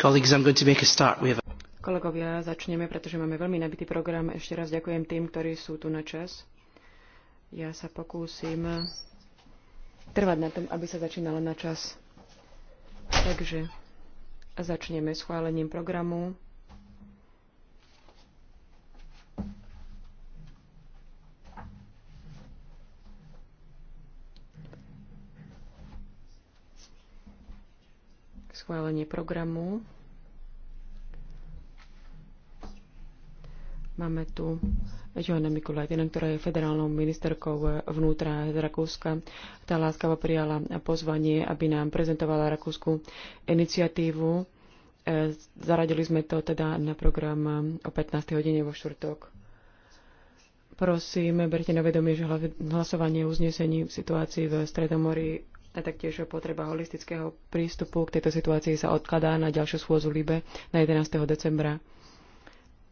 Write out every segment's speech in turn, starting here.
Kolegovia, začneme, pretože máme veľmi nabitý program. Ešte raz ďakujem tým, ktorí sú tu na čas. Ja sa pokúsim trvať na tom, aby sa začínalo na čas. Takže začneme schválením programu. schválenie programu. Máme tu Johanna Mikulajtina, ktorá je federálnou ministerkou vnútra z Rakúska. Tá láskavo prijala pozvanie, aby nám prezentovala rakúsku iniciatívu. E, zaradili sme to teda na program o 15. hodine vo štvrtok. Prosím, berte na vedomie, že hlasovanie o uznesení v situácii v Stredomorí a taktiež potreba holistického prístupu k tejto situácii sa odkladá na ďalšiu schôzu LIBE na 11. decembra.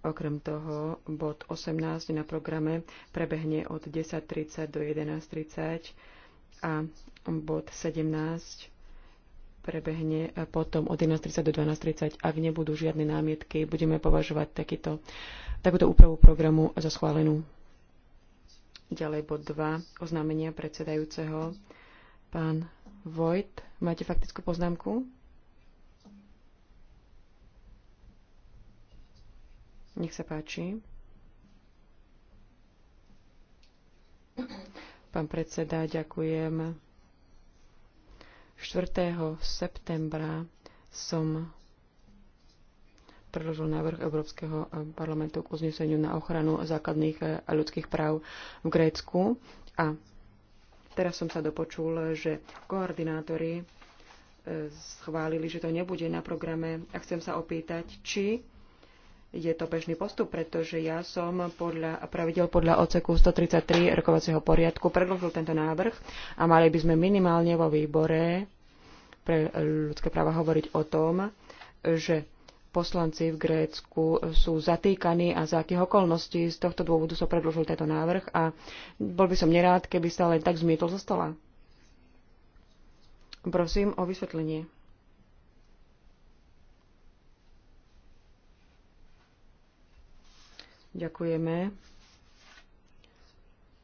Okrem toho, bod 18 na programe prebehne od 10.30 do 11.30 a bod 17 prebehne potom od 11.30 do 12.30. Ak nebudú žiadne námietky, budeme považovať takýto, takúto úpravu programu za schválenú. Ďalej bod 2, oznámenia predsedajúceho. Pán Vojt, máte faktickú poznámku? Nech sa páči. Pán predseda, ďakujem. 4. septembra som predložil návrh Európskeho parlamentu k uzneseniu na ochranu základných a ľudských práv v Grécku a Teraz som sa dopočul, že koordinátori e, schválili, že to nebude na programe a chcem sa opýtať, či je to bežný postup, pretože ja som podľa pravidel podľa oceku 133 rokovacieho poriadku predložil tento návrh a mali by sme minimálne vo výbore pre ľudské práva hovoriť o tom, že poslanci v Grécku sú zatýkaní a za akých okolností. Z tohto dôvodu sa predložil tento návrh a bol by som nerád, keby sa len tak zmietol zo stola. Prosím o vysvetlenie. Ďakujeme.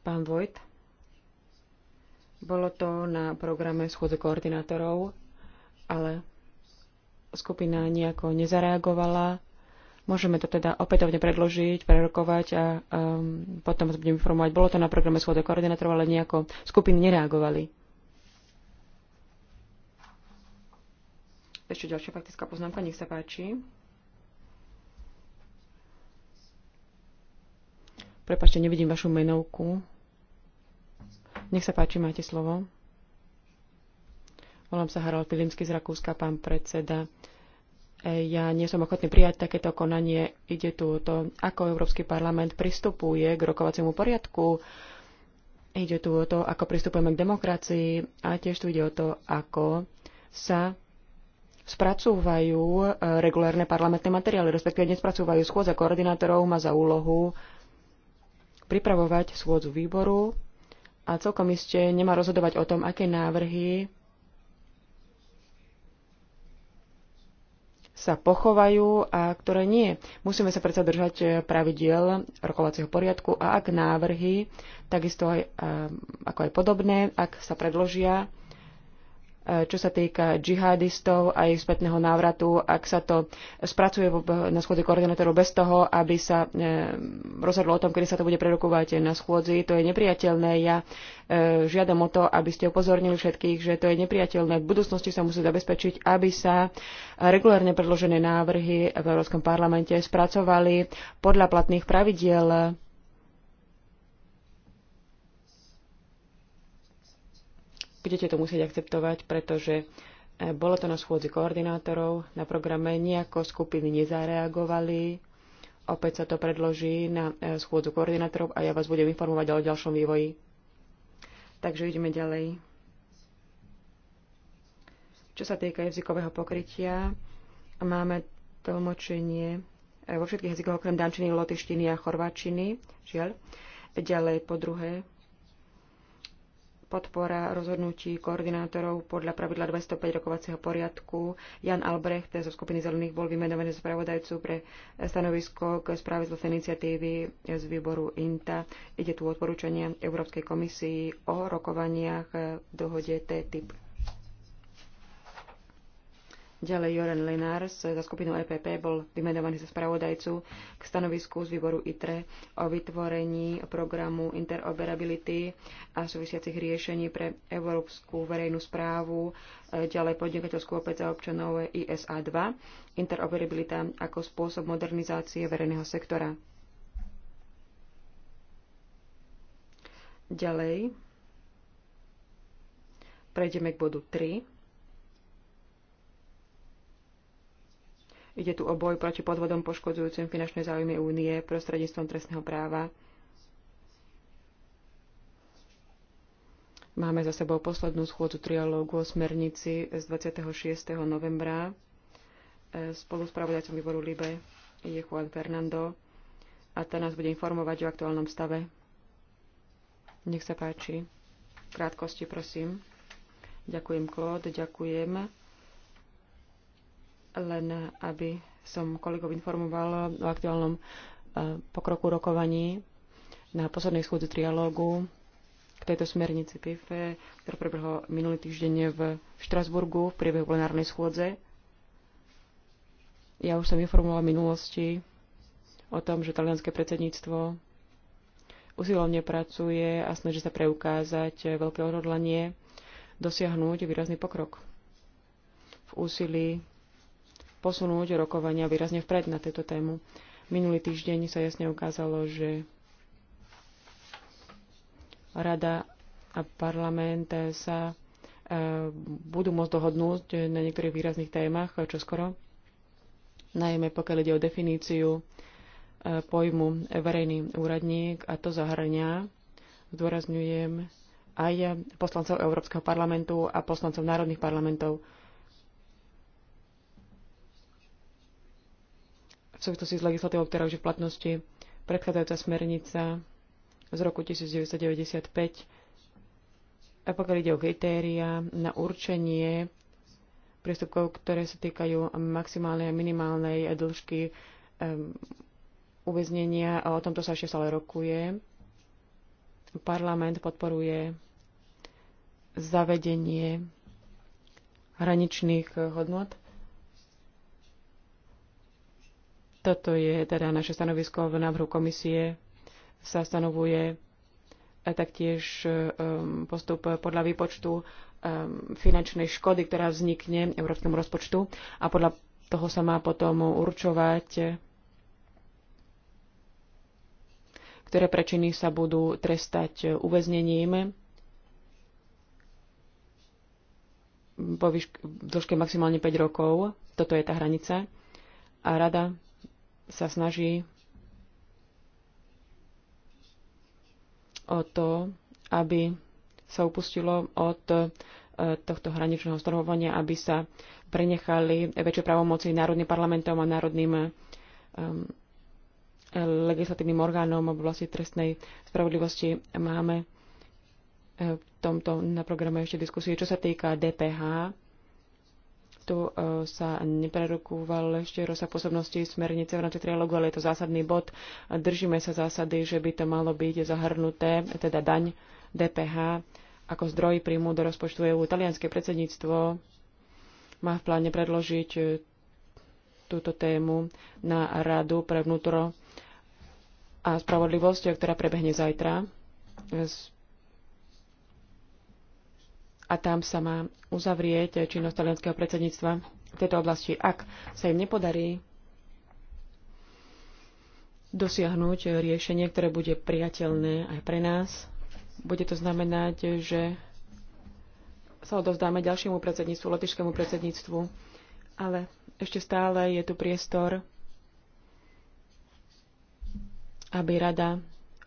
Pán Vojt. Bolo to na programe schôdze koordinátorov, ale skupina nejako nezareagovala. Môžeme to teda opätovne predložiť, prerokovať a um, potom vás budem informovať. Bolo to na programe schôdze koordinátorov, ale nejako skupiny nereagovali. Ešte ďalšia faktická poznámka, nech sa páči. Prepačte, nevidím vašu menovku. Nech sa páči, máte slovo. Volám sa Harold Pilinsky z Rakúska, pán predseda. E, ja nie som ochotný prijať takéto konanie. Ide tu o to, ako Európsky parlament pristupuje k rokovaciemu poriadku. Ide tu o to, ako pristupujeme k demokracii a tiež tu ide o to, ako sa spracúvajú e, regulárne parlamentné materiály, respektíve nespracúvajú schôdza koordinátorov, má za úlohu pripravovať schôdzu výboru a celkom iste nemá rozhodovať o tom, aké návrhy sa pochovajú a ktoré nie. Musíme sa predsa držať eh, pravidiel rokovacieho poriadku a ak návrhy, takisto aj, eh, ako aj podobné, ak sa predložia, čo sa týka džihadistov a ich spätného návratu, ak sa to spracuje na schôdzi koordinátorov bez toho, aby sa e, rozhodlo o tom, kedy sa to bude prerokovať na schôdzi, to je nepriateľné. Ja e, žiadam o to, aby ste upozornili všetkých, že to je nepriateľné. V budúcnosti sa musí zabezpečiť, aby sa regulárne predložené návrhy v Európskom parlamente spracovali podľa platných pravidiel budete to musieť akceptovať, pretože eh, bolo to na schôdzi koordinátorov, na programe nejako skupiny nezareagovali, opäť sa to predloží na eh, schôdzu koordinátorov a ja vás budem informovať o ďalšom vývoji. Takže ideme ďalej. Čo sa týka jazykového pokrytia, máme tlmočenie eh, vo všetkých jazykoch okrem dančiny, lotištiny a chorváčiny. Žiaľ. Ďalej po druhé, podpora rozhodnutí koordinátorov podľa pravidla 205 rokovacieho poriadku. Jan Albrecht zo skupiny Zelených bol vymenovaný spravodajcu pre stanovisko k správe z iniciatívy z výboru INTA. Ide tu odporúčanie Európskej komisii o rokovaniach v dohode TTIP. Ďalej Joren Lenárs za skupinu EPP bol vymenovaný za spravodajcu k stanovisku z výboru ITRE o vytvorení programu interoperability a súvisiacich riešení pre európsku verejnú správu, e, ďalej podnikateľskú opäť za občanov ISA 2, interoperabilita ako spôsob modernizácie verejného sektora. Ďalej prejdeme k bodu 3 Ide tu o boj proti podvodom poškodzujúcim finančné záujmy únie prostredníctvom trestného práva. Máme za sebou poslednú schôdzu trialógu o smernici z 26. novembra. E, spolu s pravodajcom výboru Libe je Juan Fernando a ten nás bude informovať o aktuálnom stave. Nech sa páči. V krátkosti, prosím. Ďakujem, Claude. ďakujem len aby som kolegov informoval o aktuálnom e, pokroku rokovaní na poslednej schôdzi trialógu k tejto smernici PIFE, ktorá prebehlo minulý týždeň v Štrasburgu v priebehu plenárnej schôdze. Ja už som informovala v minulosti o tom, že talianské predsedníctvo usilovne pracuje a snaží sa preukázať veľké odhodlanie dosiahnuť výrazný pokrok v úsilí posunúť rokovania výrazne vpred na túto tému. Minulý týždeň sa jasne ukázalo, že Rada a parlament sa e, budú môcť dohodnúť na niektorých výrazných témach e, čoskoro, najmä pokiaľ ide o definíciu e, pojmu verejný úradník a to zahrňa, zdôrazňujem, aj poslancov Európskeho parlamentu a poslancov národných parlamentov. súvislosti s legislatívou, ktorá už je v platnosti, predchádzajúca smernica z roku 1995. A pokiaľ ide o kritéria na určenie prístupkov, ktoré sa týkajú maximálnej a minimálnej dĺžky um, uväznenia, a o tomto sa ešte stále rokuje. Parlament podporuje zavedenie hraničných hodnot Toto je teda naše stanovisko v návrhu komisie. Sa stanovuje e, taktiež e, postup podľa výpočtu e, finančnej škody, ktorá vznikne európskemu rozpočtu a podľa toho sa má potom určovať, ktoré prečiny sa budú trestať uväznením po výške, dĺžke maximálne 5 rokov. Toto je tá hranica. A rada sa snaží o to, aby sa upustilo od e, tohto hraničného strhovania, aby sa prenechali väčšie právomoci národným parlamentom a národným um, legislatívnym orgánom v oblasti trestnej spravodlivosti. Máme e, v tomto na programe ešte diskusie, čo sa týka DPH tu e, sa neprerokúval ešte rozsah pôsobnosti smernice v rámci trialogu, ale je to zásadný bod. Držíme sa zásady, že by to malo byť zahrnuté, teda daň DPH ako zdroj príjmu do rozpočtu EU. Talianské predsedníctvo má v pláne predložiť e, túto tému na Radu pre vnútro a spravodlivosť, ktorá prebehne zajtra a tam sa má uzavrieť činnosť talianského predsedníctva v tejto oblasti. Ak sa im nepodarí dosiahnuť riešenie, ktoré bude priateľné aj pre nás, bude to znamenať, že sa odovzdáme ďalšiemu predsedníctvu, lotišskému predsedníctvu, ale ešte stále je tu priestor, aby rada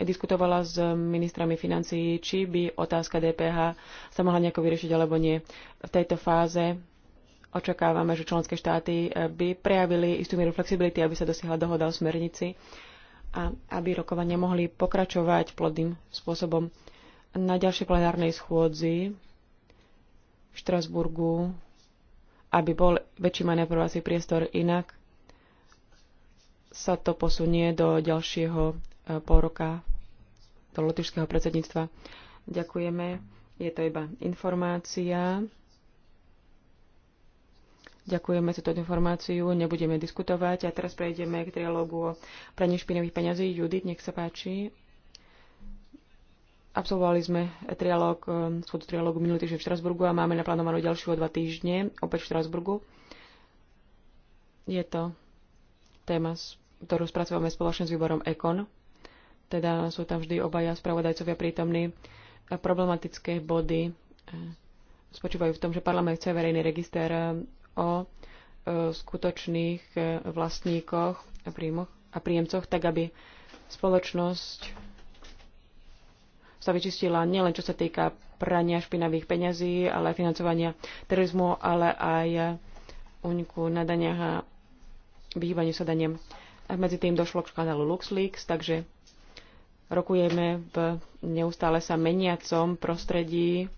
diskutovala s ministrami financií, či by otázka DPH sa mohla nejako vyriešiť alebo nie. V tejto fáze očakávame, že členské štáty eh, by prejavili istú mieru flexibility, aby sa dosiahla dohoda o smernici a aby rokovania mohli pokračovať plodným spôsobom. Na ďalšej plenárnej schôdzi v Štrasburgu, aby bol väčší manévrovací priestor inak, sa to posunie do ďalšieho pol roka do lotyšského predsedníctva. Ďakujeme. Je to iba informácia. Ďakujeme za túto informáciu, nebudeme diskutovať a teraz prejdeme k trialógu o praní špinových peňazí. Judith, nech sa páči. Absolvovali sme trialóg, eh, schod trialógu minulý týždeň v Štrasburgu a máme naplánovanú ďalšiu o dva týždne, opäť v Štrasburgu. Je to téma, ktorú spracovame spoločne s výborom EKON teda sú tam vždy obaja spravodajcovia prítomní. Problematické body e, spočívajú v tom, že parlament chce verejný register e, o e, skutočných vlastníkoch a, príjmoch, a príjemcoch, tak aby spoločnosť sa vyčistila nielen čo sa týka prania špinavých peňazí, ale aj financovania terorizmu, ale aj úniku na daniach a vyhýbaniu sa daniem. A medzi tým došlo k škandálu LuxLeaks, takže rokujeme v neustále sa meniacom prostredí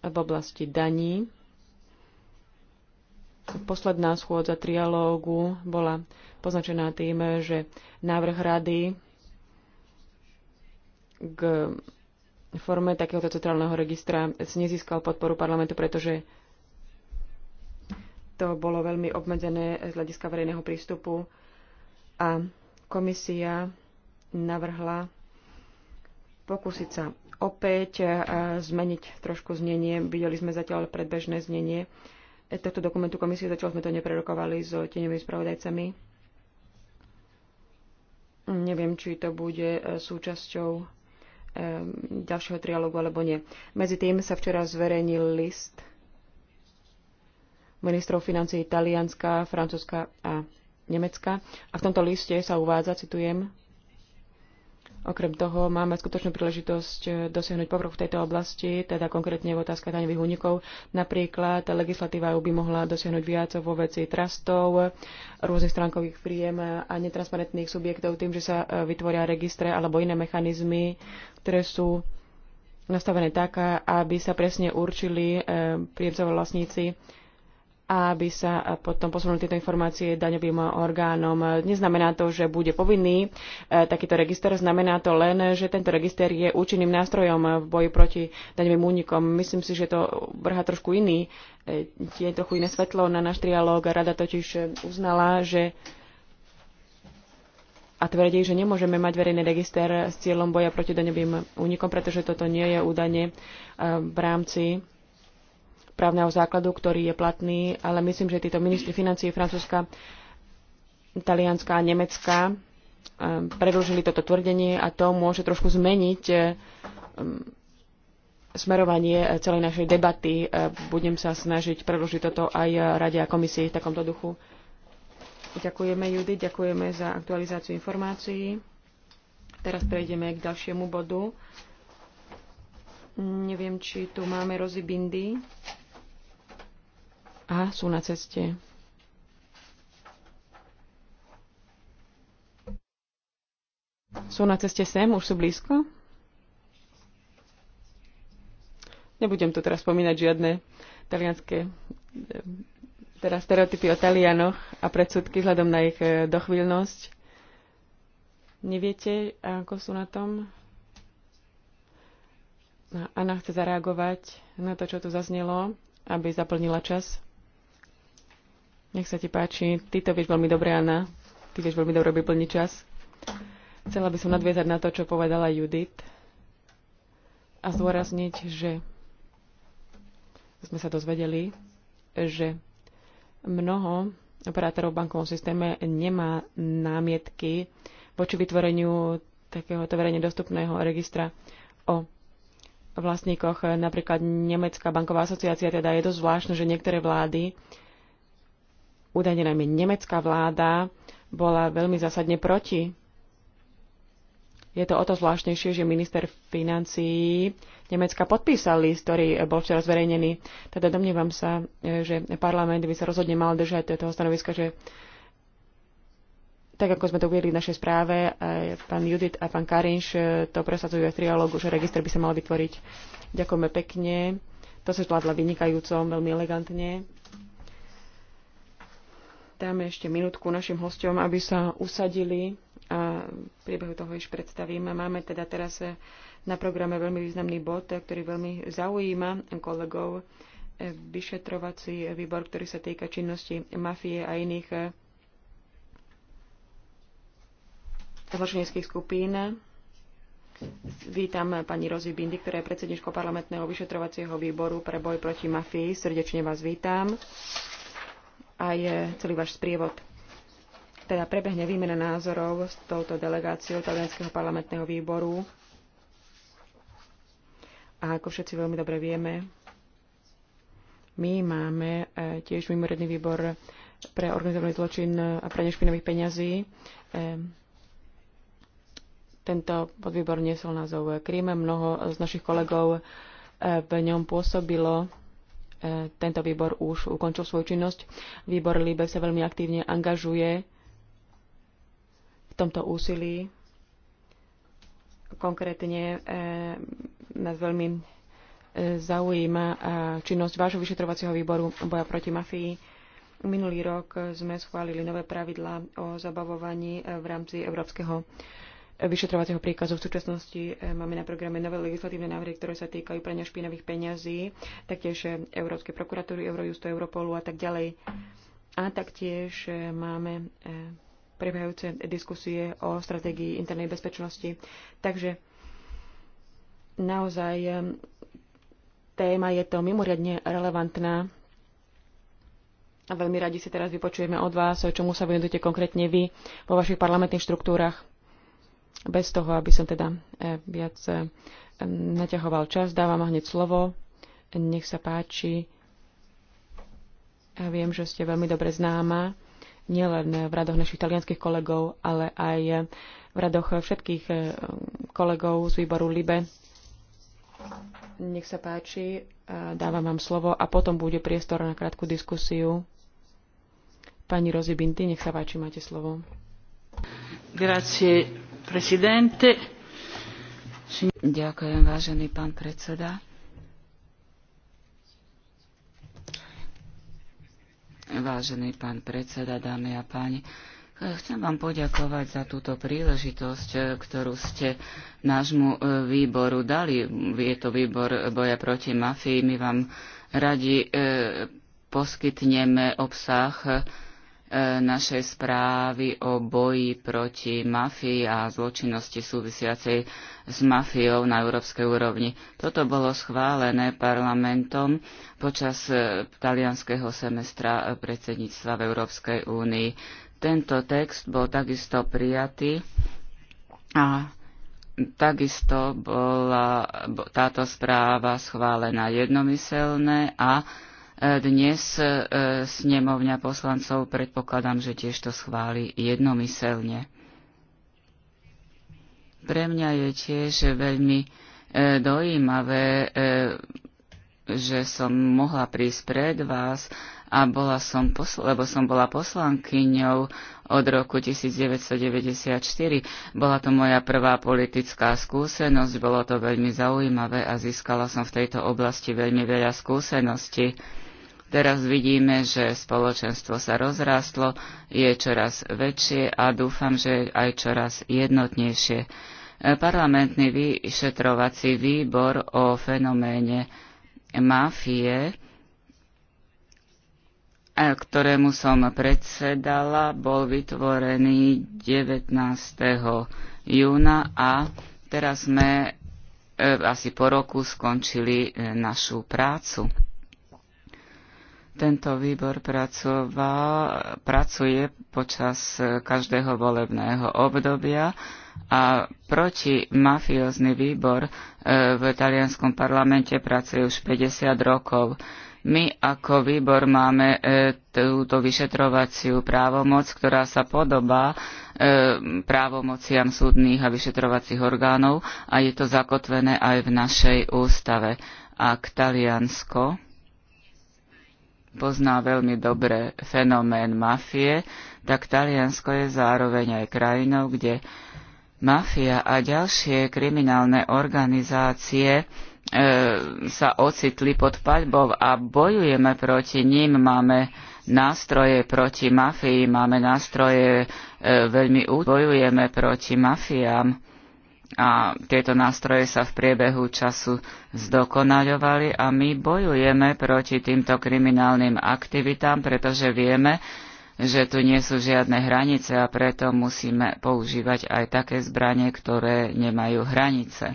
v oblasti daní. Posledná schôdza trialógu bola poznačená tým, že návrh rady k forme takéhoto centrálneho registra nezískal podporu parlamentu, pretože to bolo veľmi obmedzené z hľadiska verejného prístupu a komisia navrhla pokúsiť sa opäť e, zmeniť trošku znenie. Videli sme zatiaľ predbežné znenie tohto dokumentu komisie, zatiaľ sme to neprerokovali s tenevými spravodajcami. Neviem, či to bude e, súčasťou e, ďalšieho trialógu alebo nie. Medzi tým sa včera zverejnil list ministrov financí Talianska, Francúzska a Nemecka. A v tomto liste sa uvádza, citujem, Okrem toho máme skutočnú príležitosť eh, dosiahnuť povrch v tejto oblasti, teda konkrétne v otázka daňových únikov. Napríklad legislatíva by mohla dosiahnuť viac vo veci trastov, rôznych stránkových príjem a netransparentných subjektov tým, že sa eh, vytvoria registre alebo iné mechanizmy, ktoré sú nastavené tak, aby sa presne určili eh, príjemcov vlastníci aby sa potom posunuli tieto informácie daňovým orgánom. Neznamená to, že bude povinný e, takýto register, znamená to len, že tento register je účinným nástrojom v boji proti daňovým únikom. Myslím si, že to vrha trošku iný, e, je trochu iné svetlo na náš trialóg. Rada totiž uznala, že a tvrdí, že nemôžeme mať verejný register s cieľom boja proti daňovým únikom, pretože toto nie je údajne e, v rámci právneho základu, ktorý je platný, ale myslím, že títo ministri financií Francúzska, Talianska a Nemecka eh, predlžili toto tvrdenie a to môže trošku zmeniť eh, smerovanie eh, celej našej debaty. Budem sa snažiť predložiť toto aj Rade a komisii v takomto duchu. Ďakujeme Judy, ďakujeme za aktualizáciu informácií. Teraz prejdeme k ďalšiemu bodu. Neviem, či tu máme Rozy Bindy a sú na ceste. Sú na ceste sem, už sú blízko. Nebudem tu teraz spomínať žiadne talianské teraz stereotypy o Talianoch a predsudky vzhľadom na ich e, dochvíľnosť. Neviete, ako sú na tom? No, Anna chce zareagovať na to, čo tu zaznelo, aby zaplnila čas. Nech sa ti páči. Ty to vieš veľmi dobre, Anna. Ty vieš veľmi dobre vyplniť čas. Chcela by som nadviezať na to, čo povedala Judith a zdôrazniť, že sme sa dozvedeli, že mnoho operátorov v bankovom systéme nemá námietky voči vytvoreniu takéhoto verejne dostupného registra o vlastníkoch. Napríklad Nemecká banková asociácia teda je dosť zvláštne, že niektoré vlády Údajne najmä nemecká vláda bola veľmi zásadne proti. Je to o to zvláštnejšie, že minister financií Nemecka podpísal list, ktorý bol včera zverejnený. Teda domnievam sa, že parlament by sa rozhodne mal držať toho stanoviska, že tak ako sme to uviedli v našej správe, pán Judith a pán Karinš to presadzujú v trialógu, že register by sa mal vytvoriť. Ďakujeme pekne. To sa zvládla vynikajúco, veľmi elegantne. Dáme ešte minútku našim hostom, aby sa usadili a v priebehu toho ešte predstavím. Máme teda teraz na programe veľmi významný bod, ktorý veľmi zaujíma kolegov vyšetrovací výbor, ktorý sa týka činnosti mafie a iných zločineckých skupín. Vítam pani Rozi Bindy, ktorá je predsedničkou parlamentného vyšetrovacieho výboru pre boj proti mafii. Srdečne vás vítam aj celý váš sprievod. Teda prebehne výmena názorov s touto delegáciou Talianského parlamentného výboru. A ako všetci veľmi dobre vieme, my máme e, tiež mimoriadný výbor pre organizovaný zločin a pre nešpinových peňazí. E, tento podvýbor niesol názov Krím. Mnoho z našich kolegov e, v ňom pôsobilo E, tento výbor už ukončil svoju činnosť. Výbor LIBE sa veľmi aktívne angažuje v tomto úsilí. Konkrétne e, nás veľmi e, zaujíma činnosť vášho vyšetrovacieho výboru boja proti mafii. Minulý rok sme schválili nové pravidlá o zabavovaní v rámci Európskeho vyšetrovacieho príkazu. V súčasnosti e, máme na programe nové legislatívne návrhy, ktoré sa týkajú prania špinavých peňazí, taktiež e, Európskej prokuratúry, Eurojustu, Europolu a tak ďalej. A taktiež e, máme prebiehajúce diskusie o stratégii internej bezpečnosti. Takže naozaj téma je to mimoriadne relevantná. A veľmi radi si teraz vypočujeme od vás, čomu sa venujete konkrétne vy vo vašich parlamentných štruktúrach. Bez toho, aby som teda eh, viac eh, naťahoval čas, dávam hneď slovo. Nech sa páči. Ja viem, že ste veľmi dobre známa, nielen v radoch našich talianských kolegov, ale aj eh, v radoch všetkých kolegov z výboru LIBE. Nech sa páči, dávam vám slovo a potom bude priestor na krátku diskusiu. Pani Rozi Binty, nech sa páči, máte slovo. Grazie, Ďakujem, vážený pán predseda. Vážený pán predseda, dámy a páni, chcem vám poďakovať za túto príležitosť, ktorú ste nášmu e, výboru dali. Je to výbor boja proti mafii. My vám radi e, poskytneme obsah E, našej správy o boji proti mafii a zločinnosti súvisiacej s mafiou na európskej úrovni. Toto bolo schválené parlamentom počas e, talianského semestra e, predsedníctva v Európskej únii. Tento text bol takisto prijatý a takisto bola táto správa schválená jednomyselné a dnes e, snemovňa poslancov predpokladám, že tiež to schváli jednomyselne. Pre mňa je tiež veľmi e, dojímavé, e, že som mohla prísť pred vás a bola som posl- lebo som bola poslankyňou od roku 1994. Bola to moja prvá politická skúsenosť, bolo to veľmi zaujímavé a získala som v tejto oblasti veľmi veľa skúseností. Teraz vidíme, že spoločenstvo sa rozrástlo, je čoraz väčšie a dúfam, že aj čoraz jednotnejšie. Parlamentný vyšetrovací výbor o fenoméne mafie, eh, ktorému som predsedala, bol vytvorený 19. júna a teraz sme eh, asi po roku skončili eh, našu prácu. Tento výbor pracoval, pracuje počas každého volebného obdobia a proti mafiózny výbor e, v talianskom parlamente pracuje už 50 rokov. My ako výbor máme e, túto vyšetrovaciu právomoc, ktorá sa podobá e, právomociam súdnych a vyšetrovacích orgánov a je to zakotvené aj v našej ústave. Ak Taliansko pozná veľmi dobre fenomén mafie, tak Taliansko je zároveň aj krajinou, kde mafia a ďalšie kriminálne organizácie e, sa ocitli pod paľbou a bojujeme proti ním. Máme nástroje proti mafii, máme nástroje e, veľmi bojujeme proti mafiám a tieto nástroje sa v priebehu času zdokonaľovali a my bojujeme proti týmto kriminálnym aktivitám, pretože vieme, že tu nie sú žiadne hranice a preto musíme používať aj také zbranie, ktoré nemajú hranice.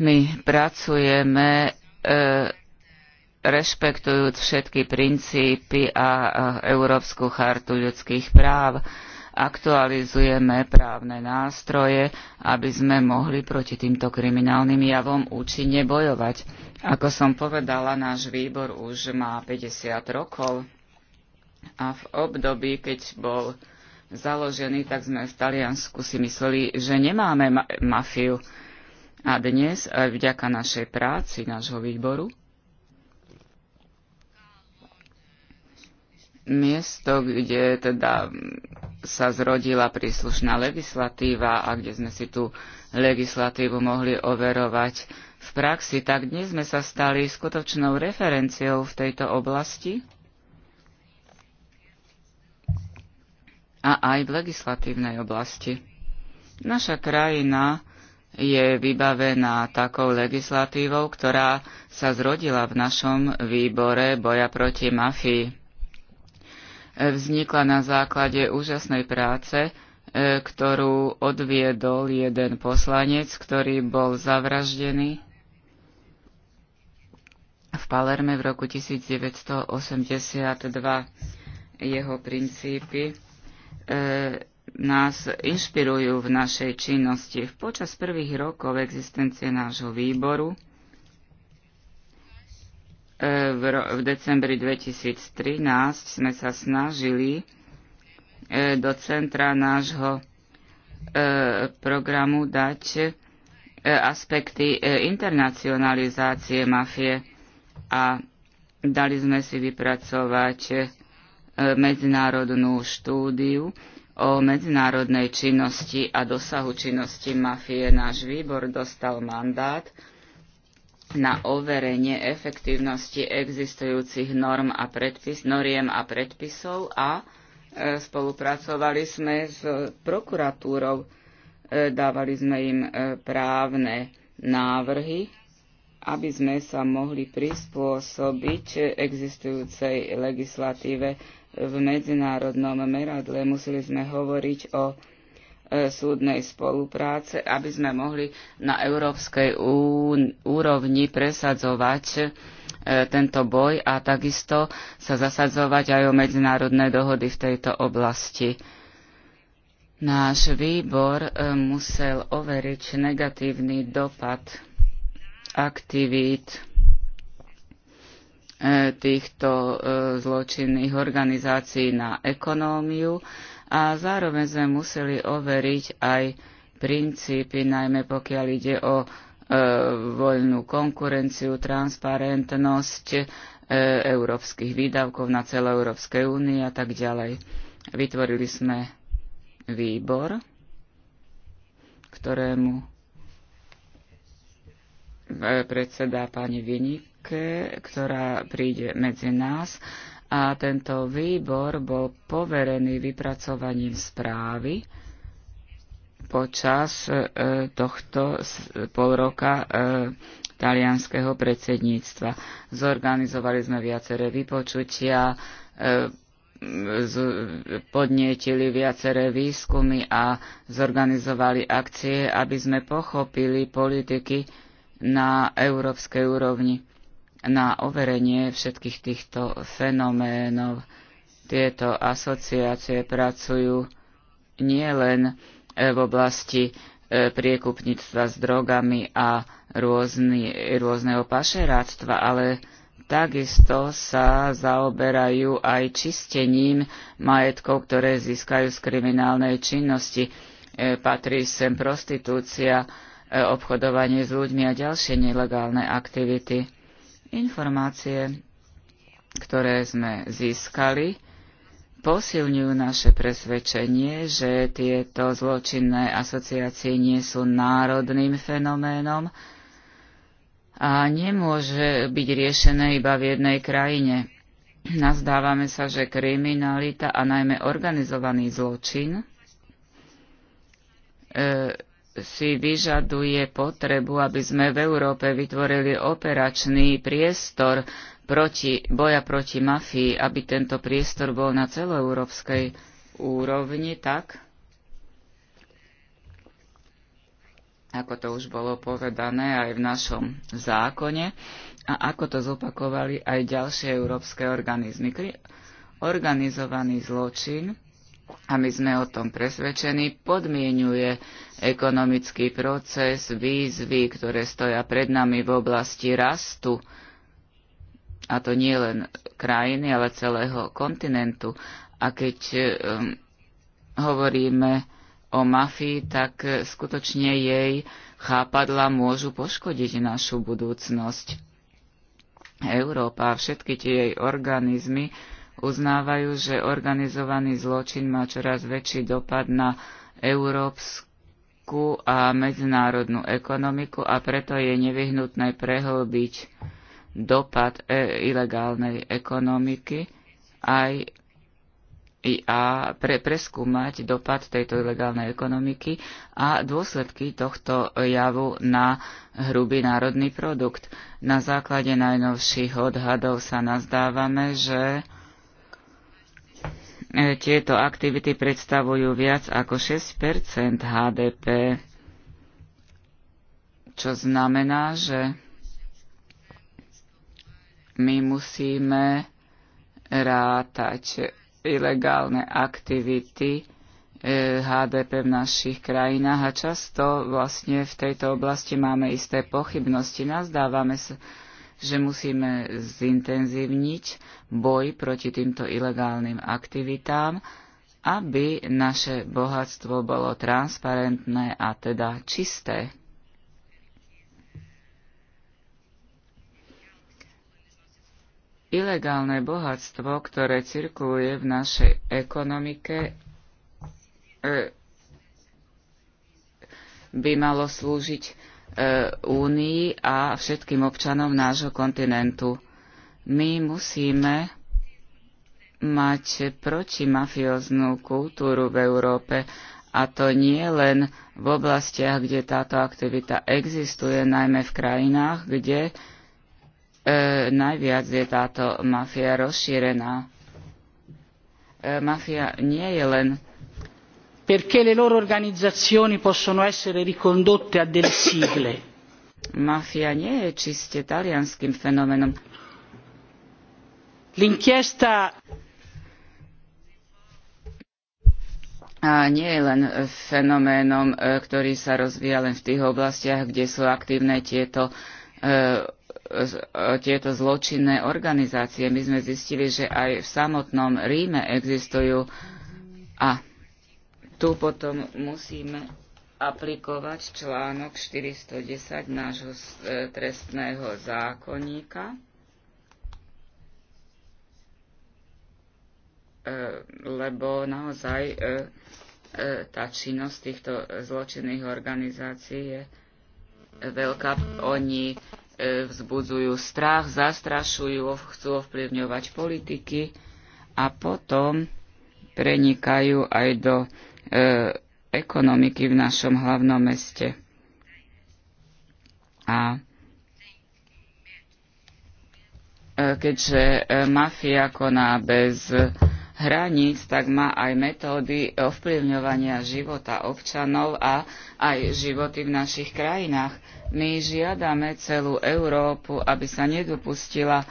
My pracujeme e, rešpektujúc všetky princípy a, e, Európsku chartu ľudských práv. E, aktualizujeme právne nástroje, aby sme mohli proti týmto kriminálnym javom účinne bojovať. Ako som povedala, náš výbor už má 50 rokov a v období, keď bol založený, tak sme v Taliansku si mysleli, že nemáme ma- mafiu. A dnes, aj vďaka našej práci, nášho výboru, miesto, kde teda sa zrodila príslušná legislatíva a kde sme si tú legislatívu mohli overovať v praxi, tak dnes sme sa stali skutočnou referenciou v tejto oblasti a aj v legislatívnej oblasti. Naša krajina je vybavená takou legislatívou, ktorá sa zrodila v našom výbore boja proti mafii vznikla na základe úžasnej práce, e, ktorú odviedol jeden poslanec, ktorý bol zavraždený v Palerme v roku 1982. Jeho princípy e, nás inšpirujú v našej činnosti. Počas prvých rokov existencie nášho výboru v, v decembri 2013 sme sa snažili e, do centra nášho e, programu dať e, aspekty internacionalizácie mafie a dali sme si vypracovať medzinárodnú štúdiu o medzinárodnej činnosti a dosahu činnosti mafie. Náš výbor dostal mandát na overenie efektívnosti existujúcich norm a predpis, noriem a predpisov a e, spolupracovali sme s prokuratúrou, e, dávali sme im e, právne návrhy, aby sme sa mohli prispôsobiť existujúcej legislatíve v medzinárodnom meradle. Museli sme hovoriť o E, súdnej spolupráce, aby sme mohli na európskej úrovni presadzovať e, tento boj a takisto sa zasadzovať aj o medzinárodné dohody v tejto oblasti. Náš výbor e, musel overiť negatívny dopad aktivít týchto zločinných organizácií na ekonómiu a zároveň sme museli overiť aj princípy, najmä pokiaľ ide o e, voľnú konkurenciu, transparentnosť e, európskych výdavkov na Európskej únii a tak ďalej. Vytvorili sme výbor, ktorému predsedá pani Vinike, ktorá príde medzi nás a tento výbor bol poverený vypracovaním správy počas e, tohto pol roka e, talianského predsedníctva. Zorganizovali sme viaceré vypočutia, e, podnietili viaceré výskumy a zorganizovali akcie, aby sme pochopili politiky na európskej úrovni na overenie všetkých týchto fenoménov. Tieto asociácie pracujú nielen e, v oblasti e, priekupníctva s drogami a rôzny, rôzneho pašeráctva, ale takisto sa zaoberajú aj čistením majetkov, ktoré získajú z kriminálnej činnosti. E, patrí sem prostitúcia, obchodovanie s ľuďmi a ďalšie nelegálne aktivity. Informácie, ktoré sme získali, posilňujú naše presvedčenie, že tieto zločinné asociácie nie sú národným fenoménom a nemôže byť riešené iba v jednej krajine. Nazdávame sa, že kriminalita a najmä organizovaný zločin e, si vyžaduje potrebu, aby sme v Európe vytvorili operačný priestor proti, boja proti mafii, aby tento priestor bol na celoeurópskej úrovni, tak ako to už bolo povedané aj v našom zákone a ako to zopakovali aj ďalšie európske organizmy. Organizovaný zločin a my sme o tom presvedčení, podmienuje ekonomický proces, výzvy, ktoré stoja pred nami v oblasti rastu, a to nie len krajiny, ale celého kontinentu. A keď um, hovoríme o mafii, tak e, skutočne jej chápadla môžu poškodiť našu budúcnosť. Európa a všetky tie jej organizmy uznávajú, že organizovaný zločin má čoraz väčší dopad na európsku a medzinárodnú ekonomiku a preto je nevyhnutné prehlbiť dopad e- ilegálnej ekonomiky aj a pre, preskúmať dopad tejto ilegálnej ekonomiky a dôsledky tohto javu na hrubý národný produkt. Na základe najnovších odhadov sa nazdávame, že tieto aktivity predstavujú viac ako 6 HDP, čo znamená, že my musíme rátať ilegálne aktivity HDP eh, v našich krajinách a často vlastne v tejto oblasti máme isté pochybnosti. Nazdávame sa, že musíme zintenzívniť boj proti týmto ilegálnym aktivitám, aby naše bohatstvo bolo transparentné a teda čisté. Ilegálne bohatstvo, ktoré cirkuluje v našej ekonomike, e, by malo slúžiť E, Únii a všetkým občanom nášho kontinentu. My musíme mať protimafióznú kultúru v Európe a to nie len v oblastiach, kde táto aktivita existuje, najmä v krajinách, kde e, najviac je táto mafia rozšírená. E, mafia nie je len perché le loro organizzazioni possono essere ricondotte a delle sigle. Mafia nie je čiste talianským fenomenom. L'inchiesta a nie je len fenoménom, e, ktorý sa rozvíja len v tých oblastiach, kde sú aktívne tieto, e, e, tieto zločinné organizácie. My sme zistili, že aj v samotnom Ríme existujú a tu potom musíme aplikovať článok 410 nášho e, trestného zákonníka. E, lebo naozaj e, tá činnosť týchto zločinných organizácií je veľká. Oni vzbudzujú strach, zastrašujú, chcú ovplyvňovať politiky a potom prenikajú aj do Eh, ekonomiky v našom hlavnom meste. A eh, keďže eh, mafia koná bez hraníc, tak má aj metódy ovplyvňovania života občanov a aj životy v našich krajinách. My žiadame celú Európu, aby sa nedopustila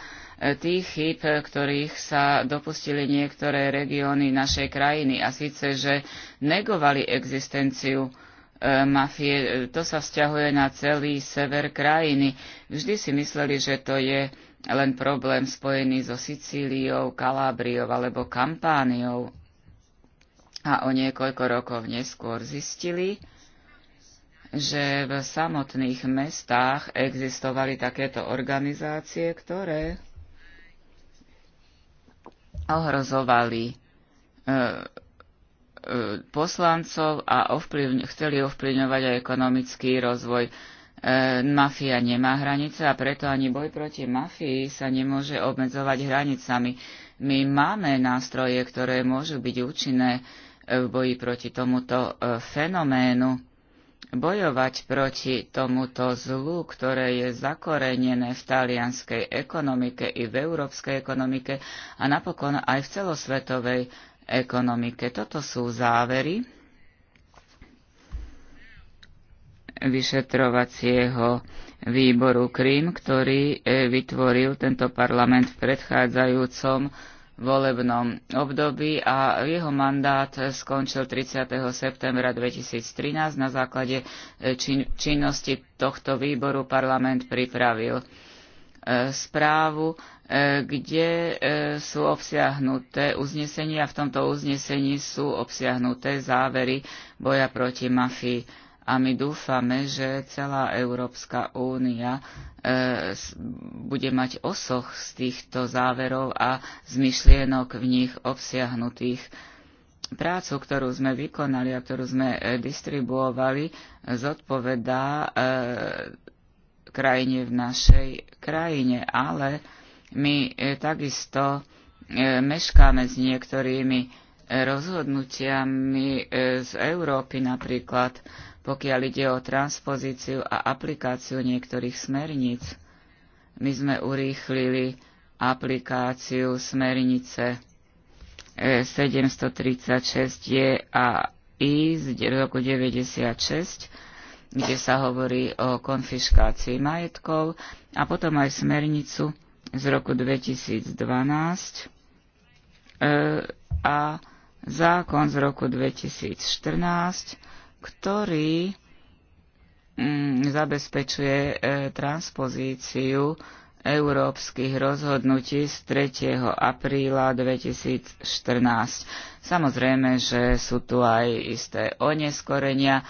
tých chýb, ktorých sa dopustili niektoré regióny našej krajiny. A síce, že negovali existenciu e, mafie. To sa vzťahuje na celý sever krajiny. Vždy si mysleli, že to je len problém spojený so Sicíliou, Kalábriou alebo Kampániou. A o niekoľko rokov neskôr zistili, že v samotných mestách existovali takéto organizácie, ktoré ohrozovali e, e, poslancov a ovplyvň, chceli ovplyvňovať aj ekonomický rozvoj. E, mafia nemá hranice a preto ani boj proti mafii sa nemôže obmedzovať hranicami. My máme nástroje, ktoré môžu byť účinné e, v boji proti tomuto fenoménu bojovať proti tomuto zlu, ktoré je zakorenené v talianskej ekonomike i v európskej ekonomike a napokon aj v celosvetovej ekonomike. Toto sú závery vyšetrovacieho výboru Krím, ktorý e, vytvoril tento parlament v predchádzajúcom volebnom období a jeho mandát skončil 30. septembra 2013. Na základe e, čin- činnosti tohto výboru parlament pripravil e, správu, e, kde sú obsiahnuté uznesenia a v tomto uznesení sú obsiahnuté závery boja proti mafii a my dúfame, že celá Európska únia e, bude mať osoch z týchto záverov a z myšlienok v nich obsiahnutých. Prácu, ktorú sme vykonali a ktorú sme e, distribuovali, zodpovedá e, krajine v našej krajine, ale my e, takisto e, meškáme s niektorými e, rozhodnutiami e, z Európy napríklad. E, pokiaľ ide o transpozíciu a aplikáciu niektorých smerníc. My sme urýchlili aplikáciu smernice 736 e, I z roku 96, kde sa hovorí o konfiškácii majetkov a potom aj smernicu z roku 2012 e, a zákon z roku 2014 ktorý mm, zabezpečuje e, transpozíciu európskych rozhodnutí z 3. apríla 2014. Samozrejme, že sú tu aj isté oneskorenia, e,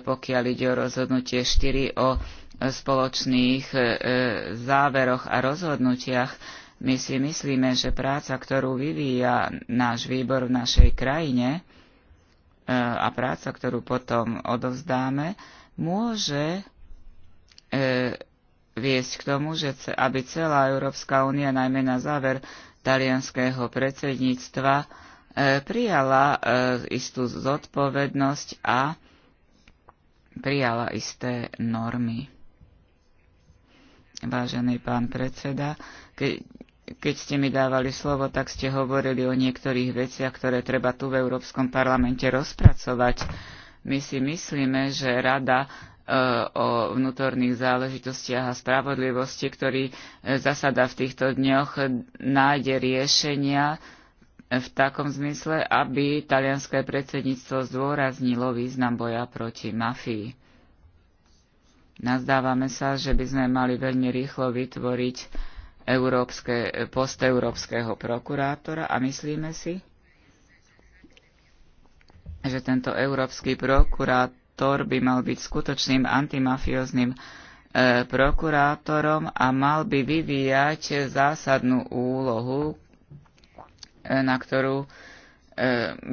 pokiaľ ide o rozhodnutie 4 o spoločných e, záveroch a rozhodnutiach. My si myslíme, že práca, ktorú vyvíja náš výbor v našej krajine, E, a práca, ktorú potom odovzdáme, môže e, viesť k tomu, že aby celá Európska únia, najmä na záver talianského predsedníctva, e, prijala istú zodpovednosť a prijala isté normy. Vážený pán predseda, keď keď ste mi dávali slovo, tak ste hovorili o niektorých veciach, ktoré treba tu v Európskom parlamente rozpracovať. My si myslíme, že Rada e, o vnútorných záležitostiach a spravodlivosti, ktorý e, zasada v týchto dňoch nájde riešenia v takom zmysle, aby talianské predsedníctvo zdôraznilo význam boja proti mafii. Nazdávame sa, že by sme mali veľmi rýchlo vytvoriť európske, posteurópskeho prokurátora a myslíme si, že tento európsky prokurátor by mal byť skutočným antimafiózným e, prokurátorom a mal by vyvíjať zásadnú úlohu, e, na ktorú e,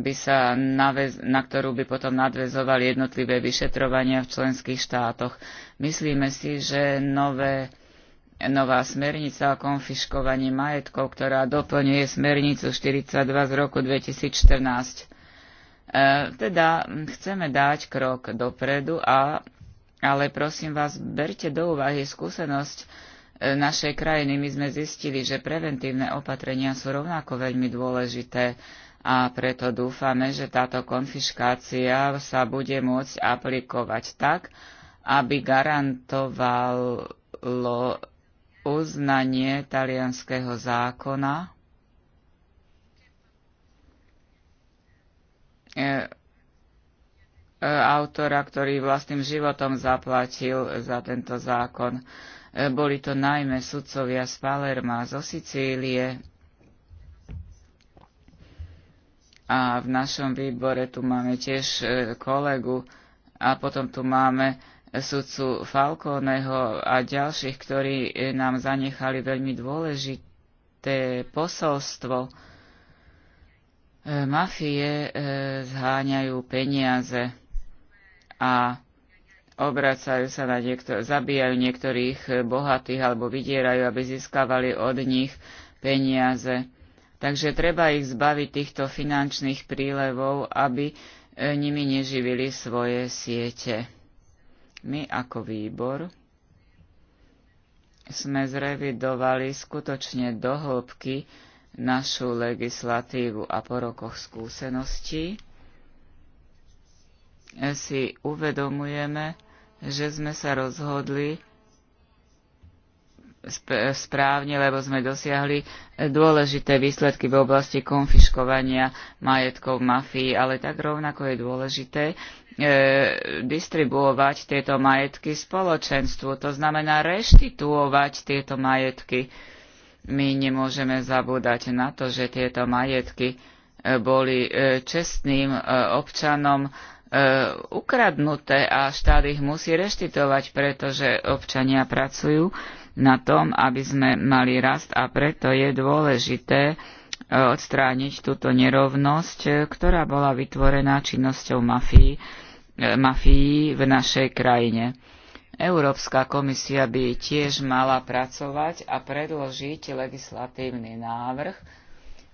by sa navez, na ktorú by potom nadvezovali jednotlivé vyšetrovania v členských štátoch. Myslíme si, že nové nová smernica o konfiškovaní majetkov, ktorá doplňuje smernicu 42 z roku 2014. E, teda chceme dať krok dopredu, a, ale prosím vás, berte do úvahy skúsenosť e, našej krajiny. My sme zistili, že preventívne opatrenia sú rovnako veľmi dôležité a preto dúfame, že táto konfiškácia sa bude môcť aplikovať tak, aby garantovalo uznanie talianského zákona e, e, autora, ktorý vlastným životom zaplatil za tento zákon. E, boli to najmä sudcovia z Palerma, zo Sicílie. A v našom výbore tu máme tiež kolegu a potom tu máme sudcu Falconeho a ďalších, ktorí e, nám zanechali veľmi dôležité posolstvo. E, mafie e, zháňajú peniaze a obracajú sa na niektor- zabíjajú niektorých bohatých alebo vydierajú, aby získavali od nich peniaze. Takže treba ich zbaviť týchto finančných prílevov, aby nimi neživili svoje siete. My ako výbor sme zrevidovali skutočne do hĺbky našu legislatívu a po rokoch skúseností si uvedomujeme, že sme sa rozhodli správne, lebo sme dosiahli dôležité výsledky v oblasti konfiškovania majetkov mafii, ale tak rovnako je dôležité, E, distribuovať tieto majetky spoločenstvu, to znamená reštituovať tieto majetky. My nemôžeme zabúdať na to, že tieto majetky e, boli e, čestným občanom ukradnuté a štát ich musí reštitovať, pretože občania pracujú na tom, aby sme mali rast a preto je dôležité odstrániť túto nerovnosť, ktorá bola vytvorená činnosťou mafii E, mafií v našej krajine. Európska komisia by tiež mala pracovať a predložiť legislatívny návrh,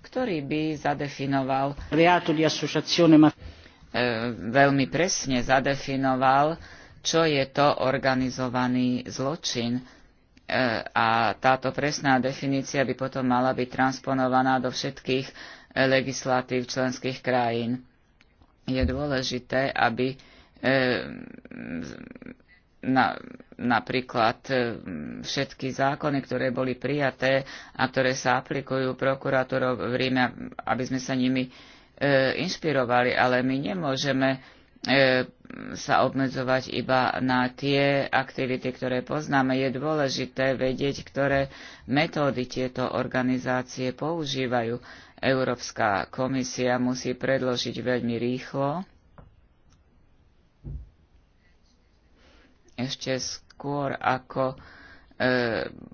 ktorý by zadefinoval e, veľmi presne zadefinoval, čo je to organizovaný zločin. E, a táto presná definícia by potom mala byť transponovaná do všetkých legislatív členských krajín. Je dôležité, aby E, na, napríklad e, všetky zákony, ktoré boli prijaté a ktoré sa aplikujú prokurátorov v Ríme, aby sme sa nimi e, inšpirovali, ale my nemôžeme e, sa obmedzovať iba na tie aktivity, ktoré poznáme. Je dôležité vedieť, ktoré metódy tieto organizácie používajú. Európska komisia musí predložiť veľmi rýchlo ešte skôr, ako e,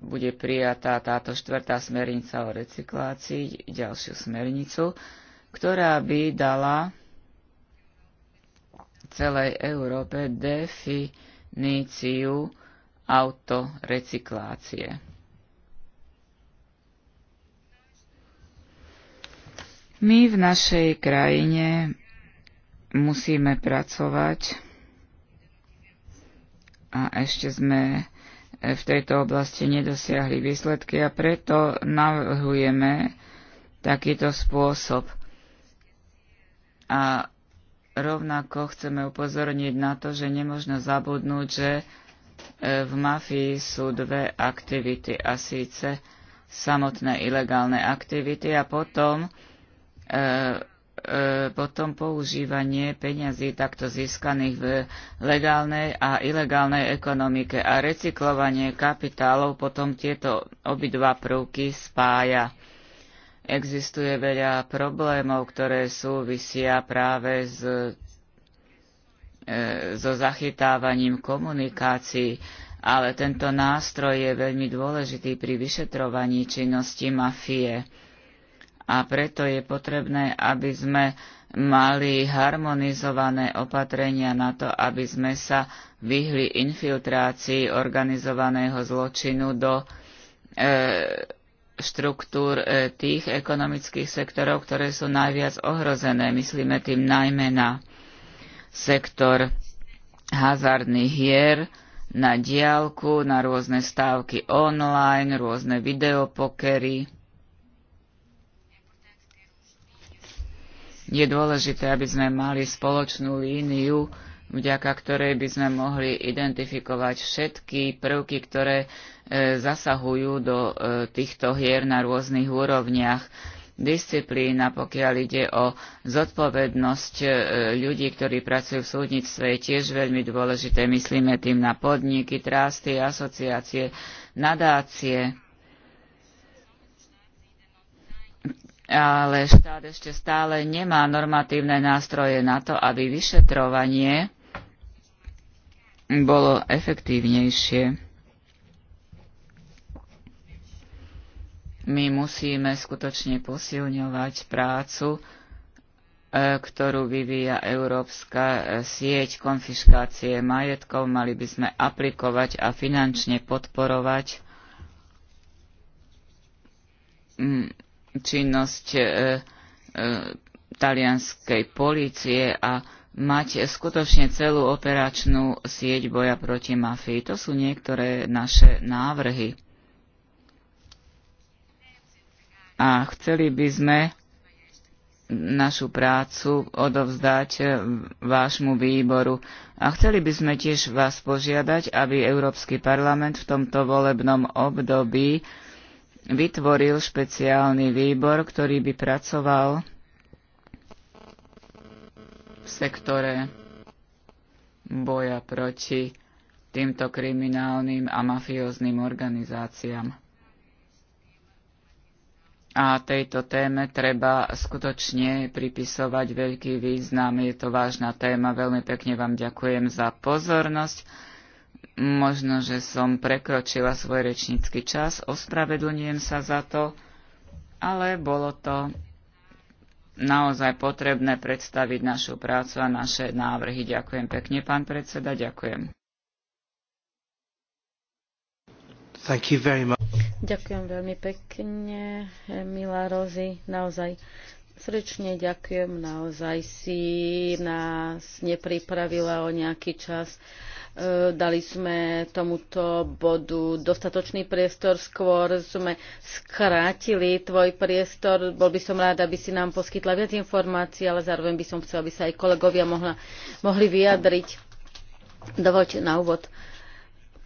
bude prijatá táto štvrtá smernica o recyklácii, ďalšiu smernicu, ktorá by dala celej Európe definíciu autorecyklácie. My v našej krajine musíme pracovať a ešte sme eh, v tejto oblasti nedosiahli výsledky a preto navrhujeme takýto spôsob. A rovnako chceme upozorniť na to, že nemožno zabudnúť, že eh, v mafii sú dve aktivity a síce samotné ilegálne aktivity a potom e, E, potom používanie peňazí takto získaných v legálnej a ilegálnej ekonomike a recyklovanie kapitálov potom tieto obidva prvky spája. Existuje veľa problémov, ktoré súvisia práve s, e, so zachytávaním komunikácií, ale tento nástroj je veľmi dôležitý pri vyšetrovaní činnosti mafie a preto je potrebné, aby sme mali harmonizované opatrenia na to, aby sme sa vyhli infiltrácii organizovaného zločinu do e, štruktúr e, tých ekonomických sektorov, ktoré sú najviac ohrozené. Myslíme tým najmä na sektor hazardných hier, na diálku, na rôzne stávky online, rôzne videopokery Je dôležité, aby sme mali spoločnú líniu, vďaka ktorej by sme mohli identifikovať všetky prvky, ktoré e, zasahujú do e, týchto hier na rôznych úrovniach. Disciplína, pokiaľ ide o zodpovednosť e, ľudí, ktorí pracujú v súdnictve, je tiež veľmi dôležité. Myslíme tým na podniky, trásty, asociácie, nadácie ale štát ešte stále nemá normatívne nástroje na to, aby vyšetrovanie bolo efektívnejšie. My musíme skutočne posilňovať prácu, e, ktorú vyvíja Európska e, sieť konfiškácie majetkov. Mali by sme aplikovať a finančne podporovať činnosť e, e, talianskej polície a mať skutočne celú operačnú sieť boja proti mafii. To sú niektoré naše návrhy. A chceli by sme našu prácu odovzdať e, vášmu výboru. A chceli by sme tiež vás požiadať, aby Európsky parlament v tomto volebnom období vytvoril špeciálny výbor, ktorý by pracoval v sektore boja proti týmto kriminálnym a mafióznym organizáciám. A tejto téme treba skutočne pripisovať veľký význam. Je to vážna téma. Veľmi pekne vám ďakujem za pozornosť. Možno, že som prekročila svoj rečnícky čas, ospravedlňujem sa za to, ale bolo to naozaj potrebné predstaviť našu prácu a naše návrhy. Ďakujem pekne, pán predseda, ďakujem. Thank you very much. Ďakujem veľmi pekne, milá Rozy, naozaj srdečne ďakujem, naozaj si nás nepripravila o nejaký čas E, dali sme tomuto bodu dostatočný priestor, skôr sme skrátili tvoj priestor. Bol by som rád, aby si nám poskytla viac informácií, ale zároveň by som chcela, aby sa aj kolegovia mohla, mohli vyjadriť. Dovoľte na úvod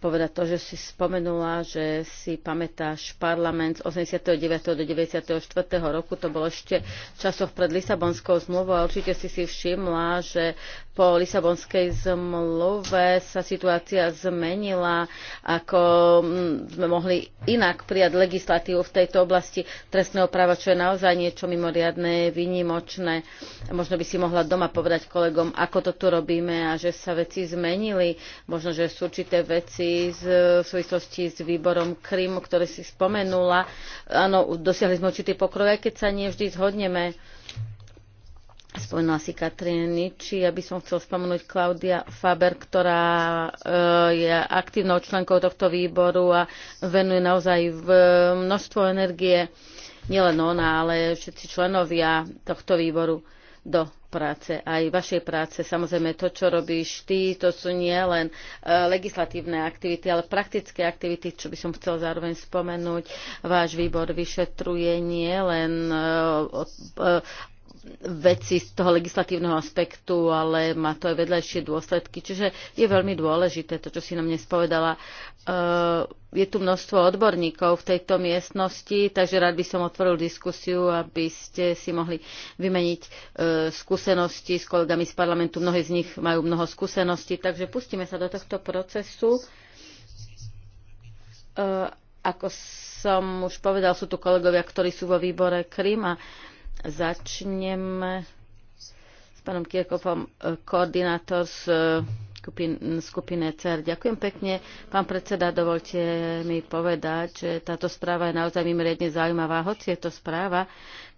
povedať to, že si spomenula, že si pamätáš parlament z 89. do 94. roku, to bolo ešte časoch pred Lisabonskou zmluvou a určite si si všimla, že po Lisabonskej zmluve sa situácia zmenila, ako mm, sme mohli inak prijať legislatívu v tejto oblasti trestného práva, čo je naozaj niečo mimoriadné, výnimočné. Možno by si mohla doma povedať kolegom, ako to tu robíme a že sa veci zmenili. Možno, že sú určité veci, z, v súvislosti s výborom Krym, ktoré si spomenula. Áno, dosiahli sme určitý pokroj, aj keď sa nie vždy zhodneme. Spomenula si Katrine Niči, ja by som chcel spomenúť Klaudia Faber, ktorá e, je aktívnou členkou tohto výboru a venuje naozaj množstvo energie, nielen ona, ale všetci členovia tohto výboru do práce, aj vašej práce. Samozrejme, to, čo robíš ty, to sú nie e, legislatívne aktivity, ale praktické aktivity, čo by som chcel zároveň spomenúť. Váš výbor vyšetruje nie e, e veci z toho legislatívneho aspektu, ale má to aj vedľajšie dôsledky. Čiže je veľmi dôležité to, čo si nám dnes povedala. Eh, je tu množstvo odborníkov v tejto miestnosti, takže rád by som otvoril diskusiu, aby ste si mohli vymeniť eh, skúsenosti s kolegami z parlamentu. Mnohí z nich majú mnoho skúseností, takže pustíme sa do tohto procesu eh, ako som už povedal, sú tu kolegovia, ktorí sú vo výbore Krím a Začnem s pánom Kirkopom, eh, koordinátor z eh, skupiny CER. Ďakujem pekne. Pán predseda, dovolte mi povedať, že táto správa je naozaj mimoriadne zaujímavá, hoci je to správa,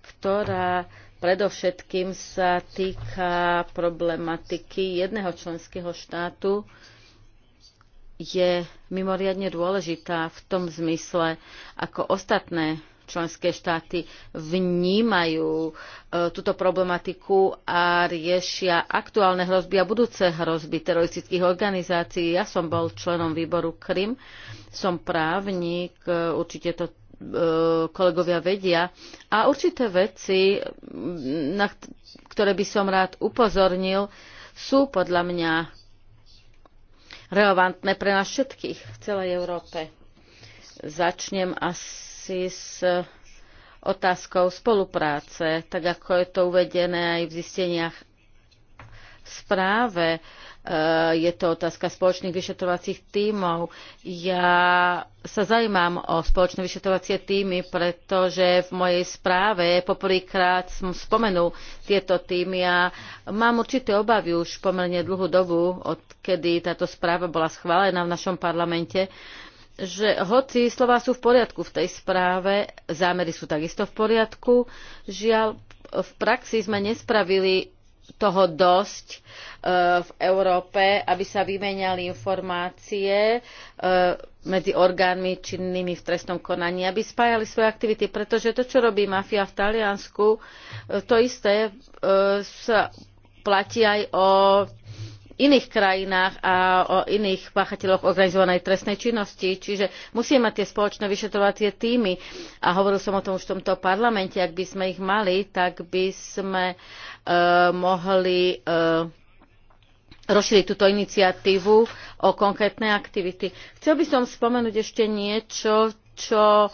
ktorá predovšetkým sa týka problematiky jedného členského štátu, je mimoriadne dôležitá v tom zmysle, ako ostatné členské štáty vnímajú e, túto problematiku a riešia aktuálne hrozby a budúce hrozby teroristických organizácií. Ja som bol členom výboru Krym, som právnik, e, určite to e, kolegovia vedia. A určité veci, na ktoré by som rád upozornil, sú podľa mňa relevantné pre nás všetkých v celej Európe. Začnem asi súvisí s e, otázkou spolupráce, tak ako je to uvedené aj v zisteniach v správe. E, je to otázka spoločných vyšetrovacích tímov. Ja sa zajímam o spoločné vyšetrovacie týmy, pretože v mojej správe poprvýkrát som spomenul tieto týmy a mám určité obavy už pomerne dlhú dobu, odkedy táto správa bola schválená v našom parlamente že hoci slova sú v poriadku v tej správe, zámery sú takisto v poriadku, žiaľ v praxi sme nespravili toho dosť e, v Európe, aby sa vymeniali informácie e, medzi orgánmi činnými v trestnom konaní, aby spájali svoje aktivity, pretože to, čo robí mafia v Taliansku, e, to isté sa platí aj o iných krajinách a o iných páchateľoch organizovanej trestnej činnosti. Čiže musíme mať tie spoločné vyšetrovacie týmy a hovoril som o tom už v tomto parlamente, ak by sme ich mali, tak by sme uh, mohli uh, rozšíriť túto iniciatívu o konkrétne aktivity. Chcel by som spomenúť ešte niečo, čo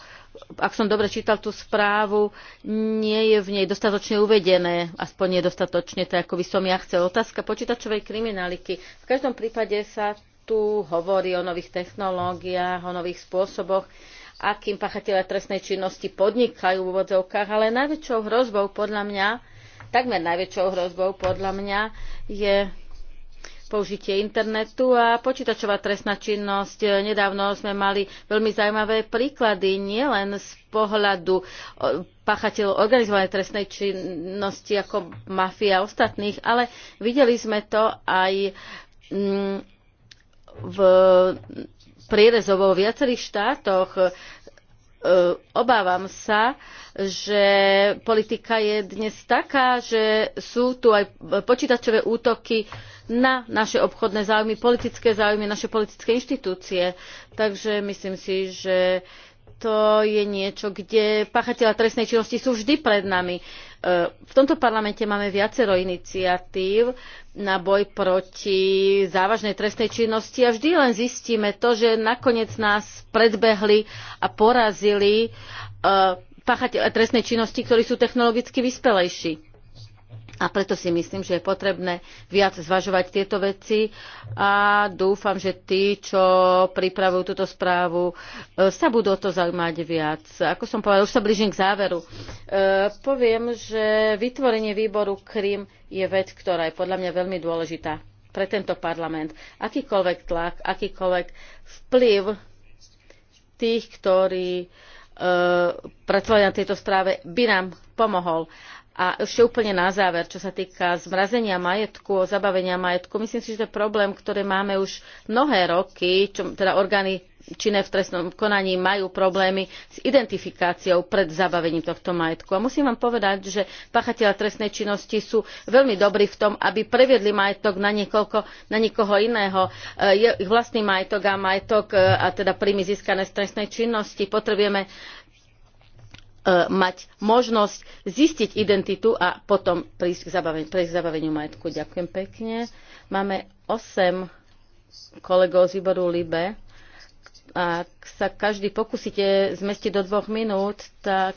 ak som dobre čítal tú správu, nie je v nej dostatočne uvedené, aspoň nedostatočne, tak ako by som ja chcel. Otázka počítačovej kriminaliky. V každom prípade sa tu hovorí o nových technológiách, o nových spôsoboch, akým pachatelia trestnej činnosti podnikajú v úvodzovkách, ale najväčšou hrozbou podľa mňa, takmer najväčšou hrozbou podľa mňa je použitie internetu a počítačová trestná činnosť. Nedávno sme mali veľmi zaujímavé príklady, nielen z pohľadu páchateľov organizovanej trestnej činnosti ako mafia a ostatných, ale videli sme to aj mm, v prierezovo v viacerých štátoch E, obávam sa, že politika je dnes taká, že sú tu aj počítačové útoky na naše obchodné záujmy, politické záujmy, naše politické inštitúcie. Takže myslím si, že to je niečo, kde pachatelia trestnej činnosti sú vždy pred nami. V tomto parlamente máme viacero iniciatív na boj proti závažnej trestnej činnosti a vždy len zistíme to, že nakoniec nás predbehli a porazili eh, páchatelia eh, trestnej činnosti, ktorí sú technologicky vyspelejší a preto si myslím, že je potrebné viac zvažovať tieto veci a dúfam, že tí, čo pripravujú túto správu, e, sa budú o to zaujímať viac. Ako som povedal, už sa blížim k záveru. E, poviem, že vytvorenie výboru Krym je vec, ktorá je podľa mňa veľmi dôležitá pre tento parlament. Akýkoľvek tlak, akýkoľvek vplyv tých, ktorí e, pracovali na tejto správe, by nám pomohol. A ešte úplne na záver, čo sa týka zmrazenia majetku, zabavenia majetku, myslím si, že to je problém, ktorý máme už mnohé roky, čo teda orgány činné v trestnom konaní majú problémy s identifikáciou pred zabavením tohto majetku. A musím vám povedať, že pachatelia trestnej činnosti sú veľmi dobrí v tom, aby previedli majetok na, niekoľko, na niekoho iného. E, je ich vlastný majetok a majetok e, a teda príjmy získané z trestnej činnosti. Potrebujeme E, mať možnosť zistiť identitu a potom prísť k zabaveniu, prísť k zabaveniu majetku. Ďakujem pekne. Máme 8 kolegov z výboru LIBE. Ak sa každý pokúsite zmestiť do dvoch minút, tak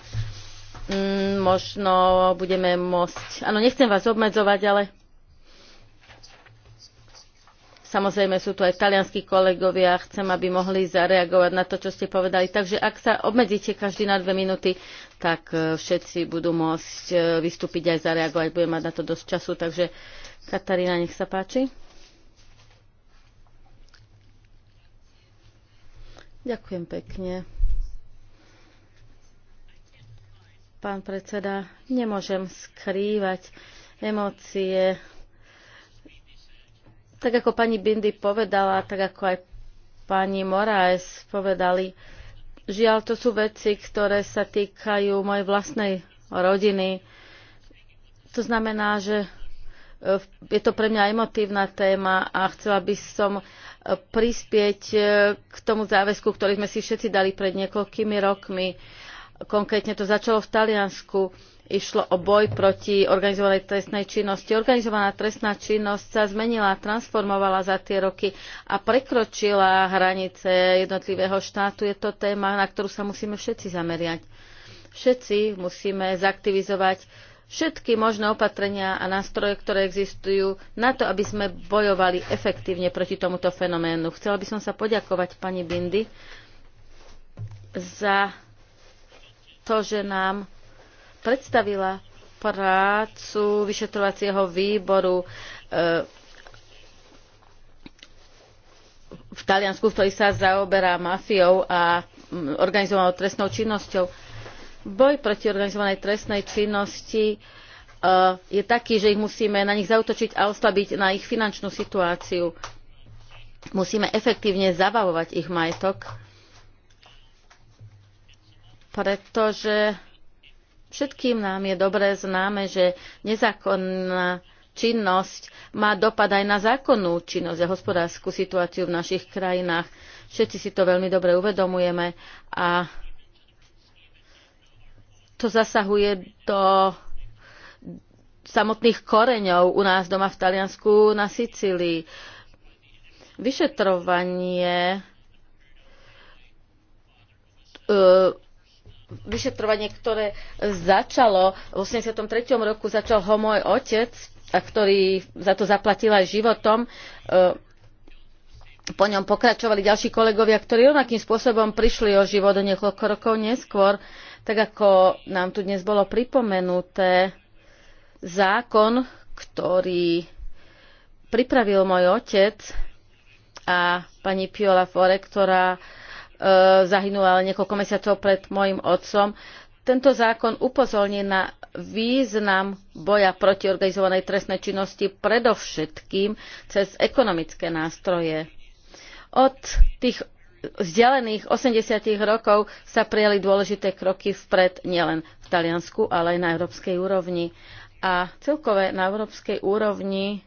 mm, možno budeme môcť... Áno, nechcem vás obmedzovať, ale Samozrejme sú tu aj talianskí kolegovia, chcem, aby mohli zareagovať na to, čo ste povedali. Takže ak sa obmedzíte každý na dve minúty, tak e, všetci budú môcť e, vystúpiť aj zareagovať. Budem mať na to dosť času, takže Katarína, nech sa páči. Ďakujem pekne. Pán predseda, nemôžem skrývať emócie tak ako pani Bindy povedala, tak ako aj pani Moraes povedali, žiaľ to sú veci, ktoré sa týkajú mojej vlastnej rodiny. To znamená, že eh, je to pre mňa emotívna téma a chcela by som eh, prispieť eh, k tomu záväzku, ktorý sme si všetci dali pred niekoľkými rokmi Konkrétne to začalo v Taliansku. Išlo o boj proti organizovanej trestnej činnosti. Organizovaná trestná činnosť sa zmenila, transformovala za tie roky a prekročila hranice jednotlivého štátu. Je to téma, na ktorú sa musíme všetci zameriať. Všetci musíme zaktivizovať všetky možné opatrenia a nástroje, ktoré existujú na to, aby sme bojovali efektívne proti tomuto fenoménu. Chcela by som sa poďakovať pani Bindy za to, že nám predstavila prácu vyšetrovacieho výboru e, v Taliansku, ktorý sa zaoberá mafiou a organizovanou trestnou činnosťou. Boj proti organizovanej trestnej činnosti e, je taký, že ich musíme na nich zautočiť a oslabiť na ich finančnú situáciu. Musíme efektívne zabavovať ich majetok pretože všetkým nám je dobre známe, že nezákonná činnosť má dopad aj na zákonnú činnosť a hospodárskú situáciu v našich krajinách. Všetci si to veľmi dobre uvedomujeme a to zasahuje do samotných koreňov u nás doma v Taliansku na Sicílii. Vyšetrovanie e, vyšetrovanie, ktoré začalo v 83. roku, začal ho môj otec, a ktorý za to zaplatil aj životom. E, po ňom pokračovali ďalší kolegovia, ktorí rovnakým spôsobom prišli o život o niekoľko rokov neskôr. Tak ako nám tu dnes bolo pripomenuté, zákon, ktorý pripravil môj otec a pani Piola Fore, ktorá E, zahynula niekoľko mesiacov pred mojim otcom. Tento zákon upozorní na význam boja proti organizovanej trestnej činnosti predovšetkým cez ekonomické nástroje. Od tých vzdialených 80. rokov sa prijali dôležité kroky vpred nielen v Taliansku, ale aj na európskej úrovni. A celkové na európskej úrovni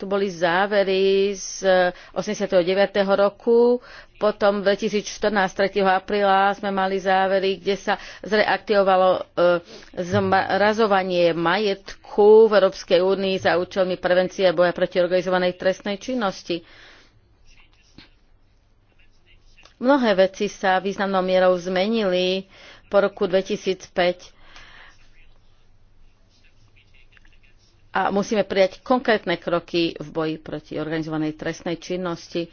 tu boli závery z 89. Eh, roku, potom 2014, 3. apríla sme mali závery, kde sa zreaktivovalo eh, zmrazovanie majetku v Európskej únii za účelmi prevencie a boja proti organizovanej trestnej činnosti. Mnohé veci sa významnou mierou zmenili po roku 2005 a musíme prijať konkrétne kroky v boji proti organizovanej trestnej činnosti.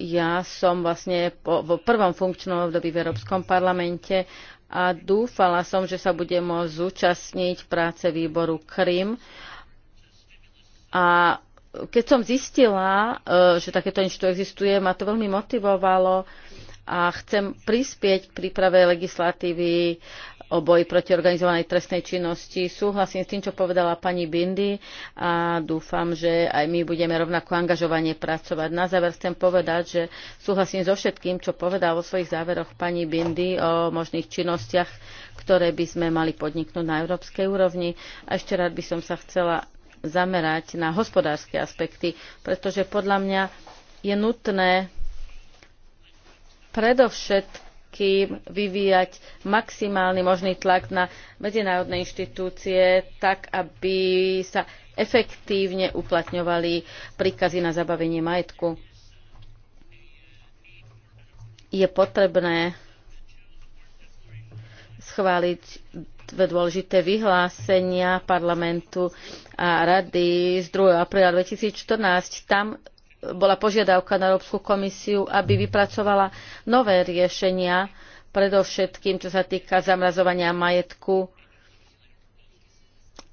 Ja som vlastne po, vo prvom funkčnom období v Európskom parlamente a dúfala som, že sa bude môcť zúčastniť práce výboru Krym. A keď som zistila, e, že takéto niečo existuje, ma to veľmi motivovalo a chcem prispieť k príprave legislatívy o boji proti organizovanej trestnej činnosti. Súhlasím s tým, čo povedala pani Bindy a dúfam, že aj my budeme rovnako angažovanie pracovať. Na záver chcem povedať, že súhlasím so všetkým, čo povedala vo svojich záveroch pani Bindy o možných činnostiach, ktoré by sme mali podniknúť na európskej úrovni. A ešte rád by som sa chcela zamerať na hospodárske aspekty, pretože podľa mňa je nutné predovšetkým vyvíjať maximálny možný tlak na medzinárodné inštitúcie, tak aby sa efektívne uplatňovali príkazy na zabavenie majetku. Je potrebné schváliť dve dôležité vyhlásenia parlamentu a rady z 2. apríla 2014. Tam bola požiadavka na Európsku komisiu, aby vypracovala nové riešenia, predovšetkým čo sa týka zamrazovania majetku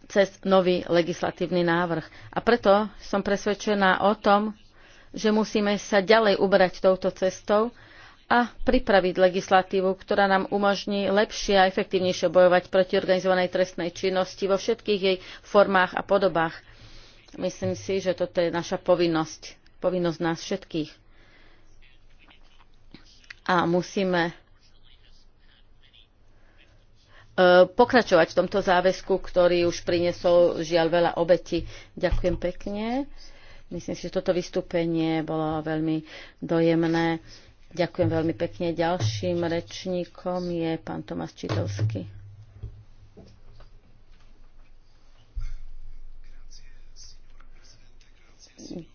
cez nový legislatívny návrh. A preto som presvedčená o tom, že musíme sa ďalej uberať touto cestou a pripraviť legislatívu, ktorá nám umožní lepšie a efektívnejšie bojovať proti organizovanej trestnej činnosti vo všetkých jej formách a podobách. Myslím si, že toto je naša povinnosť povinnosť nás všetkých. A musíme e, pokračovať v tomto záväzku, ktorý už priniesol žiaľ veľa obeti. Ďakujem pekne. Myslím si, že toto vystúpenie bolo veľmi dojemné. Ďakujem veľmi pekne. Ďalším rečníkom je pán Tomáš Čitovský.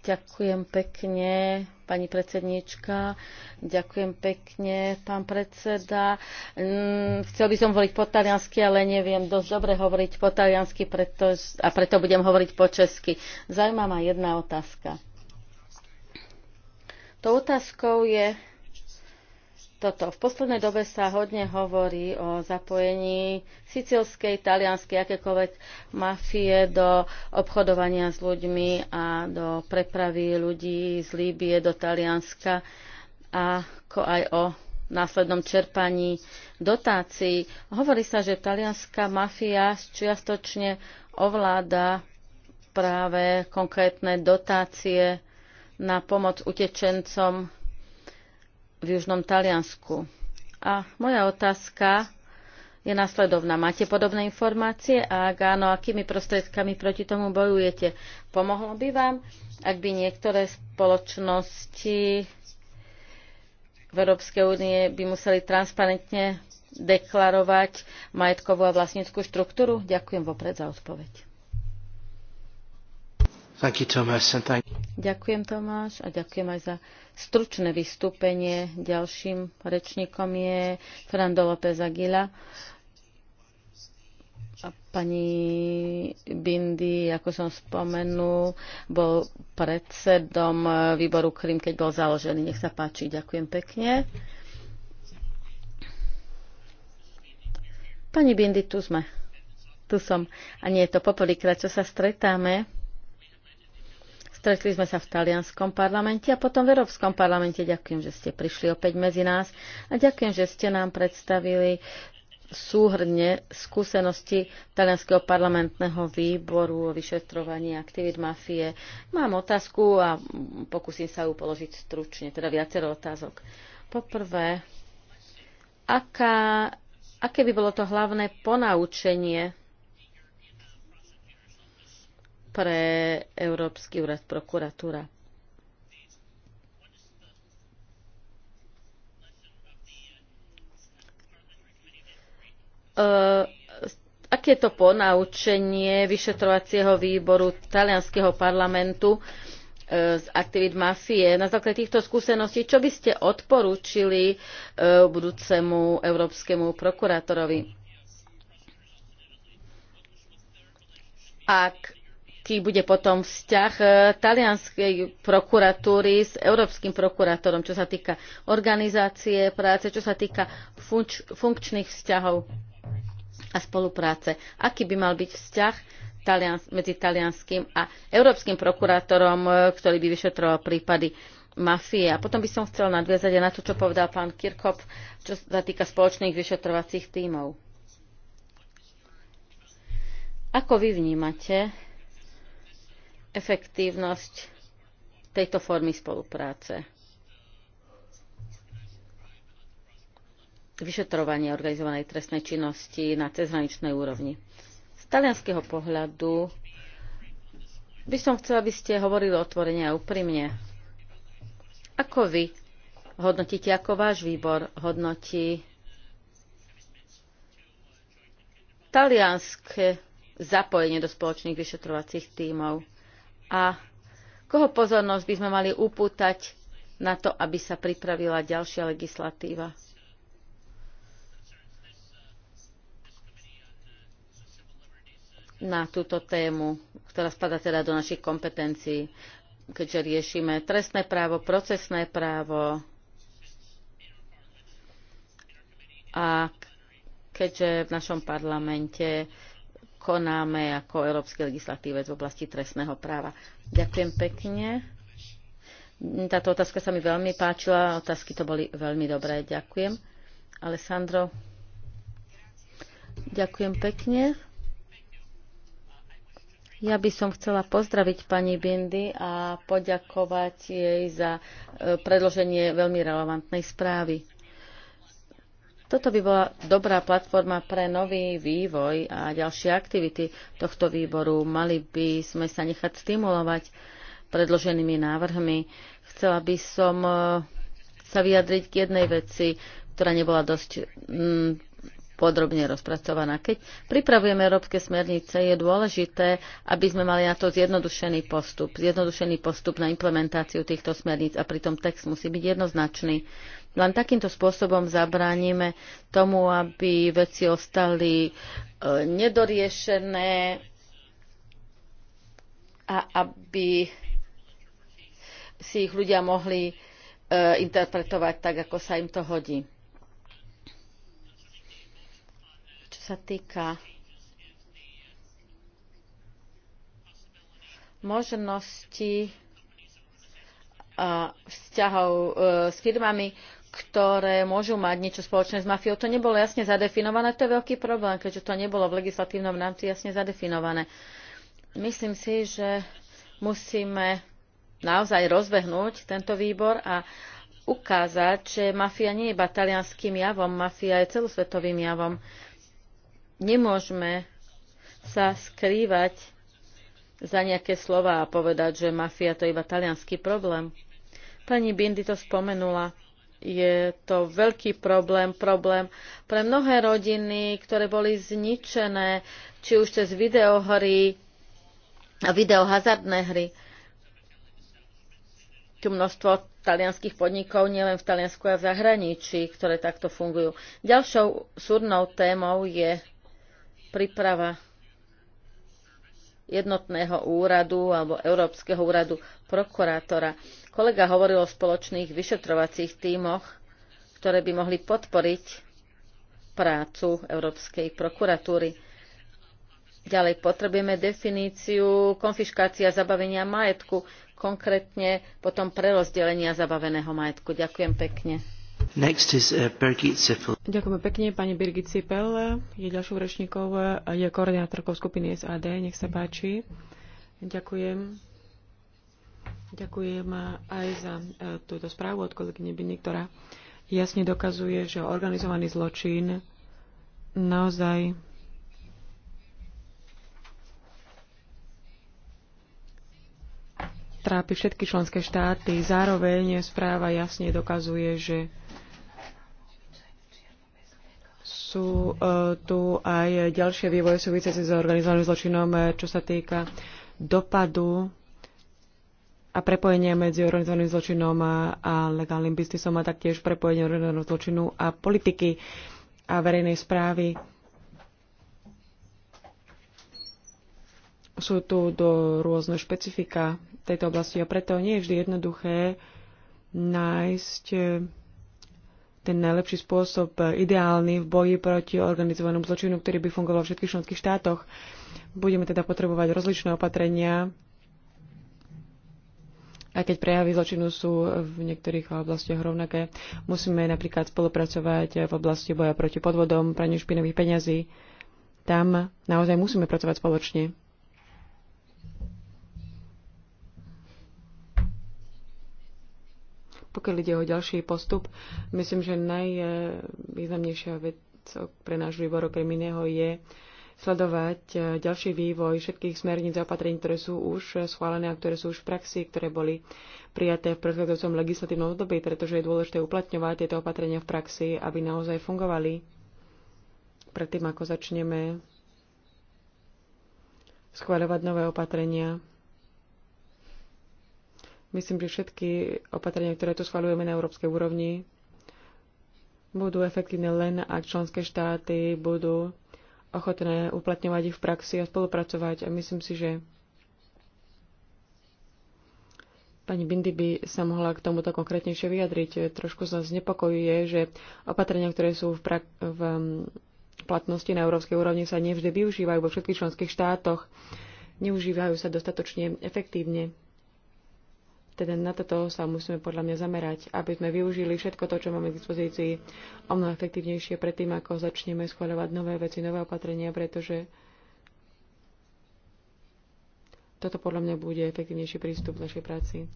Ďakujem pekne, pani predsedníčka. Ďakujem pekne, pán predseda. Mm, chcel by som hovoriť po taliansky, ale neviem dosť dobre hovoriť po taliansky, preto, a preto budem hovoriť po česky. Zaujímavá ma jedna otázka. Tou otázkou je, toto. V poslednej dobe sa hodne hovorí o zapojení sicilskej, talianskej, akékoľvek mafie do obchodovania s ľuďmi a do prepravy ľudí z Líbie do Talianska, ako aj o následnom čerpaní dotácií. Hovorí sa, že talianská mafia čiastočne ovláda práve konkrétne dotácie na pomoc utečencom v južnom Taliansku. A moja otázka je nasledovná. Máte podobné informácie? A ak áno, akými prostriedkami proti tomu bojujete? Pomohlo by vám, ak by niektoré spoločnosti v Európskej únie by museli transparentne deklarovať majetkovú a vlastníckú štruktúru? Ďakujem vopred za odpoveď. You, Thomas, ďakujem, Tomáš, a ďakujem aj za stručné vystúpenie. Ďalším rečníkom je Fernando López Aguila. A pani Bindy, ako som spomenul, bol predsedom výboru Krym, keď bol založený. Nech sa páči, ďakujem pekne. Pani Bindy, tu sme. Tu som. A nie je to poprvýkrát, čo sa stretáme Stretli sme sa v talianskom parlamente a potom v Európskom parlamente. Ďakujem, že ste prišli opäť medzi nás a ďakujem, že ste nám predstavili súhrne skúsenosti talianského parlamentného výboru o vyšetrovaní aktivít mafie. Mám otázku a pokúsim sa ju položiť stručne, teda viacero otázok. Poprvé, aká, aké by bolo to hlavné ponaučenie pre Európsky úrad prokuratúra. Uh, aké to ponaučenie vyšetrovacieho výboru talianského parlamentu e, z aktivít mafie. Na základe týchto skúseností, čo by ste odporúčili e, budúcemu európskemu prokurátorovi? Ak aký bude potom vzťah e, talianskej prokuratúry s európskym prokurátorom, čo sa týka organizácie práce, čo sa týka funč, funkčných vzťahov a spolupráce. Aký by mal byť vzťah talians- medzi talianským a európskym prokurátorom, e, ktorý by vyšetroval prípady mafie. A potom by som chcel nadviazať aj na to, čo povedal pán Kirkop, čo sa týka spoločných vyšetrovacích tímov. Ako vy vnímate efektívnosť tejto formy spolupráce. vyšetrovanie organizovanej trestnej činnosti na cezhraničnej úrovni. Z talianského pohľadu by som chcela, aby ste hovorili otvorene a úprimne. Ako vy hodnotíte, ako váš výbor hodnotí talianské zapojenie do spoločných vyšetrovacích tímov? a koho pozornosť by sme mali upútať na to, aby sa pripravila ďalšia legislatíva. na túto tému, ktorá spada teda do našich kompetencií, keďže riešime trestné právo, procesné právo a keďže v našom parlamente konáme ako európsky legislatívec v oblasti trestného práva. Ďakujem pekne. Táto otázka sa mi veľmi páčila, otázky to boli veľmi dobré. Ďakujem. Alessandro, ďakujem pekne. Ja by som chcela pozdraviť pani Bindy a poďakovať jej za e, predloženie veľmi relevantnej správy. Toto by bola dobrá platforma pre nový vývoj a ďalšie aktivity tohto výboru. Mali by sme sa nechať stimulovať predloženými návrhmi. Chcela by som e, sa vyjadriť k jednej veci, ktorá nebola dosť mm, podrobne rozpracovaná. Keď pripravujeme európske smernice, je dôležité, aby sme mali na to zjednodušený postup, zjednodušený postup na implementáciu týchto smerníc a pritom text musí byť jednoznačný. Len takýmto spôsobom zabránime tomu, aby veci ostali e, nedoriešené a aby si ich ľudia mohli e, interpretovať tak, ako sa im to hodí. Čo sa týka možnosti a vzťahov e, s firmami, ktoré môžu mať niečo spoločné s mafiou. To nebolo jasne zadefinované, to je veľký problém, keďže to nebolo v legislatívnom rámci jasne zadefinované. Myslím si, že musíme naozaj rozbehnúť tento výbor a ukázať, že mafia nie je iba talianským javom, mafia je celosvetovým javom. Nemôžeme sa skrývať za nejaké slova a povedať, že mafia to je iba talianský problém. Pani Bindy to spomenula je to veľký problém, problém pre mnohé rodiny, ktoré boli zničené, či už cez videohry a videohazardné hry. Tu množstvo talianských podnikov, nielen v Taliansku a v zahraničí, ktoré takto fungujú. Ďalšou súdnou témou je príprava jednotného úradu alebo Európskeho úradu prokurátora. Kolega hovoril o spoločných vyšetrovacích tímoch, ktoré by mohli podporiť prácu Európskej prokuratúry. Ďalej potrebujeme definíciu konfiškácia zabavenia majetku, konkrétne potom prerozdelenia zabaveného majetku. Ďakujem pekne. Next is, uh, Birgit Zippel. Ďakujem pekne, pani Birgit Cipel Je ďalšou rečníkou, je koordinátorkou skupiny SAD. Nech sa páči. Ďakujem. Ďakujem aj za e, túto správu od kolegyne Biny, ktorá jasne dokazuje, že organizovaný zločin naozaj trápi všetky členské štáty. Zároveň správa jasne dokazuje, že sú e, tu aj ďalšie vývoje súvisiace s organizovaným zločinom, e, čo sa týka dopadu a prepojenia medzi organizovaným zločinom a legálnym biznisom a taktiež prepojenie organizovaného zločinu a politiky a verejnej správy. Sú tu do rôzne špecifika tejto oblasti a preto nie je vždy jednoduché nájsť ten najlepší spôsob, e, ideálny v boji proti organizovanému zločinu, ktorý by fungoval v všetkých členských štátoch. Budeme teda potrebovať rozličné opatrenia, aj keď prejavy zločinu sú v niektorých oblastiach rovnaké. Musíme napríklad spolupracovať v oblasti boja proti podvodom, praniu špinových peňazí. Tam naozaj musíme pracovať spoločne. Pokiaľ ide o ďalší postup, myslím, že najvýznamnejšia vec pre náš výbor okrem iného je sledovať eh, ďalší vývoj všetkých smerníc a opatrení, ktoré sú už schválené a ktoré sú už v praxi, ktoré boli prijaté v predchádzajúcom legislatívnom období, pretože je dôležité uplatňovať tieto opatrenia v praxi, aby naozaj fungovali predtým, ako začneme schváľovať nové opatrenia. Myslím, že všetky opatrenia, ktoré tu schvaľujeme na európskej úrovni, budú efektívne len, ak členské štáty budú ochotné uplatňovať ich v praxi a spolupracovať. A myslím si, že Pani Bindy by sa mohla k tomuto konkrétnejšie vyjadriť. Trošku sa znepokojuje, že opatrenia, ktoré sú v, pra- v um, platnosti na európskej úrovni, sa nevždy využívajú vo všetkých členských štátoch. Neužívajú sa dostatočne efektívne. Teda na toto sa musíme podľa mňa zamerať, aby sme využili všetko to, čo máme k dispozícii o mnoho efektívnejšie predtým, ako začneme schváľovať nové veci, nové opatrenia, pretože toto podľa mňa bude efektívnejší prístup v našej práci.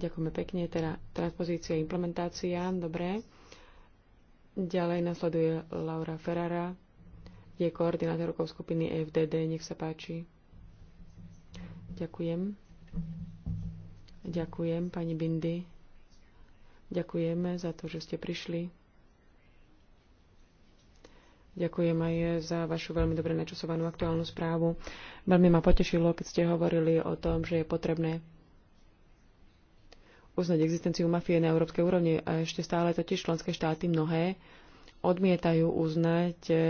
Ďakujeme pekne. Teda transpozícia, implementácia, dobre. Ďalej nasleduje Laura Ferrara, je koordinátorkou skupiny EFDD. Nech sa páči. Ďakujem. Ďakujem, pani Bindy. Ďakujeme za to, že ste prišli. Ďakujem aj za vašu veľmi dobre načasovanú aktuálnu správu. Veľmi ma potešilo, keď ste hovorili o tom, že je potrebné uznať existenciu mafie na európskej úrovni. A ešte stále totiž členské štáty mnohé odmietajú uznať eh,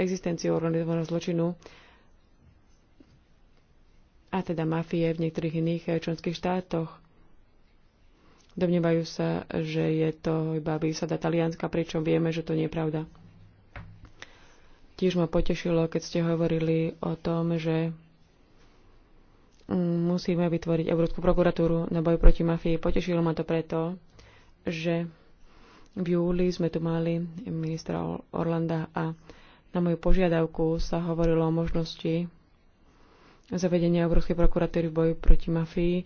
existenciu organizovaného zločinu a teda mafie v niektorých iných eh, členských štátoch. Domnievajú sa, že je to iba výsada Talianska, pričom vieme, že to nie je pravda. Tiež ma potešilo, keď ste hovorili o tom, že mm, musíme vytvoriť Európsku prokuratúru na boj proti mafii. Potešilo ma to preto, že v júli sme tu mali ministra Orlanda a na moju požiadavku sa hovorilo o možnosti zavedenia Európskej prokuratúry v boju proti mafii.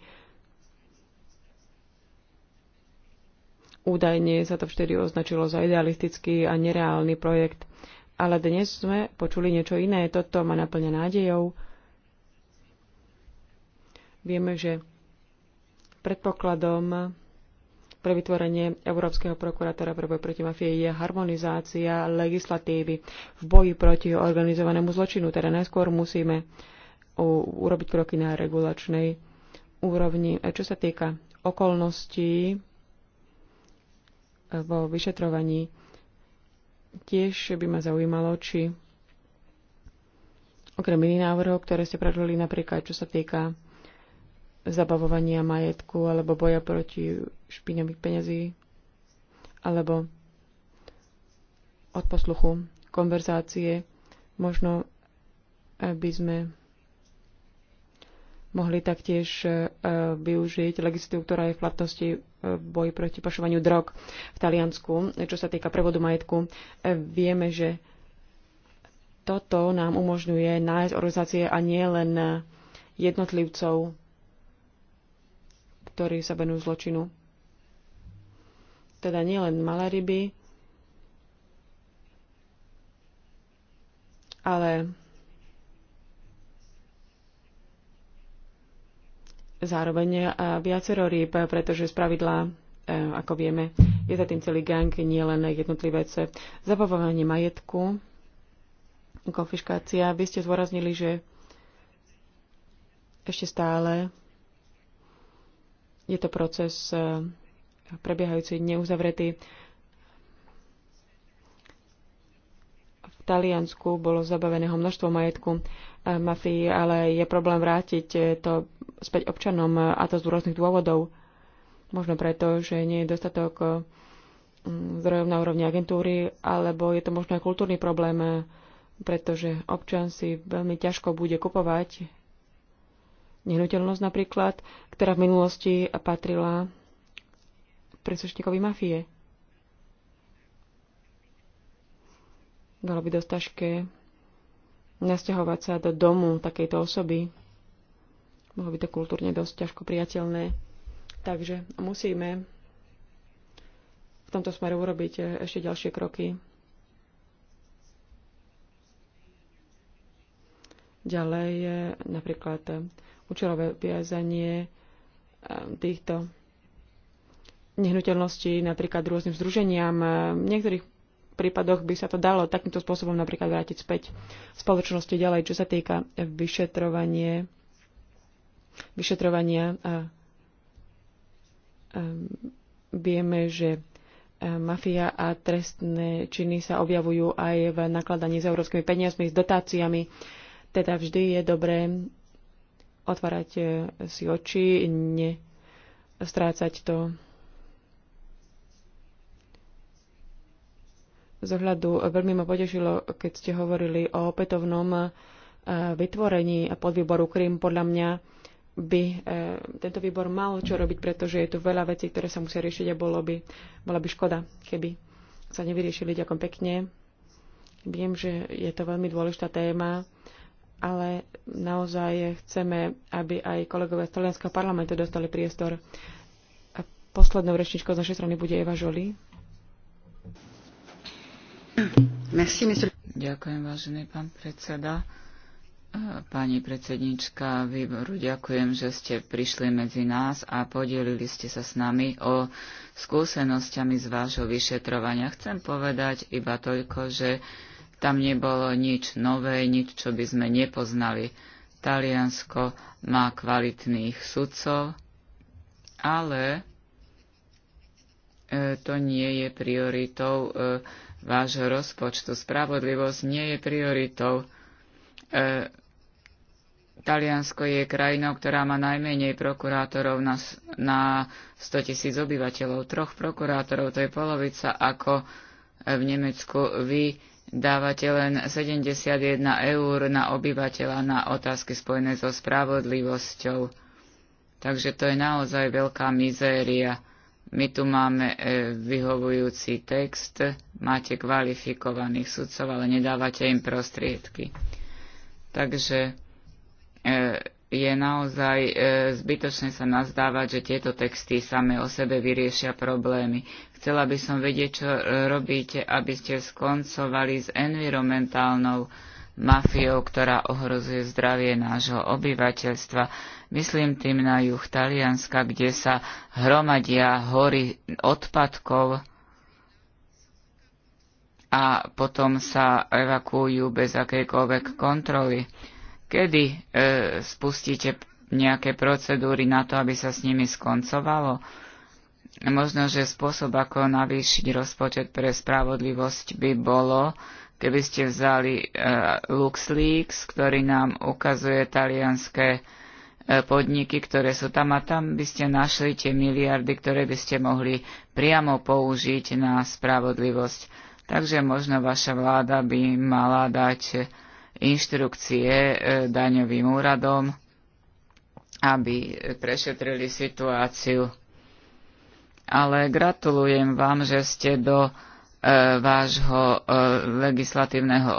Údajne sa to vtedy označilo za idealistický a nereálny projekt, ale dnes sme počuli niečo iné. Toto ma naplňa nádejou. Vieme, že predpokladom pre vytvorenie Európskeho prokurátora pre boj proti mafie je harmonizácia legislatívy v boji proti organizovanému zločinu. Teda najskôr musíme urobiť kroky na regulačnej úrovni. Čo sa týka okolností e, vo vyšetrovaní, tiež by ma zaujímalo, či okrem iných návrhov, ktoré ste predložili napríklad, čo sa týka zabavovania majetku alebo boja proti špinavých peňazí alebo od posluchu konverzácie, možno e, by sme mohli taktiež e, využiť legislatívu, ktorá je v platnosti v e, boji proti pašovaniu drog v Taliansku, čo sa týka prevodu majetku. E, vieme, že toto nám umožňuje nájsť organizácie a nie len jednotlivcov, ktorí sa venujú zločinu. Teda nie len malé ryby, ale zároveň eh, viacero rýb, pretože z pravidla, eh, ako vieme, je za tým celý gang, nie len jednotlivec. Zabavovanie majetku, konfiškácia. Vy ste zvoraznili, že ešte stále je to proces eh, prebiehajúci, neuzavretý. V Taliansku bolo zabaveného množstvo majetku mafii, ale je problém vrátiť to späť občanom, a to z rôznych dôvodov. Možno preto, že nie je dostatok mm, zdrojov na úrovni agentúry, alebo je to možno aj kultúrny problém, pretože občan si veľmi ťažko bude kupovať nehnuteľnosť napríklad, ktorá v minulosti patrila príslušníkovi mafie. Bolo by dosť ťažké nasťahovať sa do domu takejto osoby bolo by to kultúrne dosť ťažko priateľné. Takže musíme v tomto smere urobiť e, ešte ďalšie kroky. Ďalej e, napríklad e, účelové viazanie týchto nehnuteľností napríklad rôznym združeniam. V niektorých prípadoch by sa to dalo takýmto spôsobom napríklad vrátiť späť spoločnosti ďalej, čo sa týka vyšetrovanie vyšetrovania a vieme, že mafia a trestné činy sa objavujú aj v nakladaní s európskymi peniazmi, s dotáciami. Teda vždy je dobré otvárať e, si oči, nestrácať to z ohľadu. Veľmi ma potešilo, keď ste hovorili o opätovnom e, vytvorení podvýboru Krym. Podľa mňa by e, tento výbor mal čo robiť, pretože je tu veľa vecí, ktoré sa musia riešiť a bolo by, bola by škoda, keby sa nevyriešili. Ďakujem pekne. Viem, že je to veľmi dôležitá téma, ale naozaj chceme, aby aj kolegovia z Talianského parlamentu dostali priestor. A poslednou rečničkou z našej strany bude Eva Žoli. Ďakujem, vážený pán predseda. Pani predsednička výboru, ďakujem, že ste prišli medzi nás a podielili ste sa s nami o skúsenostiami z vášho vyšetrovania. Chcem povedať iba toľko, že tam nebolo nič nové, nič, čo by sme nepoznali. Taliansko má kvalitných sudcov, ale e, to nie je prioritou e, vášho rozpočtu. Spravodlivosť nie je prioritou E, Taliansko je krajinou, ktorá má najmenej prokurátorov na, na 100 tisíc obyvateľov. Troch prokurátorov, to je polovica, ako e, v Nemecku. Vy dávate len 71 eur na obyvateľa na otázky spojené so spravodlivosťou. Takže to je naozaj veľká mizéria. My tu máme e, vyhovujúci text, máte kvalifikovaných sudcov, ale nedávate im prostriedky. Takže e, je naozaj e, zbytočné sa nazdávať, že tieto texty same o sebe vyriešia problémy. Chcela by som vedieť, čo e, robíte, aby ste skoncovali s environmentálnou mafiou, ktorá ohrozuje zdravie nášho obyvateľstva. Myslím tým na juh Talianska, kde sa hromadia hory odpadkov, a potom sa evakuujú bez akejkoľvek kontroly. Kedy e, spustíte nejaké procedúry na to, aby sa s nimi skoncovalo? Možno, že spôsob, ako navýšiť rozpočet pre spravodlivosť by bolo, keby ste vzali e, LuxLeaks, ktorý nám ukazuje talianské e, podniky, ktoré sú tam a tam by ste našli tie miliardy, ktoré by ste mohli priamo použiť na spravodlivosť Takže možno vaša vláda by mala dať inštrukcie e, daňovým úradom, aby prešetrili situáciu. Ale gratulujem vám, že ste do e, vášho e, legislatívneho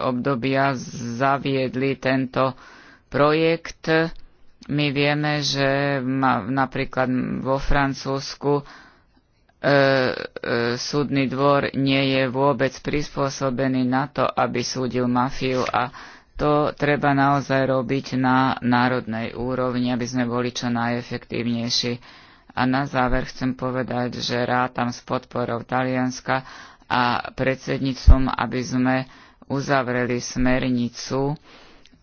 obdobia zaviedli tento projekt. My vieme, že napríklad vo Francúzsku E, e, súdny dvor nie je vôbec prispôsobený na to, aby súdil mafiu a to treba naozaj robiť na národnej úrovni, aby sme boli čo najefektívnejší. A na záver chcem povedať, že rátam s podporou Talianska a predsedníctvom, aby sme uzavreli smernicu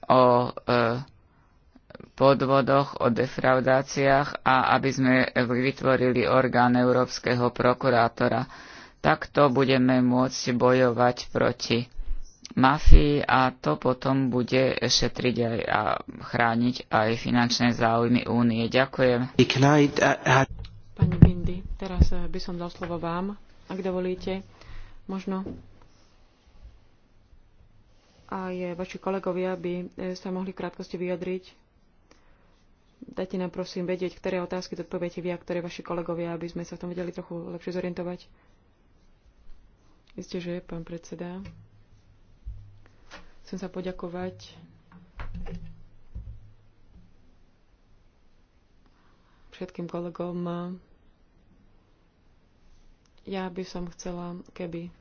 o e, podvodoch, o defraudáciách a aby sme vytvorili orgán Európskeho prokurátora. Takto budeme môcť bojovať proti mafii a to potom bude šetriť aj a chrániť aj finančné záujmy únie. Ďakujem. Pani Bindy, teraz eh, by som dal slovo vám, ak dovolíte. Možno aj vaši kolegovia by eh, sa mohli v krátkosti vyjadriť. Dajte nám prosím vedieť, ktoré otázky zodpoviete vy a ktoré vaši kolegovia, aby sme sa v tom vedeli trochu lepšie zorientovať. Isté, že, pán predseda. Chcem sa poďakovať všetkým kolegom. Ja by som chcela, keby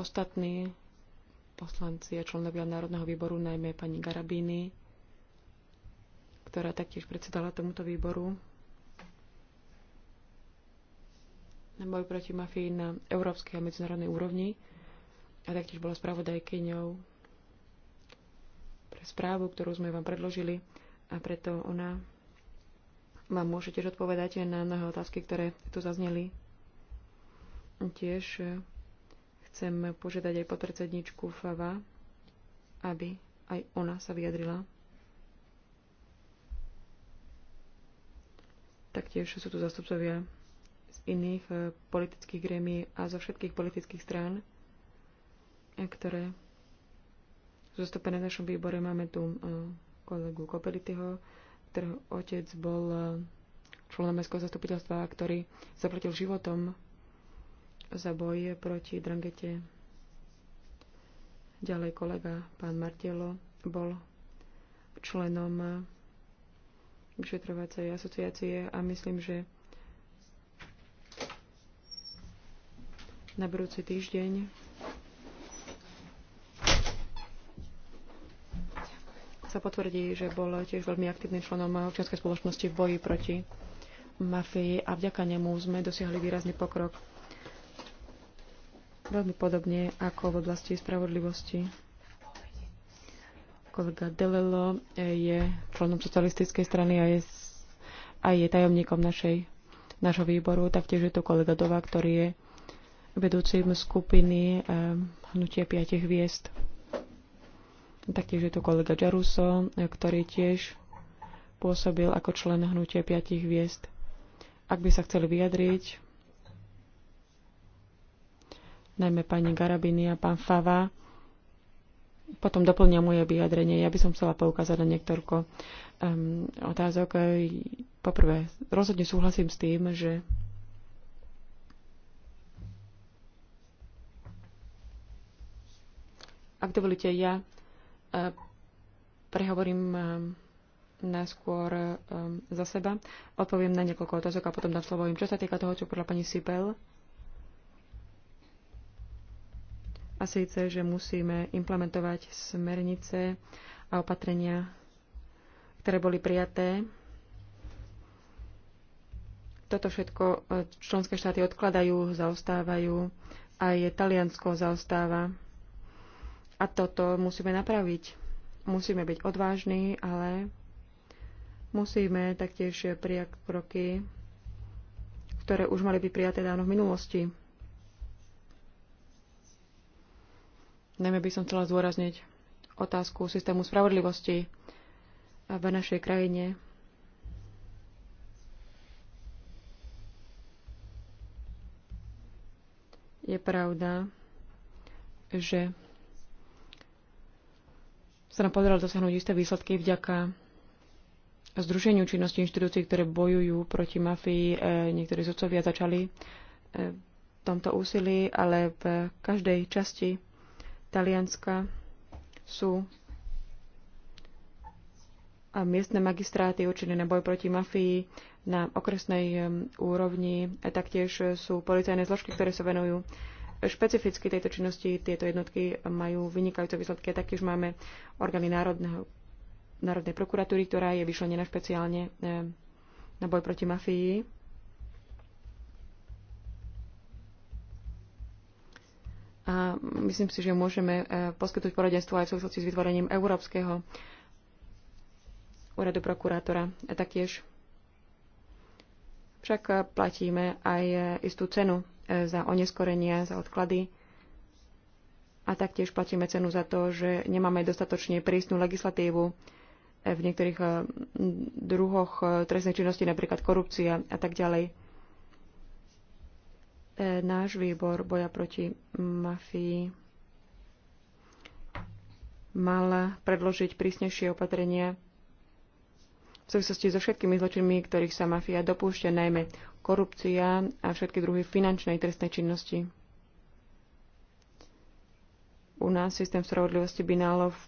ostatní poslanci a členovia Národného výboru, najmä pani Garabíny, ktorá taktiež predsedala tomuto výboru na boj proti mafii na európskej a medzinárodnej úrovni a taktiež bola spravodajkyňou pre správu, ktorú sme vám predložili a preto ona vám môže tiež odpovedať aj na mnohé otázky, ktoré tu zazneli. Tiež chcem požiadať aj podpredsedničku FAVA, aby aj ona sa vyjadrila. Taktiež sú tu zastupcovia z iných e, politických grémií a zo všetkých politických strán, e, ktoré sú zastúpené v našom výbore. Máme tu e, kolegu Kopelityho, ktorého otec bol členom mestského zastupiteľstva, ktorý zaplatil životom za boj proti drangete. Ďalej kolega pán Martielo bol členom vyšetrovacej asociácie a myslím, že na budúci týždeň sa potvrdí, že bol tiež veľmi aktívnym členom občianskej spoločnosti v boji proti mafii a vďaka nemu sme dosiahli výrazný pokrok. Veľmi podobne ako v oblasti spravodlivosti. Kolega Delelo e, je členom socialistickej strany a je, a je tajomníkom našej, našho výboru. Taktiež je to kolega Dova, ktorý je vedúcim skupiny e, Hnutia piatich hviezd. Taktiež je to kolega Jaruso, e, ktorý tiež pôsobil ako člen Hnutia piatich hviezd. Ak by sa chceli vyjadriť, najmä pani Garabini a pán Fava, potom doplňa moje vyjadrenie. Ja by som chcela poukázať na niektorko um, otázok. Poprvé, rozhodne súhlasím s tým, že ak dovolíte, ja uh, prehovorím uh, najskôr um, za seba, odpoviem na niekoľko otázok a potom dám slovo im. Čo sa týka toho, čo podľa pani Sipel, a síce, že musíme implementovať smernice a opatrenia, ktoré boli prijaté. Toto všetko e, členské štáty odkladajú, zaostávajú, aj Taliansko zaostáva. A toto musíme napraviť. Musíme byť odvážni, ale musíme taktiež prijať kroky, ktoré už mali byť prijaté dávno v minulosti. Najmä by som chcela zdôrazniť otázku systému spravodlivosti v našej krajine. Je pravda, že sa nám podarilo dosiahnuť isté výsledky vďaka združeniu činnosti inštitúcií, ktoré bojujú proti mafii. E, niektorí sudcovia začali e, v tomto úsilí, ale v každej časti Talianska sú a miestne magistráty určené na boj proti mafii na okresnej úrovni. A taktiež sú policajné zložky, ktoré sa venujú špecificky tejto činnosti. Tieto jednotky majú vynikajúce výsledky. A taktiež máme orgány národného, Národnej prokuratúry, ktorá je vyšlenená špeciálne na boj proti mafii. A myslím si, že môžeme e, poskytnúť poradenstvo aj v súvislosti s vytvorením Európskeho úradu prokurátora. A taktiež však platíme aj e, istú cenu e, za oneskorenia, za odklady a taktiež platíme cenu za to, že nemáme dostatočne prísnu legislatívu v niektorých druhoch trestnej činnosti, napríklad korupcia a tak ďalej. E, náš výbor boja proti mafii mal predložiť prísnejšie opatrenia v súvislosti so všetkými zločinmi, ktorých sa mafia dopúšťa, najmä korupcia a všetky druhy finančnej trestnej činnosti. U nás systém spravodlivosti by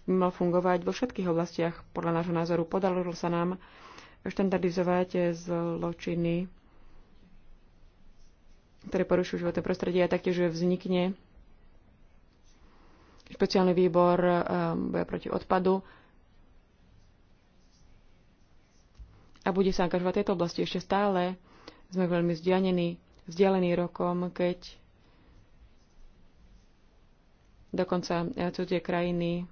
mal fungovať vo všetkých oblastiach. Podľa nášho názoru podarilo sa nám štandardizovať zločiny ktoré porušujú životné prostredie a taktiež vznikne špeciálny výbor eh, boja proti odpadu a bude sa angažovať v tejto oblasti. Ešte stále sme veľmi vzdialení, vzdialení rokom, keď dokonca eh, cudzie krajiny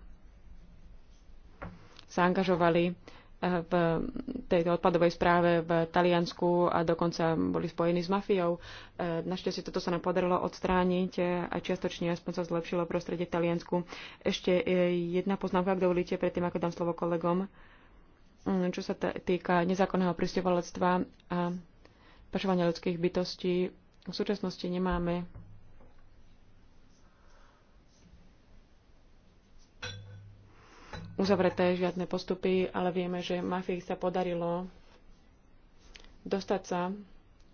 sa angažovali v tejto odpadovej správe v Taliansku a dokonca boli spojení s mafiou. E, našťastie toto sa nám podarilo odstrániť a čiastočne aspoň sa zlepšilo prostredie v Taliansku. Ešte e, jedna poznámka, ak dovolíte, predtým ako dám slovo kolegom, čo sa týka nezákonného pristovalectva a pašovania ľudských bytostí. V súčasnosti nemáme uzavreté žiadne postupy, ale vieme, že mafii sa podarilo dostať sa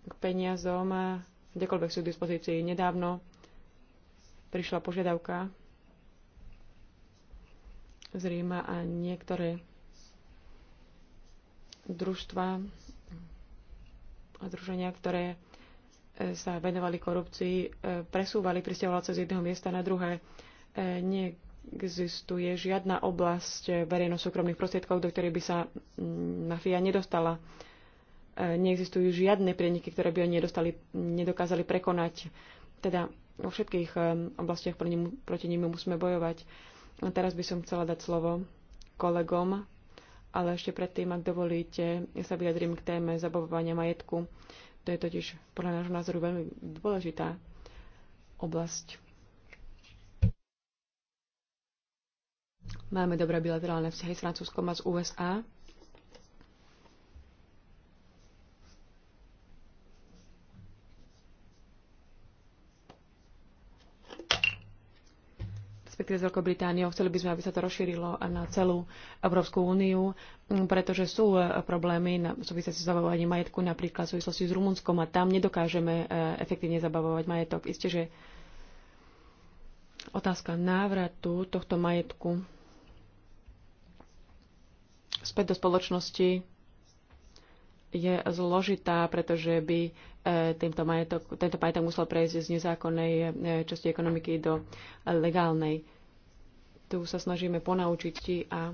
k peniazom, kdekoľvek sú k dispozícii. Nedávno prišla požiadavka z Ríma a niektoré družstva a združenia, ktoré e, sa venovali korupcii, e, presúvali pristahovalce z jedného miesta na druhé. E, nie neexistuje žiadna oblasť verejno-súkromných prostriedkov, do ktorej by sa mm, mafia nedostala. E, neexistujú žiadne prieniky, ktoré by oni nedostali, nedokázali prekonať. Teda vo všetkých e, oblastiach proti nim musíme bojovať. A teraz by som chcela dať slovo kolegom, ale ešte predtým, ak dovolíte, ja sa vyjadrím k téme zabavovania majetku. To je totiž podľa nášho názoru veľmi dôležitá oblasť Máme dobré bilaterálne vzťahy s Francúzskom a z USA. respektíve s Veľkou Britániou. Chceli by sme, aby sa to rozšírilo na celú Európsku úniu, pretože sú e, problémy na súvisiaci s zabavovaním majetku, napríklad v súvislosti s Rumunskom a tam nedokážeme e, efektívne zabavovať majetok. Isté, že otázka návratu tohto majetku späť do spoločnosti je zložitá, pretože by e, týmto majetok, tento majetok musel prejsť z nezákonnej e, časti ekonomiky do legálnej. Tu sa snažíme ponaučiť ti a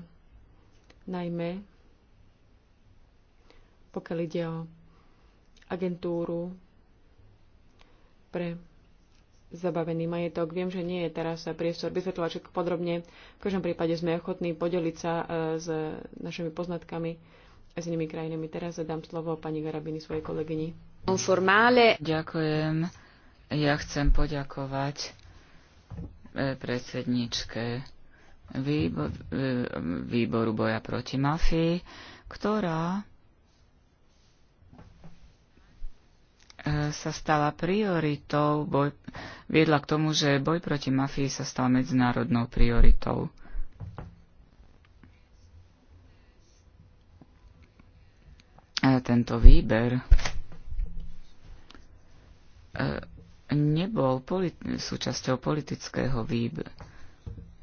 najmä pokiaľ ide o agentúru pre zabavený majetok. Viem, že nie je teraz priestor vysvetľovať všetko podrobne. V každom prípade sme ochotní podeliť sa e, s našimi poznatkami a s inými krajinami. Teraz dám slovo pani Garabini svojej kolegyni. Formále. Ďakujem. Ja chcem poďakovať e, predsedničke e, výboru boja proti mafii, ktorá sa stala prioritou, boj, viedla k tomu, že boj proti mafii sa stal medzinárodnou prioritou. Tento výber e, nebol politi- súčasťou politického výberu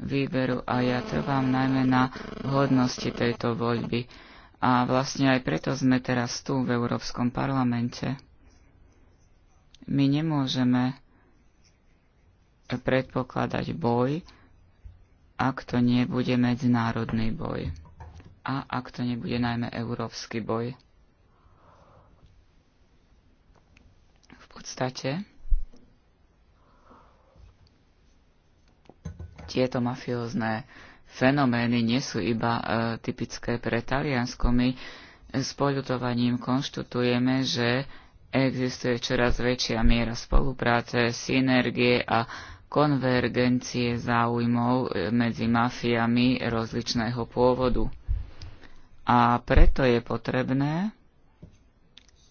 výberu a ja trvám najmä na hodnosti tejto voľby. A vlastne aj preto sme teraz tu v Európskom parlamente. My nemôžeme predpokladať boj, ak to nebude medzinárodný boj a ak to nebude najmä európsky boj. V podstate tieto mafiózne fenomény nie sú iba e, typické pre Taliansko. My s poľutovaním konštutujeme, že Existuje čoraz väčšia miera spolupráce, synergie a konvergencie záujmov e, medzi mafiami rozličného pôvodu. A preto je potrebné,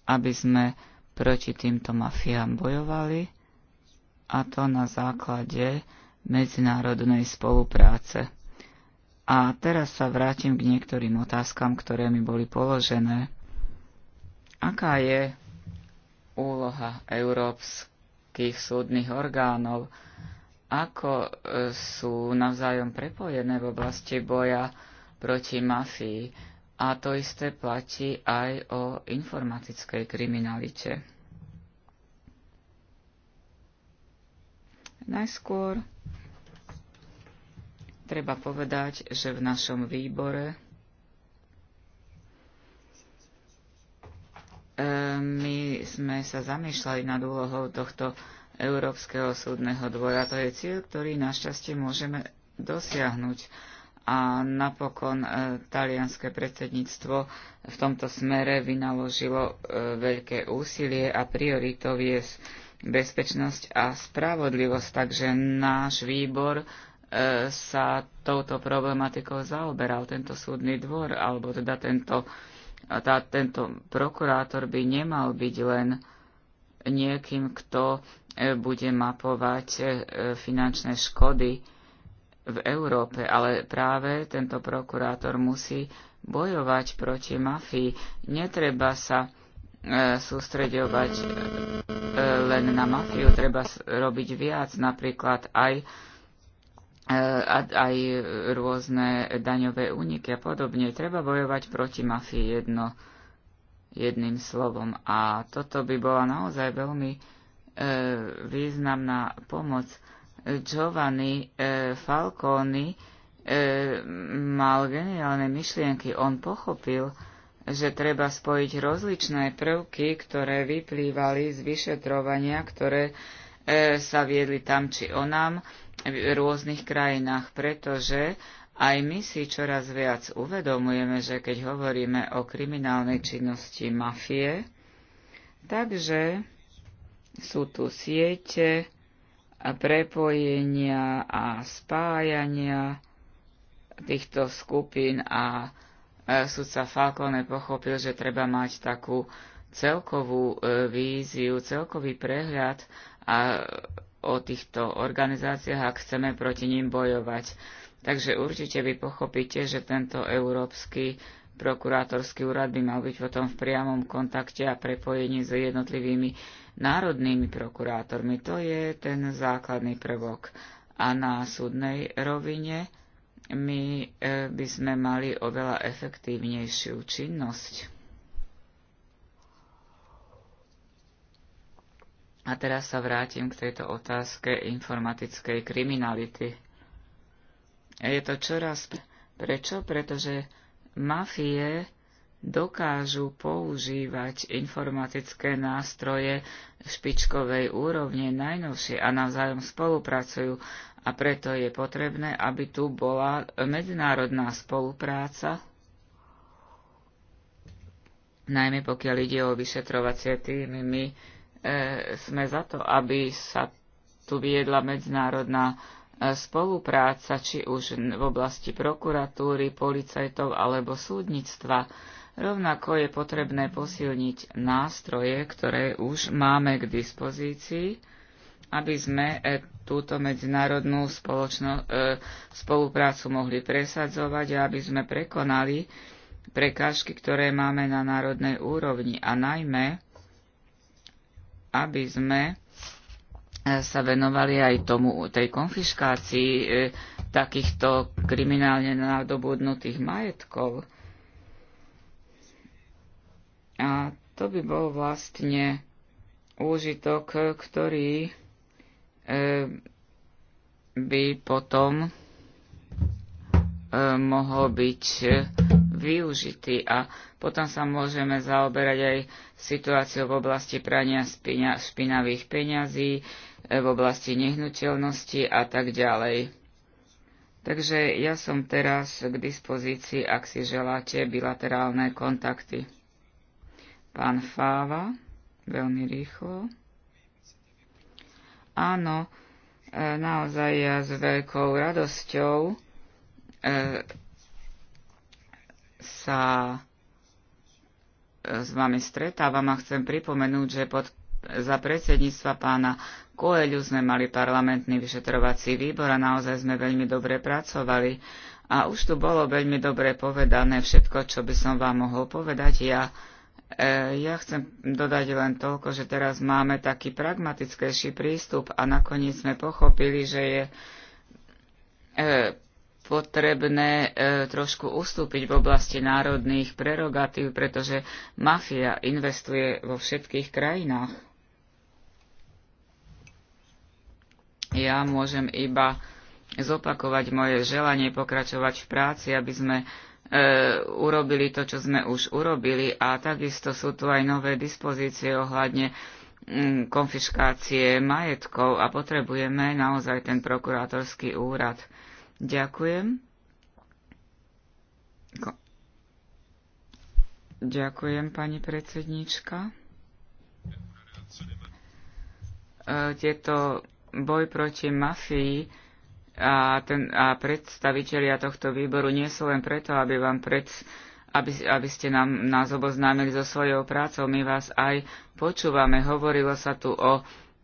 aby sme proti týmto mafiám bojovali, a to na základe medzinárodnej spolupráce. A teraz sa vrátim k niektorým otázkam, ktoré mi boli položené. Aká je úloha európskych súdnych orgánov, ako e, sú navzájom prepojené v oblasti boja proti mafii a to isté platí aj o informatickej kriminalite. Najskôr treba povedať, že v našom výbore my sme sa zamýšľali nad úlohou tohto Európskeho súdneho dvora. To je cieľ, ktorý našťastie môžeme dosiahnuť. A napokon e, talianské predsedníctvo v tomto smere vynaložilo e, veľké úsilie a prioritou je bezpečnosť a spravodlivosť. Takže náš výbor e, sa touto problematikou zaoberal, tento súdny dvor, alebo teda tento e, a tá, tento prokurátor by nemal byť len niekým, kto e, bude mapovať e, finančné škody v Európe, ale práve tento prokurátor musí bojovať proti mafii. Netreba sa e, sústreďovať len na mafiu, treba robiť viac, napríklad aj E, a aj rôzne daňové úniky a podobne. Treba bojovať proti mafii jedno, jedným slovom. A toto by bola naozaj veľmi e, významná pomoc. Giovanni e, Falcone e, mal geniálne myšlienky. On pochopil, že treba spojiť rozličné prvky, ktoré vyplývali z vyšetrovania, ktoré e, sa viedli tam či onám v rôznych krajinách, pretože aj my si čoraz viac uvedomujeme, že keď hovoríme o kriminálnej činnosti mafie, takže sú tu siete a prepojenia a spájania týchto skupín a sudca Falcone pochopil, že treba mať takú celkovú e, víziu, celkový prehľad a o týchto organizáciách, ak chceme proti ním bojovať. Takže určite vy pochopíte, že tento európsky prokurátorský úrad by mal byť potom v priamom kontakte a prepojení s jednotlivými národnými prokurátormi. To je ten základný prvok. A na súdnej rovine my eh, by sme mali oveľa efektívnejšiu činnosť. A teraz sa vrátim k tejto otázke informatickej kriminality. Je to čoraz... Prečo? Pretože mafie dokážu používať informatické nástroje v špičkovej úrovne najnovšie a navzájom spolupracujú a preto je potrebné, aby tu bola medzinárodná spolupráca, najmä pokiaľ ide o vyšetrovacie týmy. My E, sme za to, aby sa tu viedla medzinárodná e, spolupráca, či už v oblasti prokuratúry, policajtov alebo súdnictva. Rovnako je potrebné posilniť nástroje, ktoré už máme k dispozícii, aby sme e, túto medzinárodnú spoločno, spoluprácu mohli presadzovať a aby sme prekonali prekážky, ktoré máme na národnej úrovni a najmä aby sme e, sa venovali aj tomu, tej konfiškácii e, takýchto kriminálne nadobudnutých majetkov. A to by bol vlastne úžitok, ktorý e, by potom e, mohol byť využitý a potom sa môžeme zaoberať aj situáciou v oblasti prania špinavých peňazí, e, v oblasti nehnuteľnosti a tak ďalej. Takže ja som teraz k dispozícii, ak si želáte bilaterálne kontakty. Pán Fáva, veľmi rýchlo. Áno, e, naozaj ja s veľkou radosťou e, sa e, s vami stretávam a chcem pripomenúť, že pod, za predsedníctva pána Koeľu sme mali parlamentný vyšetrovací výbor a naozaj sme veľmi dobre pracovali. A už tu bolo veľmi dobre povedané všetko, čo by som vám mohol povedať. Ja, e, ja chcem dodať len toľko, že teraz máme taký pragmatickejší prístup a nakoniec sme pochopili, že je e, potrebné e, trošku ustúpiť v oblasti národných prerogatív, pretože mafia investuje vo všetkých krajinách. Ja môžem iba zopakovať moje želanie pokračovať v práci, aby sme e, urobili to, čo sme už urobili a takisto sú tu aj nové dispozície ohľadne mm, konfiškácie majetkov a potrebujeme naozaj ten prokurátorský úrad. Ďakujem. Ďakujem, pani predsednička. E, tieto boj proti mafii a, ten, a predstavitelia tohto výboru nie sú len preto, aby vám pred, aby, aby ste nám, nás oboznámili so svojou prácou. My vás aj počúvame. Hovorilo sa tu o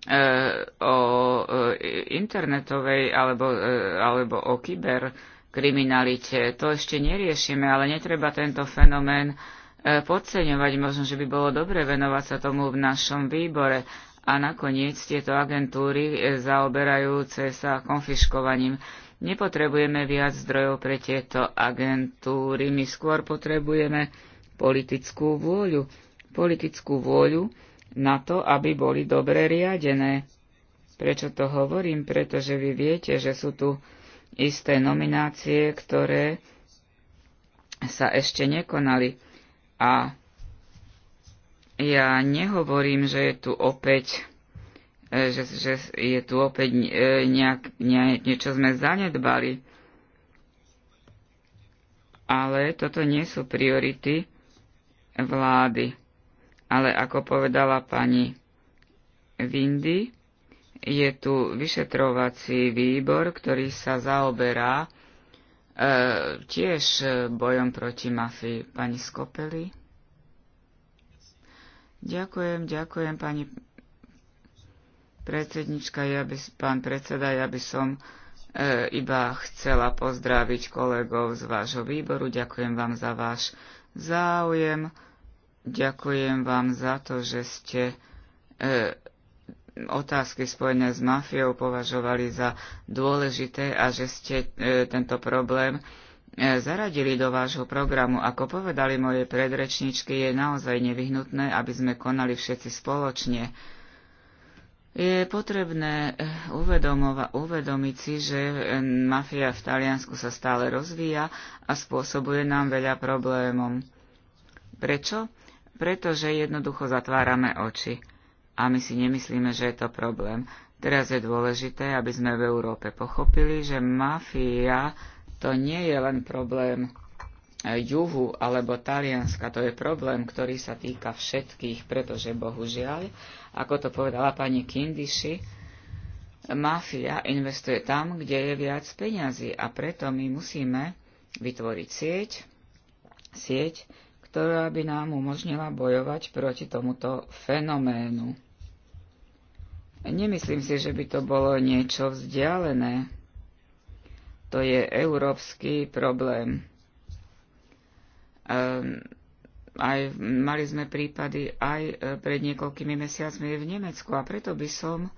Eh, o eh, internetovej alebo, eh, alebo o kyberkriminalite. To ešte neriešime, ale netreba tento fenomén podceňovať. Možno, že by bolo dobre venovať sa tomu v našom výbore. A nakoniec tieto agentúry zaoberajúce sa konfiškovaním. Nepotrebujeme viac zdrojov pre tieto agentúry, my skôr potrebujeme politickú vôľu. Politickú vôľu, na to, aby boli dobre riadené. Prečo to hovorím? Pretože vy viete, že sú tu isté nominácie, ktoré sa ešte nekonali. A ja nehovorím, že je tu opäť e, že, že je tu opäť e, nejak, ne, niečo sme zanedbali. Ale toto nie sú priority vlády. Ale ako povedala pani Vindy, je tu vyšetrovací výbor, ktorý sa zaoberá e, tiež bojom proti mafii. Pani Skopeli? Ďakujem, ďakujem, pani predsednička, ja by, pán predseda, ja by som e, iba chcela pozdraviť kolegov z vášho výboru. Ďakujem vám za váš záujem Ďakujem vám za to, že ste e, otázky spojené s mafiou považovali za dôležité a že ste e, tento problém e, zaradili do vášho programu. Ako povedali moje predrečničky, je naozaj nevyhnutné, aby sme konali všetci spoločne. Je potrebné e, uvedomiť si, že e, mafia v Taliansku sa stále rozvíja a spôsobuje nám veľa problémov. Prečo? pretože jednoducho zatvárame oči. A my si nemyslíme, že je to problém. Teraz je dôležité, aby sme v Európe pochopili, že mafia to nie je len problém e, juhu alebo Talianska, to je problém, ktorý sa týka všetkých, pretože bohužiaľ, ako to povedala pani Kindiši, mafia investuje tam, kde je viac peňazí a preto my musíme vytvoriť sieť, sieť, ktorá by nám umožnila bojovať proti tomuto fenoménu. Nemyslím si, že by to bolo niečo vzdialené. To je európsky problém. Ehm, aj, mali sme prípady aj e, pred niekoľkými mesiacmi v Nemecku a preto by som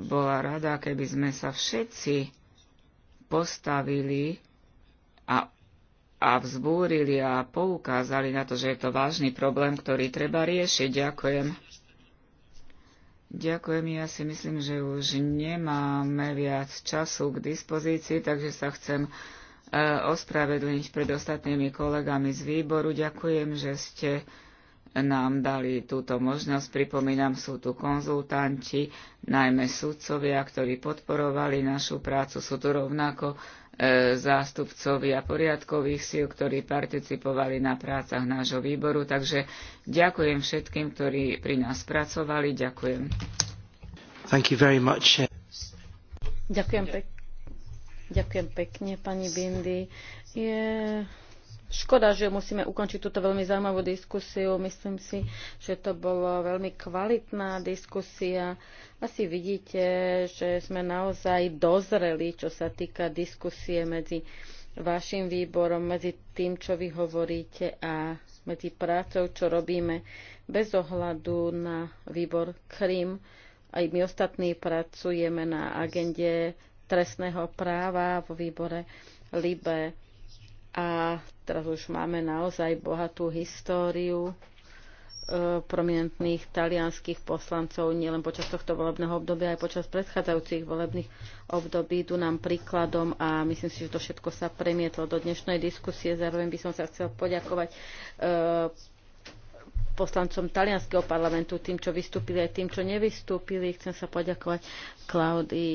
bola rada, keby sme sa všetci postavili a a vzbúrili a poukázali na to, že je to vážny problém, ktorý treba riešiť. Ďakujem. Ďakujem, ja si myslím, že už nemáme viac času k dispozícii, takže sa chcem e, ospravedlniť pred ostatnými kolegami z výboru. Ďakujem, že ste nám dali túto možnosť. Pripomínam, sú tu konzultanti, najmä sudcovia, ktorí podporovali našu prácu. Sú tu rovnako E, zástupcovia poriadkových síl, ktorí participovali na prácach nášho výboru. Takže ďakujem všetkým, ktorí pri nás pracovali. Ďakujem. Thank you very much. Ďakujem, pek- ďakujem pekne, pani Bindy. Yeah. Škoda, že musíme ukončiť túto veľmi zaujímavú diskusiu. Myslím si, že to bola veľmi kvalitná diskusia. Asi vidíte, že sme naozaj dozreli, čo sa týka diskusie medzi vašim výborom, medzi tým, čo vy hovoríte a medzi prácou, čo robíme, bez ohľadu na výbor Krym. Aj my ostatní pracujeme na agende trestného práva vo výbore Libe a teraz už máme naozaj bohatú históriu e, prominentných talianských poslancov nielen počas tohto volebného obdobia, aj počas predchádzajúcich volebných období. Tu nám príkladom a myslím si, že to všetko sa premietlo do dnešnej diskusie. Zároveň by som sa chcel poďakovať e, poslancom talianského parlamentu, tým, čo vystúpili aj tým, čo nevystúpili. Chcem sa poďakovať Klaudii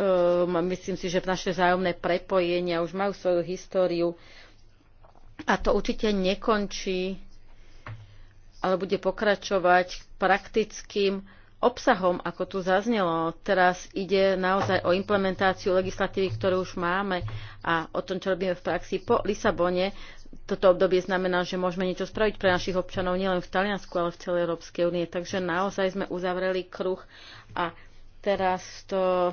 Ehm, myslím si, že naše vzájomné prepojenia už majú svoju históriu a to určite nekončí, ale bude pokračovať praktickým obsahom, ako tu zaznelo. Teraz ide naozaj o implementáciu legislatívy, ktorú už máme a o tom, čo robíme v praxi po Lisabone. Toto obdobie znamená, že môžeme niečo spraviť pre našich občanov nielen v Taliansku, ale v celej Európskej únie. Takže naozaj sme uzavreli kruh a teraz to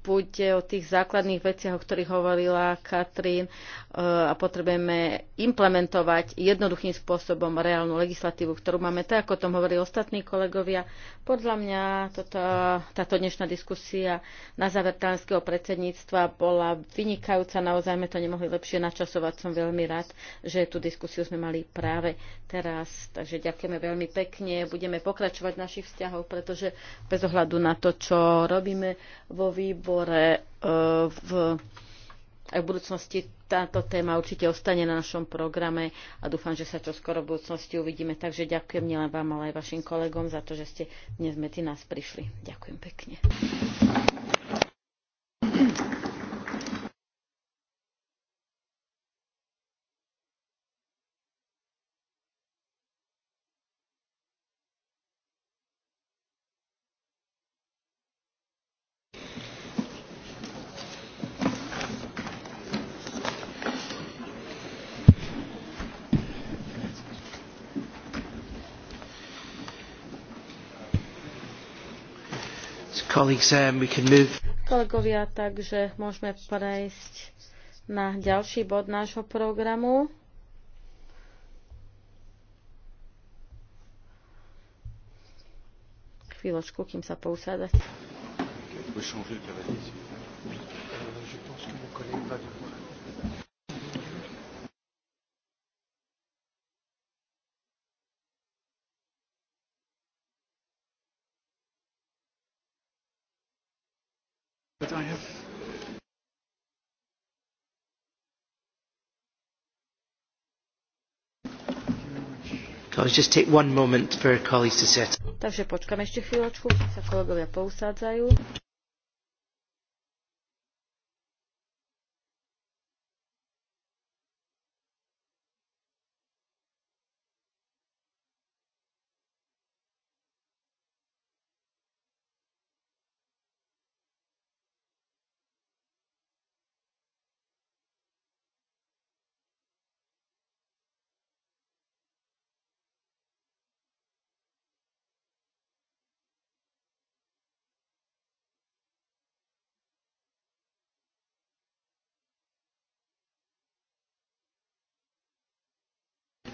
bude o tých základných veciach, o ktorých hovorila Katrin, e, a potrebujeme implementovať jednoduchým spôsobom reálnu legislatívu, ktorú máme, tak ako o tom hovorili ostatní kolegovia. Podľa mňa toto, táto dnešná diskusia na záver talianského predsedníctva bola vynikajúca, naozaj sme to nemohli lepšie načasovať, som veľmi rád, že tú diskusiu sme mali práve teraz. Takže ďakujeme veľmi pekne, budeme pokračovať v našich vzťahov, pretože bez ohľadu na to, čo robíme vo výboru, podpore e, v, aj v budúcnosti táto téma určite ostane na našom programe a dúfam, že sa čo skoro v budúcnosti uvidíme. Takže ďakujem nielen vám, ale aj vašim kolegom za to, že ste dnes medzi nás prišli. Ďakujem pekne. Um, Kolegovia, takže môžeme prejsť na ďalší bod nášho programu. Chvíľočku, kým sa pousádate. that I have. Just Takže počkám ešte chvíľočku, keď sa kolegovia pousádzajú.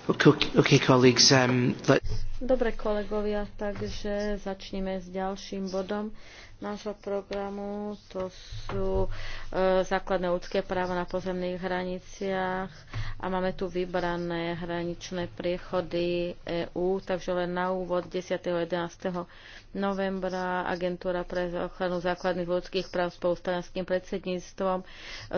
Okay, colleagues, um, let's... Dobre kolegovia, takže začneme s ďalším bodom nášho programu. To sú e, základné ľudské práva na pozemných hraniciach a máme tu vybrané hraničné priechody EÚ, takže len na úvod 10. a 11. novembra Agentúra pre ochranu základných ľudských práv spolu s talianským predsedníctvom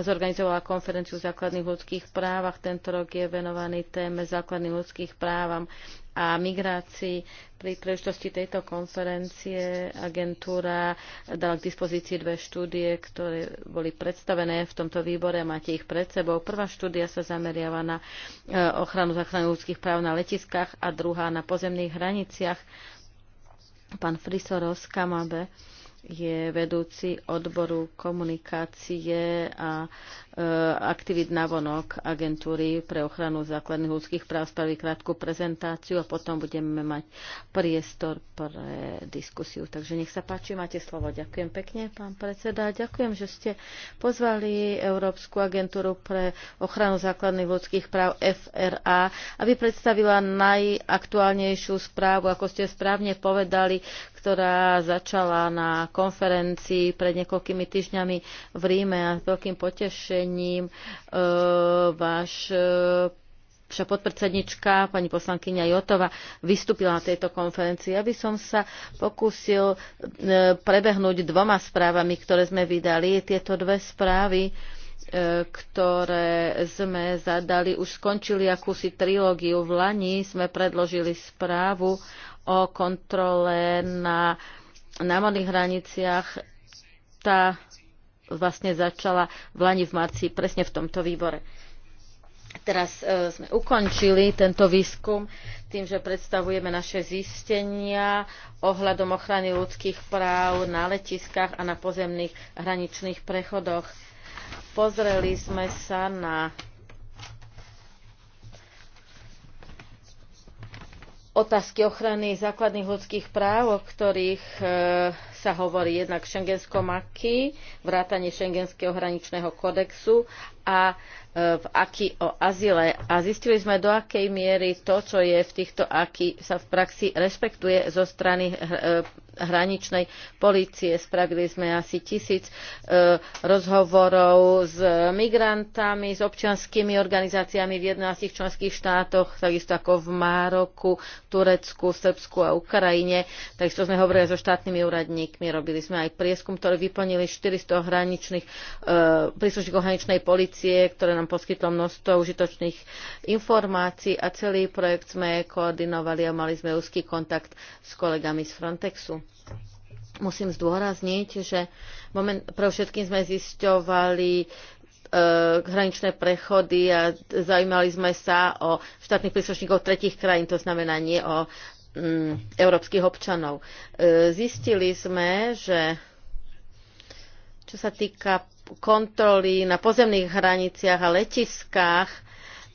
zorganizovala konferenciu základných ľudských právach. Tento rok je venovaný téme základných ľudských právam a migrácii. Pri príležitosti tejto konferencie agentúra dala k dispozícii dve štúdie, ktoré boli predstavené v tomto výbore. Máte ich pred sebou. Prvá štúdia sa zameriava na eh, ochranu záchranu ľudských práv na letiskách a druhá na pozemných hraniciach. Pán Frisoros Kamabe je vedúci odboru komunikácie a Eh, aktivít navonok agentúry pre ochranu základných ľudských práv spraví krátku prezentáciu a potom budeme mať priestor pre diskusiu. Takže nech sa páči, máte slovo. Ďakujem pekne, pán predseda. Ďakujem, že ste pozvali Európsku agentúru pre ochranu základných ľudských práv FRA, aby predstavila najaktuálnejšiu správu, ako ste správne povedali, ktorá začala na konferencii pred niekoľkými týždňami v Ríme a s veľkým potešením e, Váš e, Vaša podpredsednička, pani poslankyňa Jotova, vystúpila na tejto konferencii. Ja by som sa pokúsil e, prebehnúť dvoma správami, ktoré sme vydali. Tieto dve správy e, ktoré sme zadali, už skončili akúsi trilógiu. V Lani sme predložili správu o kontrole na námorných hraniciach. Tá vlastne začala v Lani v marci presne v tomto výbore. Teraz e, sme ukončili tento výskum tým, že predstavujeme naše zistenia ohľadom ochrany ľudských práv na letiskách a na pozemných hraničných prechodoch. Pozreli sme sa na otázky ochrany základných ľudských práv, o ktorých e, sa hovorí jednak v šengenskom aký, vrátanie šengenského hraničného kodexu a v aký o azyle a zistili sme, do akej miery to, čo je v týchto acquis sa v praxi rešpektuje zo strany e, hraničnej polície. Spravili sme asi tisíc e, rozhovorov s migrantami, s občianskými organizáciami v 11 členských štátoch, takisto ako v Mároku, Turecku, Srbsku a Ukrajine. Takisto sme hovorili so štátnymi úradníkmi, robili sme aj prieskum, ktorý vyplnili 400 hraničných, e, príslušníkov hraničnej policie, ktoré nám poskytlo množstvo užitočných informácií a celý projekt sme koordinovali a mali sme úzky kontakt s kolegami z Frontexu musím zdôrazniť, že moment, pre všetkým sme zisťovali e, hraničné prechody a zaujímali sme sa o štátnych príslušníkov tretich krajín, to znamená nie o mm, európskych občanov. E, zistili sme, že čo sa týka kontroly na pozemných hraniciach a letiskách,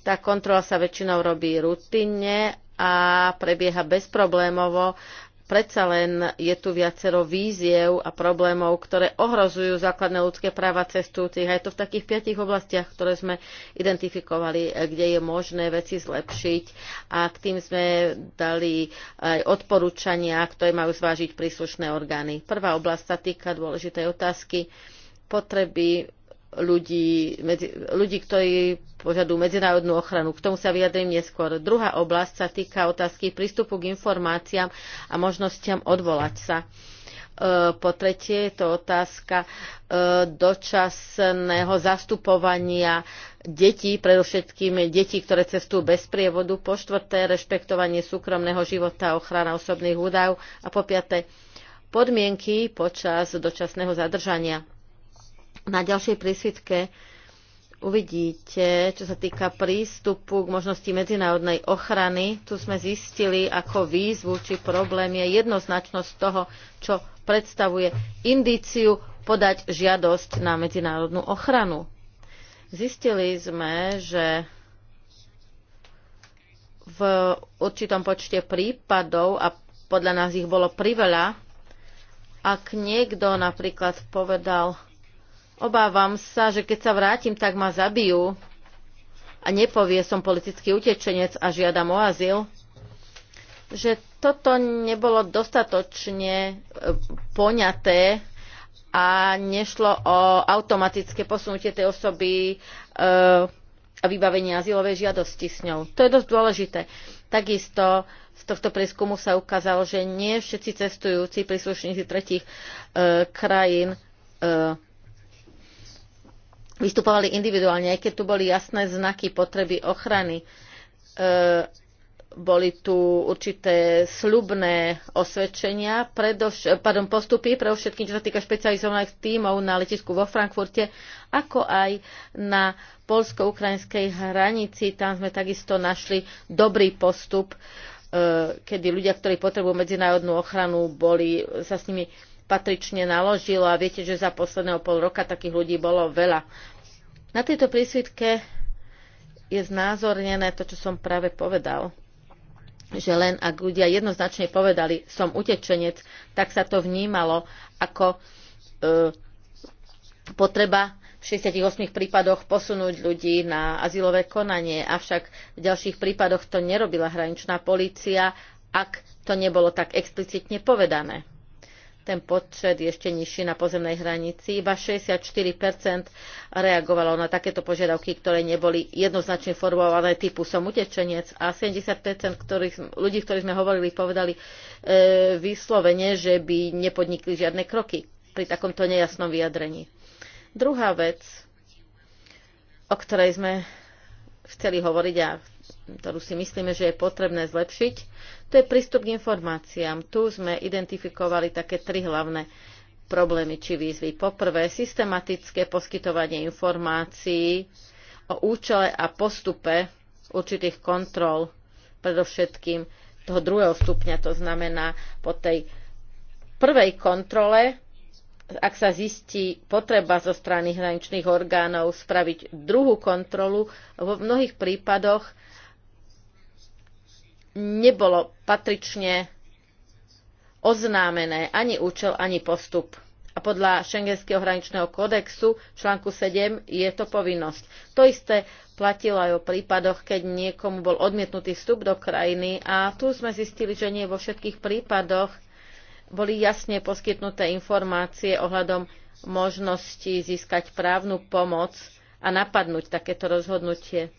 tá kontrola sa väčšinou robí rutinne a prebieha bezproblémovo. Predsa len je tu viacero víziev a problémov, ktoré ohrozujú základné ľudské práva cestujúcich. A je to v takých piatich oblastiach, ktoré sme identifikovali, kde je možné veci zlepšiť. A k tým sme dali aj odporúčania, ktoré majú zvážiť príslušné orgány. Prvá oblasť sa týka dôležitej otázky potreby ľudí, medzi, ľudí, ktorí požadujú medzinárodnú ochranu. K tomu sa vyjadrím neskôr. Druhá oblasť sa týka otázky prístupu k informáciám a možnostiam odvolať sa. E, po tretie je to otázka e, dočasného zastupovania detí, predovšetkým detí, ktoré cestujú bez prievodu, po štvrté rešpektovanie súkromného života, ochrana osobných údajov a po piaté podmienky počas dočasného zadržania. Na ďalšej prísvitke uvidíte, čo sa týka prístupu k možnosti medzinárodnej ochrany. Tu sme zistili, ako výzvu či problém je jednoznačnosť toho, čo predstavuje indíciu podať žiadosť na medzinárodnú ochranu. Zistili sme, že v určitom počte prípadov, a podľa nás ich bolo priveľa, ak niekto napríklad povedal, Obávam sa, že keď sa vrátim, tak ma zabijú a nepovie som politický utečenec a žiadam o azyl, že toto nebolo dostatočne e, poňaté a nešlo o automatické posunutie tej osoby e, a vybavenie azylovej žiadosti s ňou. To je dosť dôležité. Takisto z tohto prieskumu sa ukázalo, že nie všetci cestujúci príslušníci tretich e, krajín vystupovali individuálne, aj keď tu boli jasné znaky potreby ochrany. E, boli tu určité slubné osvedčenia, predovš- pardon, postupy pre všetkým, čo sa týka špecializovaných tímov na letisku vo Frankfurte, ako aj na polsko-ukrajinskej hranici. Tam sme takisto našli dobrý postup, e, kedy ľudia, ktorí potrebujú medzinárodnú ochranu, boli sa s nimi patrične naložilo a viete, že za posledného pol roka takých ľudí bolo veľa. Na tejto prísvitke je znázornené to, čo som práve povedal že len ak ľudia jednoznačne povedali, som utečenec, tak sa to vnímalo ako e, potreba v 68 prípadoch posunúť ľudí na azylové konanie, avšak v ďalších prípadoch to nerobila hraničná polícia, ak to nebolo tak explicitne povedané ten počet je ešte nižší na pozemnej hranici. Iba 64% reagovalo na takéto požiadavky, ktoré neboli jednoznačne formované typu som utečenec a 70% ktorých, ľudí, ktorí sme hovorili, povedali e, vyslovene, že by nepodnikli žiadne kroky pri takomto nejasnom vyjadrení. Druhá vec, o ktorej sme chceli hovoriť a ktorú si myslíme, že je potrebné zlepšiť, to je prístup k informáciám. Tu sme identifikovali také tri hlavné problémy či výzvy. Poprvé, systematické poskytovanie informácií o účele a postupe určitých kontrol, predovšetkým toho druhého stupňa, to znamená po tej prvej kontrole, ak sa zistí potreba zo strany hraničných orgánov spraviť druhú kontrolu, vo mnohých prípadoch nebolo patrične oznámené ani účel, ani postup. A podľa Schengenského hraničného kódexu článku 7 je to povinnosť. To isté platilo aj o prípadoch, keď niekomu bol odmietnutý vstup do krajiny a tu sme zistili, že nie vo všetkých prípadoch boli jasne poskytnuté informácie ohľadom možnosti získať právnu pomoc a napadnúť takéto rozhodnutie.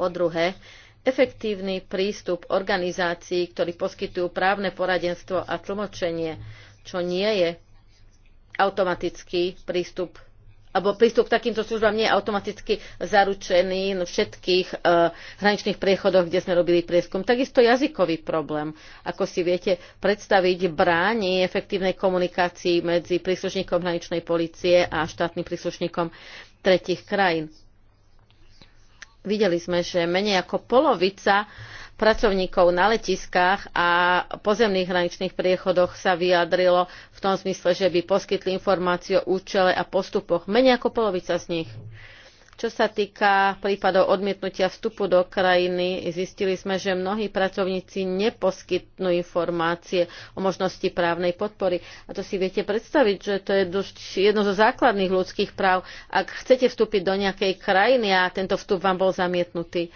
Po druhé, efektívny prístup organizácií, ktorí poskytujú právne poradenstvo a tlmočenie, čo nie je automatický prístup alebo prístup k takýmto službám nie je automaticky zaručený na všetkých e, hraničných priechodoch, kde sme robili prieskum. Takisto jazykový problém. Ako si viete predstaviť, bráni efektívnej komunikácii medzi príslušníkom hraničnej policie a štátnym príslušníkom tretich krajín Videli sme, že menej ako polovica pracovníkov na letiskách a pozemných hraničných priechodoch sa vyjadrilo v tom zmysle, že by poskytli informáciu o účele a postupoch. Menej ako polovica z nich. Čo sa týka prípadov odmietnutia vstupu do krajiny, zistili sme, že mnohí pracovníci neposkytnú informácie o možnosti právnej podpory. A to si viete predstaviť, že to je jedno zo základných ľudských práv. Ak chcete vstúpiť do nejakej krajiny a tento vstup vám bol zamietnutý,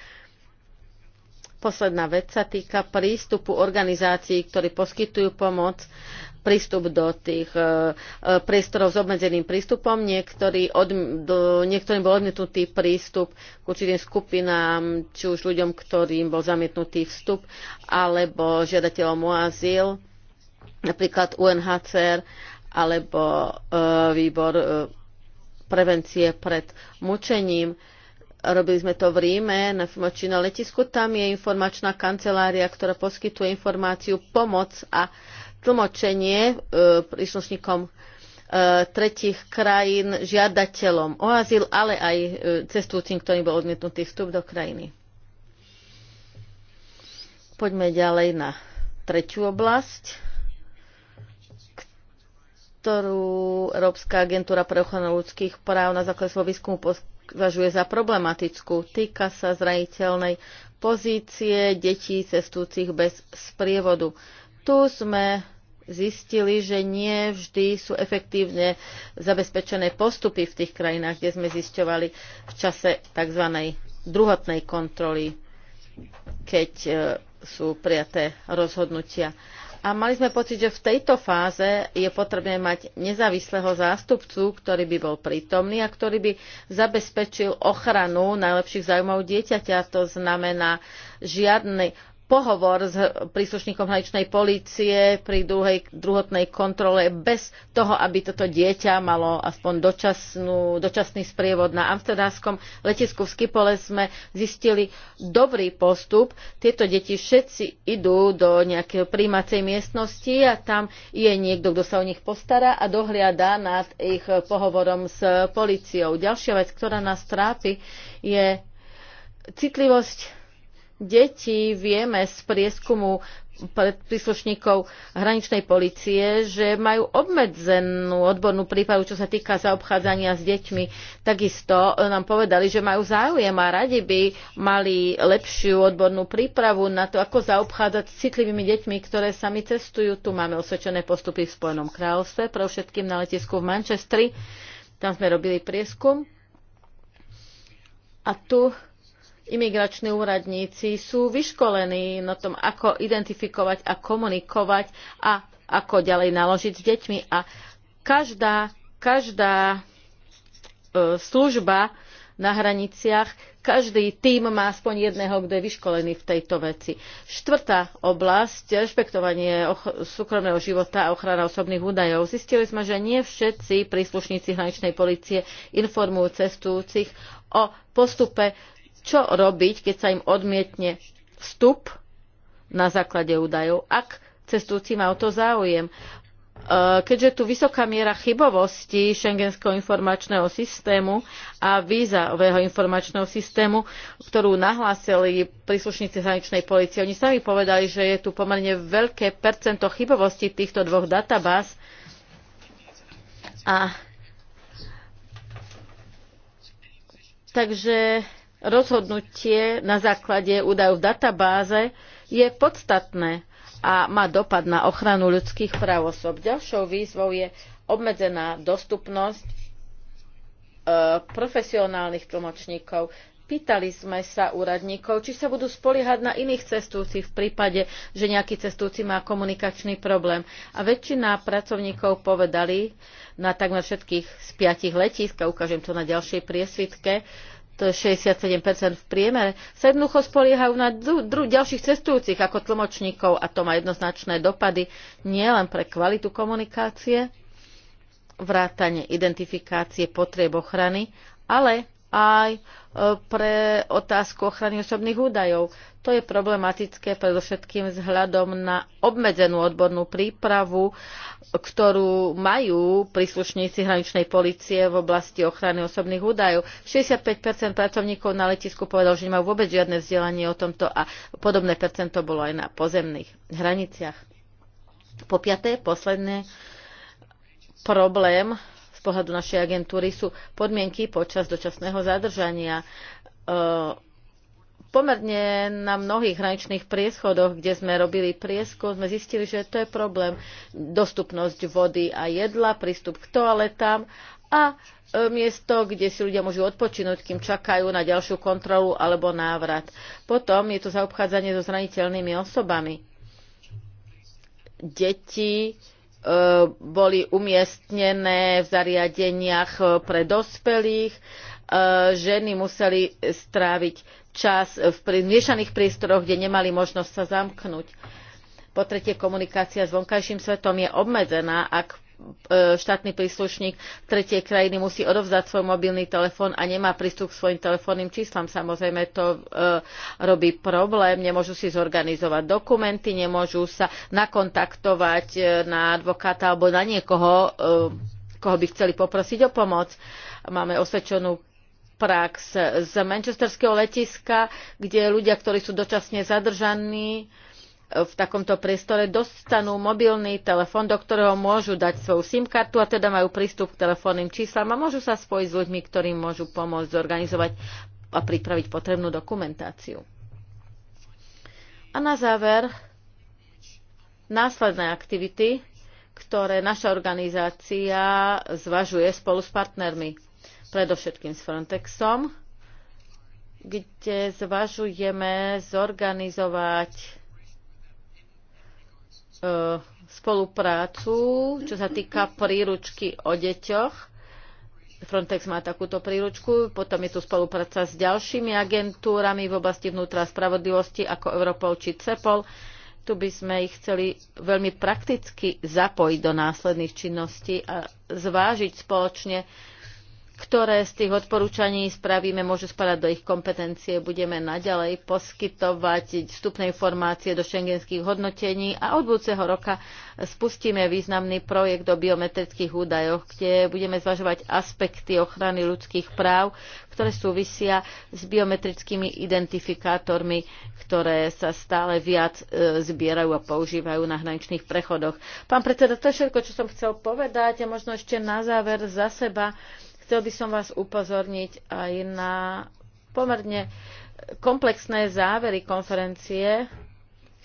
posledná vec sa týka prístupu organizácií, ktorí poskytujú pomoc prístup do tých e, e, priestorov s obmedzeným prístupom. Niektorý od, do, niektorým bol odmietnutý prístup k určitým skupinám, či už ľuďom, ktorým bol zamietnutý vstup, alebo žiadateľom o azyl, napríklad UNHCR, alebo e, výbor e, prevencie pred mučením. E, Robili sme to v Ríme na Fimočino letisku. Tam je informačná kancelária, ktorá poskytuje informáciu, pomoc a tlmočenie e, príslušníkom e, tretich krajín, žiadateľom o azyl, ale aj e, cestujúcim, ktorým bol odmietnutý vstup do krajiny. Poďme ďalej na tretiu oblasť, ktorú Európska agentúra pre ochranu ľudských práv na základe svojho výskumu považuje za problematickú. Týka sa zraniteľnej pozície detí cestujúcich bez sprievodu. Tu sme zistili, že nie vždy sú efektívne zabezpečené postupy v tých krajinách, kde sme zisťovali v čase tzv. druhotnej kontroly, keď e, sú prijaté rozhodnutia. A mali sme pocit, že v tejto fáze je potrebné mať nezávislého zástupcu, ktorý by bol prítomný a ktorý by zabezpečil ochranu najlepších zájmov dieťaťa. To znamená žiadny pohovor s príslušníkom hraničnej polície pri druhej, druhotnej kontrole bez toho, aby toto dieťa malo aspoň dočasnú, dočasný sprievod na amsterdamskom letisku v Skipole sme zistili dobrý postup. Tieto deti všetci idú do nejakej príjmacej miestnosti a tam je niekto, kto sa o nich postará a dohliada nad ich pohovorom s policiou. Ďalšia vec, ktorá nás trápi, je citlivosť deti vieme z prieskumu príslušníkov hraničnej policie, že majú obmedzenú odbornú prípravu, čo sa týka zaobchádzania s deťmi. Takisto e, nám povedali, že majú záujem a radi by mali lepšiu odbornú prípravu na to, ako zaobchádzať s citlivými deťmi, ktoré sami cestujú. Tu máme osvedčené postupy v Spojenom kráľovstve, pre všetkým na letisku v Manchestri. Tam sme robili prieskum. A tu imigrační úradníci sú vyškolení na tom, ako identifikovať a komunikovať a ako ďalej naložiť s deťmi. A každá, každá e, služba na hraniciach, každý tým má aspoň jedného, kto je vyškolený v tejto veci. Štvrtá oblasť, rešpektovanie súkromného života a ochrana osobných údajov. Zistili sme, že nie všetci príslušníci hraničnej policie informujú cestujúcich o postupe čo robiť, keď sa im odmietne vstup na základe údajov, ak cestujúci má o to záujem. E, keďže tu vysoká miera chybovosti šengenského informačného systému a vízového informačného systému, ktorú nahlásili príslušníci hraničnej policie, oni sami povedali, že je tu pomerne veľké percento chybovosti týchto dvoch databáz a Takže rozhodnutie na základe údajov v databáze je podstatné a má dopad na ochranu ľudských práv osob. Ďalšou výzvou je obmedzená dostupnosť e, profesionálnych tlmočníkov. Pýtali sme sa úradníkov, či sa budú spoliehať na iných cestujúcich v prípade, že nejaký cestujúci má komunikačný problém. A väčšina pracovníkov povedali na takmer všetkých z piatich letísk, a ukážem to na ďalšej priesvitke, to je 67% v priemere, sa jednoducho spoliehajú na ďalších cestujúcich ako tlmočníkov a to má jednoznačné dopady nielen pre kvalitu komunikácie, vrátanie identifikácie potrieb ochrany, ale aj e, pre otázku ochrany osobných údajov. To je problematické predovšetkým vzhľadom na obmedzenú odbornú prípravu, ktorú majú príslušníci hraničnej policie v oblasti ochrany osobných údajov. 65 pracovníkov na letisku povedal, že nemajú vôbec žiadne vzdelanie o tomto a podobné percento bolo aj na pozemných hraniciach. Po piaté, posledné, problém pohľadu našej agentúry sú podmienky počas dočasného zadržania. E, pomerne na mnohých hraničných prieschodoch, kde sme robili prieskum, sme zistili, že to je problém. Dostupnosť vody a jedla, prístup k toaletám a e, miesto, kde si ľudia môžu odpočinúť, kým čakajú na ďalšiu kontrolu alebo návrat. Potom je to zaobchádzanie so zraniteľnými osobami. Deti, boli umiestnené v zariadeniach e, pre dospelých, e, ženy museli stráviť čas v miešaných priestoroch, kde nemali možnosť sa zamknúť. Po tretie, komunikácia s vonkajším svetom je obmedzená, ak E, štátny príslušník tretej krajiny musí odovzdať svoj mobilný telefón a nemá prístup k svojim telefónnym číslam. Samozrejme to e, robí problém, nemôžu si zorganizovať dokumenty, nemôžu sa nakontaktovať e, na advokáta alebo na niekoho, koho by chceli poprosiť o pomoc. Máme osvedčenú prax z manchesterského letiska, kde ľudia, ktorí sú dočasne zadržaní, v takomto priestore dostanú mobilný telefón, do ktorého môžu dať svoju SIM kartu a teda majú prístup k telefónnym číslam a môžu sa spojiť s ľuďmi, ktorí môžu pomôcť zorganizovať a pripraviť potrebnú dokumentáciu. A na záver následné aktivity, ktoré naša organizácia zvažuje spolu s partnermi, predovšetkým s Frontexom, kde zvažujeme zorganizovať E, spoluprácu, čo sa týka príručky o deťoch. Frontex má takúto príručku, potom je tu spolupráca s ďalšími agentúrami v oblasti vnútra spravodlivosti ako Europol či CEPOL. Tu by sme ich chceli veľmi prakticky zapojiť do následných činností a zvážiť spoločne ktoré z tých odporúčaní spravíme, môžu spadať do ich kompetencie. Budeme naďalej poskytovať vstupné informácie do šengenských hodnotení a od budúceho roka spustíme významný projekt o biometrických údajoch, kde budeme zvažovať aspekty ochrany ľudských práv, ktoré súvisia s biometrickými identifikátormi, ktoré sa stále viac e, zbierajú a používajú na hraničných prechodoch. Pán predseda, to je všetko, čo som chcel povedať a možno ešte na záver za seba. Chcel by som vás upozorniť aj na pomerne komplexné závery konferencie,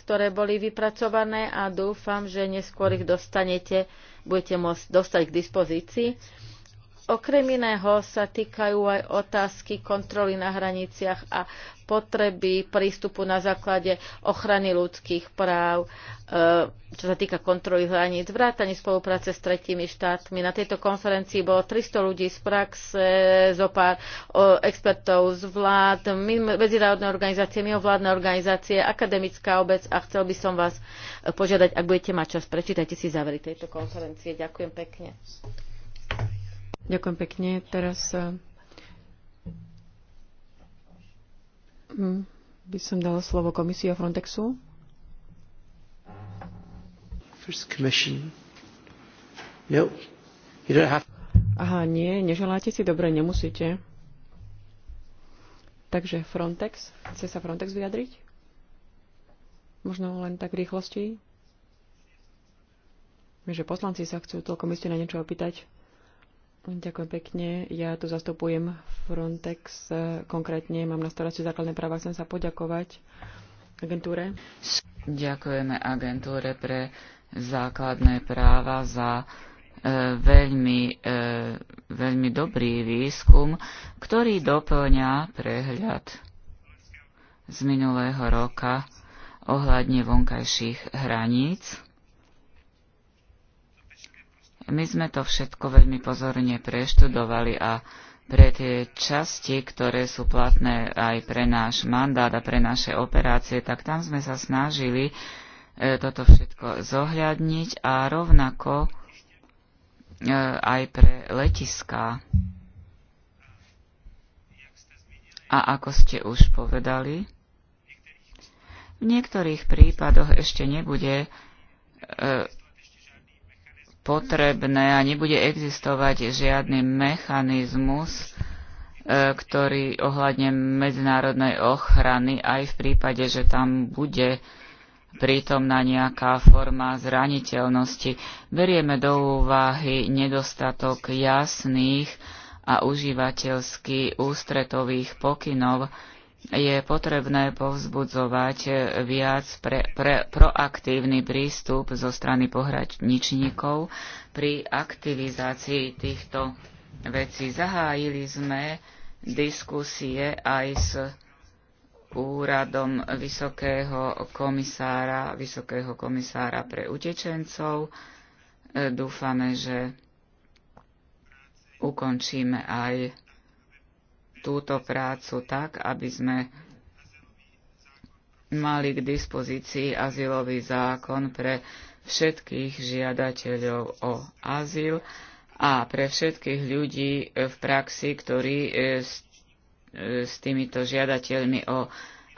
ktoré boli vypracované a dúfam, že neskôr ich dostanete, budete môcť dostať k dispozícii. Okrem iného sa týkajú aj otázky kontroly na hraniciach a potreby prístupu na základe ochrany ľudských práv, e, čo sa týka kontroly hraníc, vrátanie spolupráce s tretími štátmi. Na tejto konferencii bolo 300 ľudí z praxe, zo pár expertov z vlád, medzinárodné organizácie, mimovládne organizácie, akademická obec a chcel by som vás požiadať, ak budete mať čas, prečítajte si závery tejto konferencie. Ďakujem pekne. Ďakujem pekne. Teraz eh, mm, by som dala slovo komisii a Frontexu. First commission. No, you don't have... Aha, nie, neželáte si? Dobre, nemusíte. Takže Frontex, chce sa Frontex vyjadriť? Možno len tak v rýchlosti? Že poslanci sa chcú toľko, my na niečo opýtať. Ďakujem pekne. Ja tu zastupujem Frontex. Konkrétne mám na starosti základné práva. Chcem sa poďakovať agentúre. Ďakujeme agentúre pre základné práva za e, veľmi, e, veľmi dobrý výskum, ktorý doplňa prehľad z minulého roka ohľadne vonkajších hraníc my sme to všetko veľmi pozorne preštudovali a pre tie časti, ktoré sú platné aj pre náš mandát a pre naše operácie, tak tam sme sa snažili e, toto všetko zohľadniť a rovnako e, aj pre letiská. A ako ste už povedali, v niektorých prípadoch ešte nebude e, potrebné a nebude existovať žiadny mechanizmus, e, ktorý ohľadne medzinárodnej ochrany aj v prípade, že tam bude prítomná nejaká forma zraniteľnosti. Berieme do úvahy nedostatok jasných a užívateľsky ústretových pokynov, je potrebné povzbudzovať viac pre, pre, proaktívny prístup zo strany pohraničníkov pri aktivizácii týchto vecí. Zahájili sme diskusie aj s úradom Vysokého komisára, Vysokého komisára pre utečencov. Dúfame, že ukončíme aj túto prácu tak, aby sme mali k dispozícii azylový zákon pre všetkých žiadateľov o azyl a pre všetkých ľudí v praxi, ktorí e, s, e, s týmito žiadateľmi o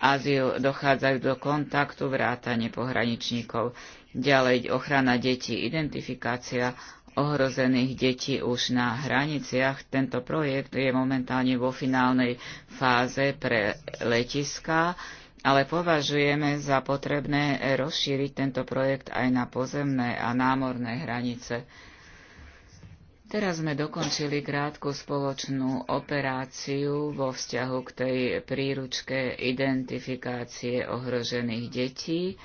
azyl dochádzajú do kontaktu vrátane pohraničníkov. Ďalej ochrana detí, identifikácia ohrozených detí už na hraniciach. Tento projekt je momentálne vo finálnej fáze pre letiska, ale považujeme za potrebné rozšíriť tento projekt aj na pozemné a námorné hranice. Teraz sme dokončili krátku spoločnú operáciu vo vzťahu k tej príručke identifikácie ohrožených detí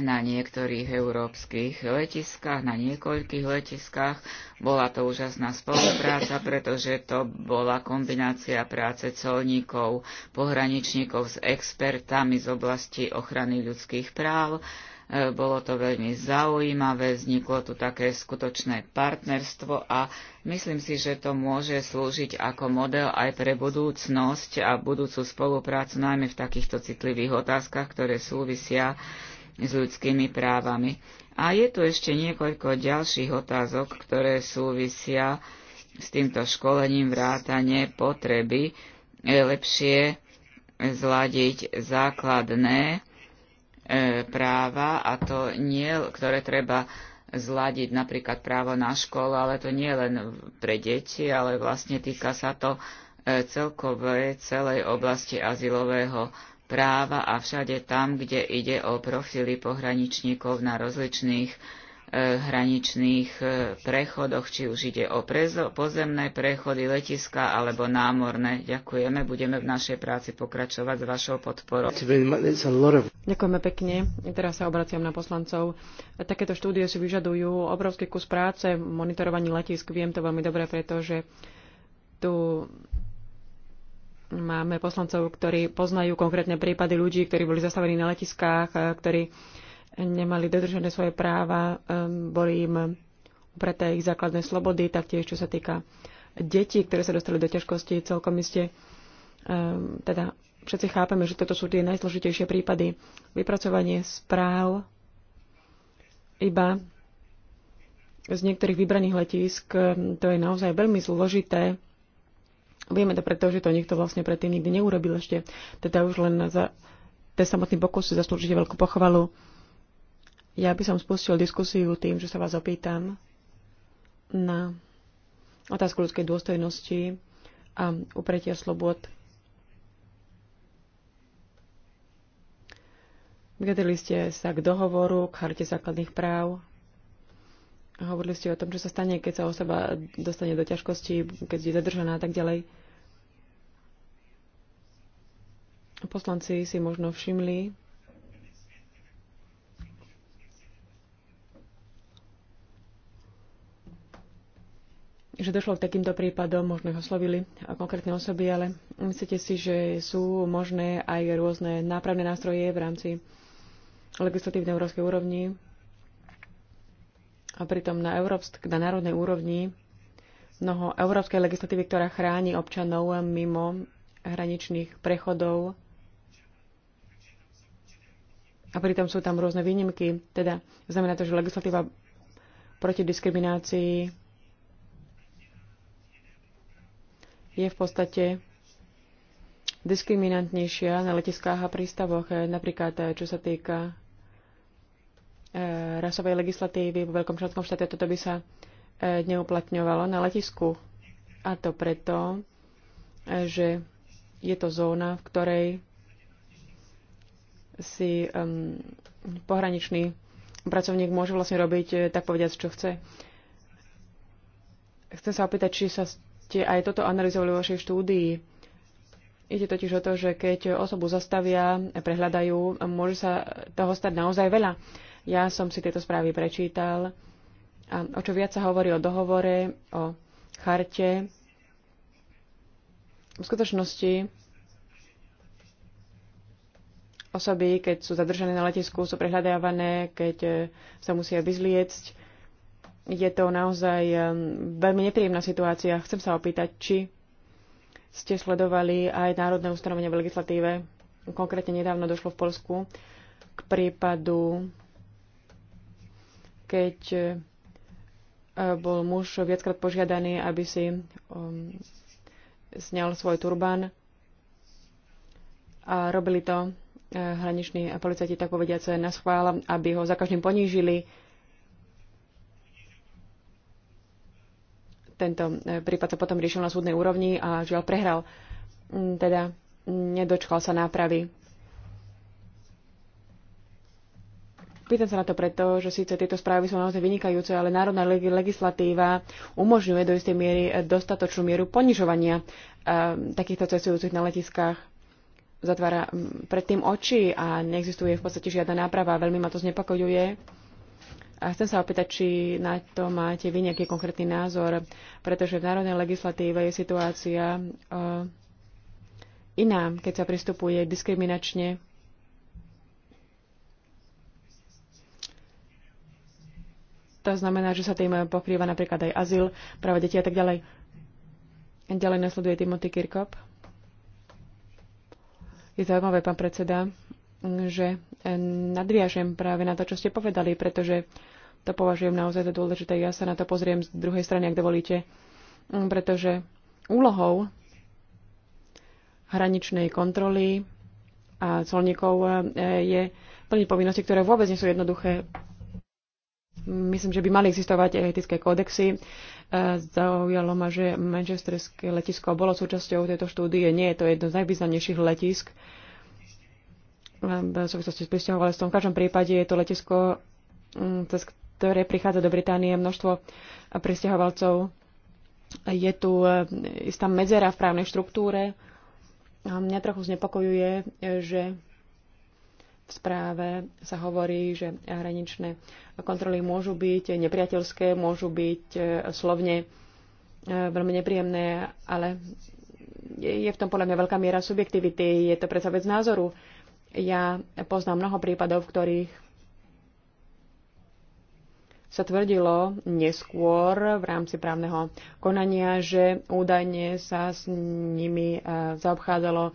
na niektorých európskych letiskách, na niekoľkých letiskách. Bola to úžasná spolupráca, pretože to bola kombinácia práce colníkov, pohraničníkov s expertami z oblasti ochrany ľudských práv. E, bolo to veľmi zaujímavé, vzniklo tu také skutočné partnerstvo a myslím si, že to môže slúžiť ako model aj pre budúcnosť a budúcu spoluprácu, najmä v takýchto citlivých otázkach, ktoré súvisia s ľudskými právami. A je tu ešte niekoľko ďalších otázok, ktoré súvisia s týmto školením vrátane potreby e, lepšie zladiť základné e, práva, a to nie, ktoré treba zladiť napríklad právo na školu, ale to nie len pre deti, ale vlastne týka sa to e, celkovej celej oblasti azylového práva a všade tam, kde ide o profily pohraničníkov na rozličných e, hraničných e, prechodoch, či už ide o prezo, pozemné prechody, letiska alebo námorné. Ďakujeme, budeme v našej práci pokračovať s vašou podporou. Ďakujeme pekne. Teraz sa obraciam na poslancov. Takéto štúdie si vyžadujú obrovský kus práce, monitorovanie letisk, viem to veľmi dobre, pretože tu Máme poslancov, ktorí poznajú konkrétne prípady ľudí, ktorí boli zastavení na letiskách, e, ktorí nemali dodržené svoje práva, e, boli im upreté ich základné slobody, taktiež čo sa týka detí, ktoré sa dostali do ťažkosti celkom iste. E, teda všetci chápeme, že toto sú tie najzložitejšie prípady. Vypracovanie správ iba z niektorých vybraných letísk, to je naozaj veľmi zložité Vieme to preto, že to niekto vlastne predtým nikdy neurobil ešte. Teda už len za ten samotný pokus si zaslúžite veľkú pochvalu. Ja by som spustil diskusiu tým, že sa vás opýtam na otázku ľudskej dôstojnosti a upretia slobod. Vyjadrili ste sa k dohovoru, k charte základných práv, Hovorili ste o tom, čo sa stane, keď sa osoba dostane do ťažkosti, keď je zadržaná a tak ďalej. Poslanci si možno všimli, že došlo k takýmto prípadom, možno ich oslovili konkrétne osoby, ale myslíte si, že sú možné aj rôzne nápravné nástroje v rámci legislatívnej európskej úrovni, a pritom na, európsk, na národnej úrovni mnoho európskej legislatívy, ktorá chráni občanov mimo hraničných prechodov. A pritom sú tam rôzne výnimky. Teda znamená to, že legislatíva proti diskriminácii je v podstate diskriminantnejšia na letiskách a prístavoch, napríklad čo sa týka Eh, rasovej legislatívy vo veľkom členskom štáte, toto by sa eh, neuplatňovalo na letisku. A to preto, eh, že je to zóna, v ktorej si um, pohraničný pracovník môže vlastne robiť, tak povediať, čo chce. Chcem sa opýtať, či sa ste aj toto analyzovali vo vašej štúdii. Ide totiž o to, že keď osobu zastavia, prehľadajú, môže sa toho stať naozaj veľa. Ja som si tieto správy prečítal a o čo viac sa hovorí o dohovore, o charte, v skutočnosti osoby, keď sú zadržané na letisku, sú prehľadávané, keď e, sa musia vyzliecť. Je to naozaj e, veľmi nepríjemná situácia. Chcem sa opýtať, či ste sledovali aj národné ustanovenie v legislatíve. Konkrétne nedávno došlo v Polsku k prípadu keď e, e, bol muž viackrát požiadaný, aby si um, sňal svoj turban a robili to hraniční policajti, tak povediace, na schvál, aby ho za každým ponížili. Tento prípad sa potom riešil na súdnej úrovni a žiaľ prehral. Mm, teda nedočkal sa nápravy. Pýtam sa na to preto, že síce tieto správy sú naozaj vynikajúce, ale národná legislatíva umožňuje do istej miery dostatočnú mieru ponižovania ehm, takýchto cestujúcich na letiskách zatvára mm, predtým oči a neexistuje v podstate žiadna náprava. Veľmi ma to znepokojuje. A chcem sa opýtať, či na to máte vy nejaký konkrétny názor, pretože v národnej legislatíve je situácia ehm, iná, keď sa pristupuje diskriminačne To znamená, že sa tým pokrýva napríklad aj azyl, práva deti a tak ďalej. Ďalej nasleduje Timothy Kirkop. Je zaujímavé, pán predseda, že nadviažem práve na to, čo ste povedali, pretože to považujem naozaj za dôležité. Ja sa na to pozriem z druhej strany, ak dovolíte, pretože úlohou hraničnej kontroly a colníkov eh, je plniť povinnosti, ktoré vôbec nie sú jednoduché. Myslím, že by mali existovať etické kódexy. E, zaujalo ma, že manchesterské letisko bolo súčasťou tejto štúdie. Nie, je to jedno z najvýznamnejších letisk e, v súvislosti s pristahovalstvom. V každom prípade je to letisko, cez ktoré prichádza do Británie množstvo pristahovalcov. Je tu e, istá medzera v právnej štruktúre. A mňa trochu znepokojuje, že v správe sa hovorí, že hraničné kontroly môžu byť nepriateľské, môžu byť e, slovne e, veľmi nepríjemné, ale je v tom podľa mňa veľká miera subjektivity. Je to predsa vec názoru. Ja poznám mnoho prípadov, v ktorých sa tvrdilo neskôr v rámci právneho konania, že údajne sa s nimi e, zaobchádzalo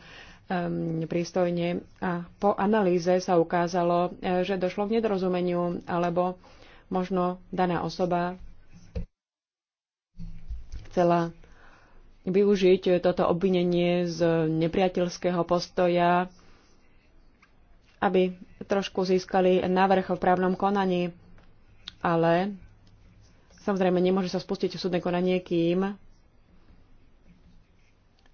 prístojne. A po analýze sa ukázalo, e, že došlo k nedorozumeniu alebo možno daná osoba chcela využiť toto obvinenie z nepriateľského postoja, aby trošku získali návrh v právnom konaní, ale samozrejme nemôže sa spustiť súdne konanie, kým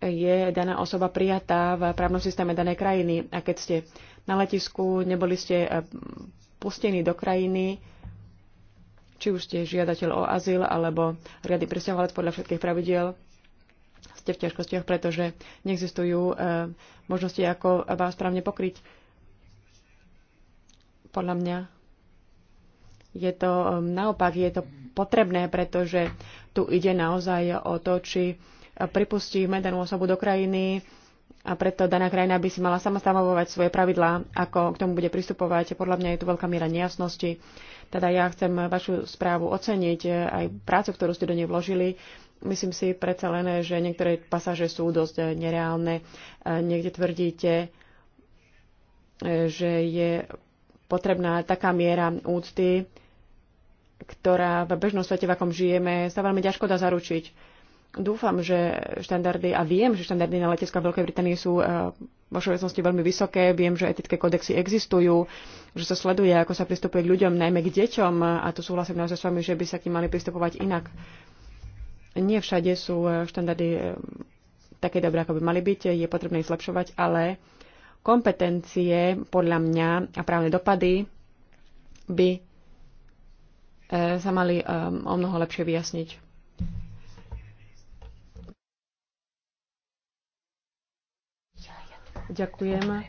je daná osoba prijatá v právnom systéme danej krajiny. A keď ste na letisku, neboli ste eh, pustení do krajiny, či už ste žiadateľ o azyl alebo riadny presťahovalec podľa všetkých pravidiel, ste v ťažkostiach, pretože neexistujú eh, možnosti, ako vás správne pokryť. Podľa mňa je to eh, naopak, je to potrebné, pretože tu ide naozaj o to, či pripustíme danú osobu do krajiny a preto daná krajina by si mala sama stanovovať svoje pravidlá, ako k tomu bude pristupovať. Podľa mňa je tu veľká miera nejasnosti. Teda ja chcem vašu správu oceniť, e, aj prácu, ktorú ste do nej vložili. Myslím si predsa len, že niektoré pasáže sú dosť e, nereálne. E, niekde tvrdíte, že je potrebná taká miera úcty, ktorá v bežnom svete, v akom žijeme, sa veľmi ťažko dá zaručiť Dúfam, že štandardy, a viem, že štandardy na letiska v Veľkej Británii sú e, vo všeobecnosti veľmi vysoké, viem, že etické kodexy existujú, že sa sleduje, ako sa pristupuje k ľuďom, najmä k deťom, a tu súhlasím naozaj s vami, že by sa k nim mali pristupovať inak. Nie všade sú e, štandardy e, také dobré, ako by mali byť, je potrebné ich zlepšovať, ale kompetencie, podľa mňa, a právne dopady by sa mali o mnoho lepšie vyjasniť. Ďakujem. E,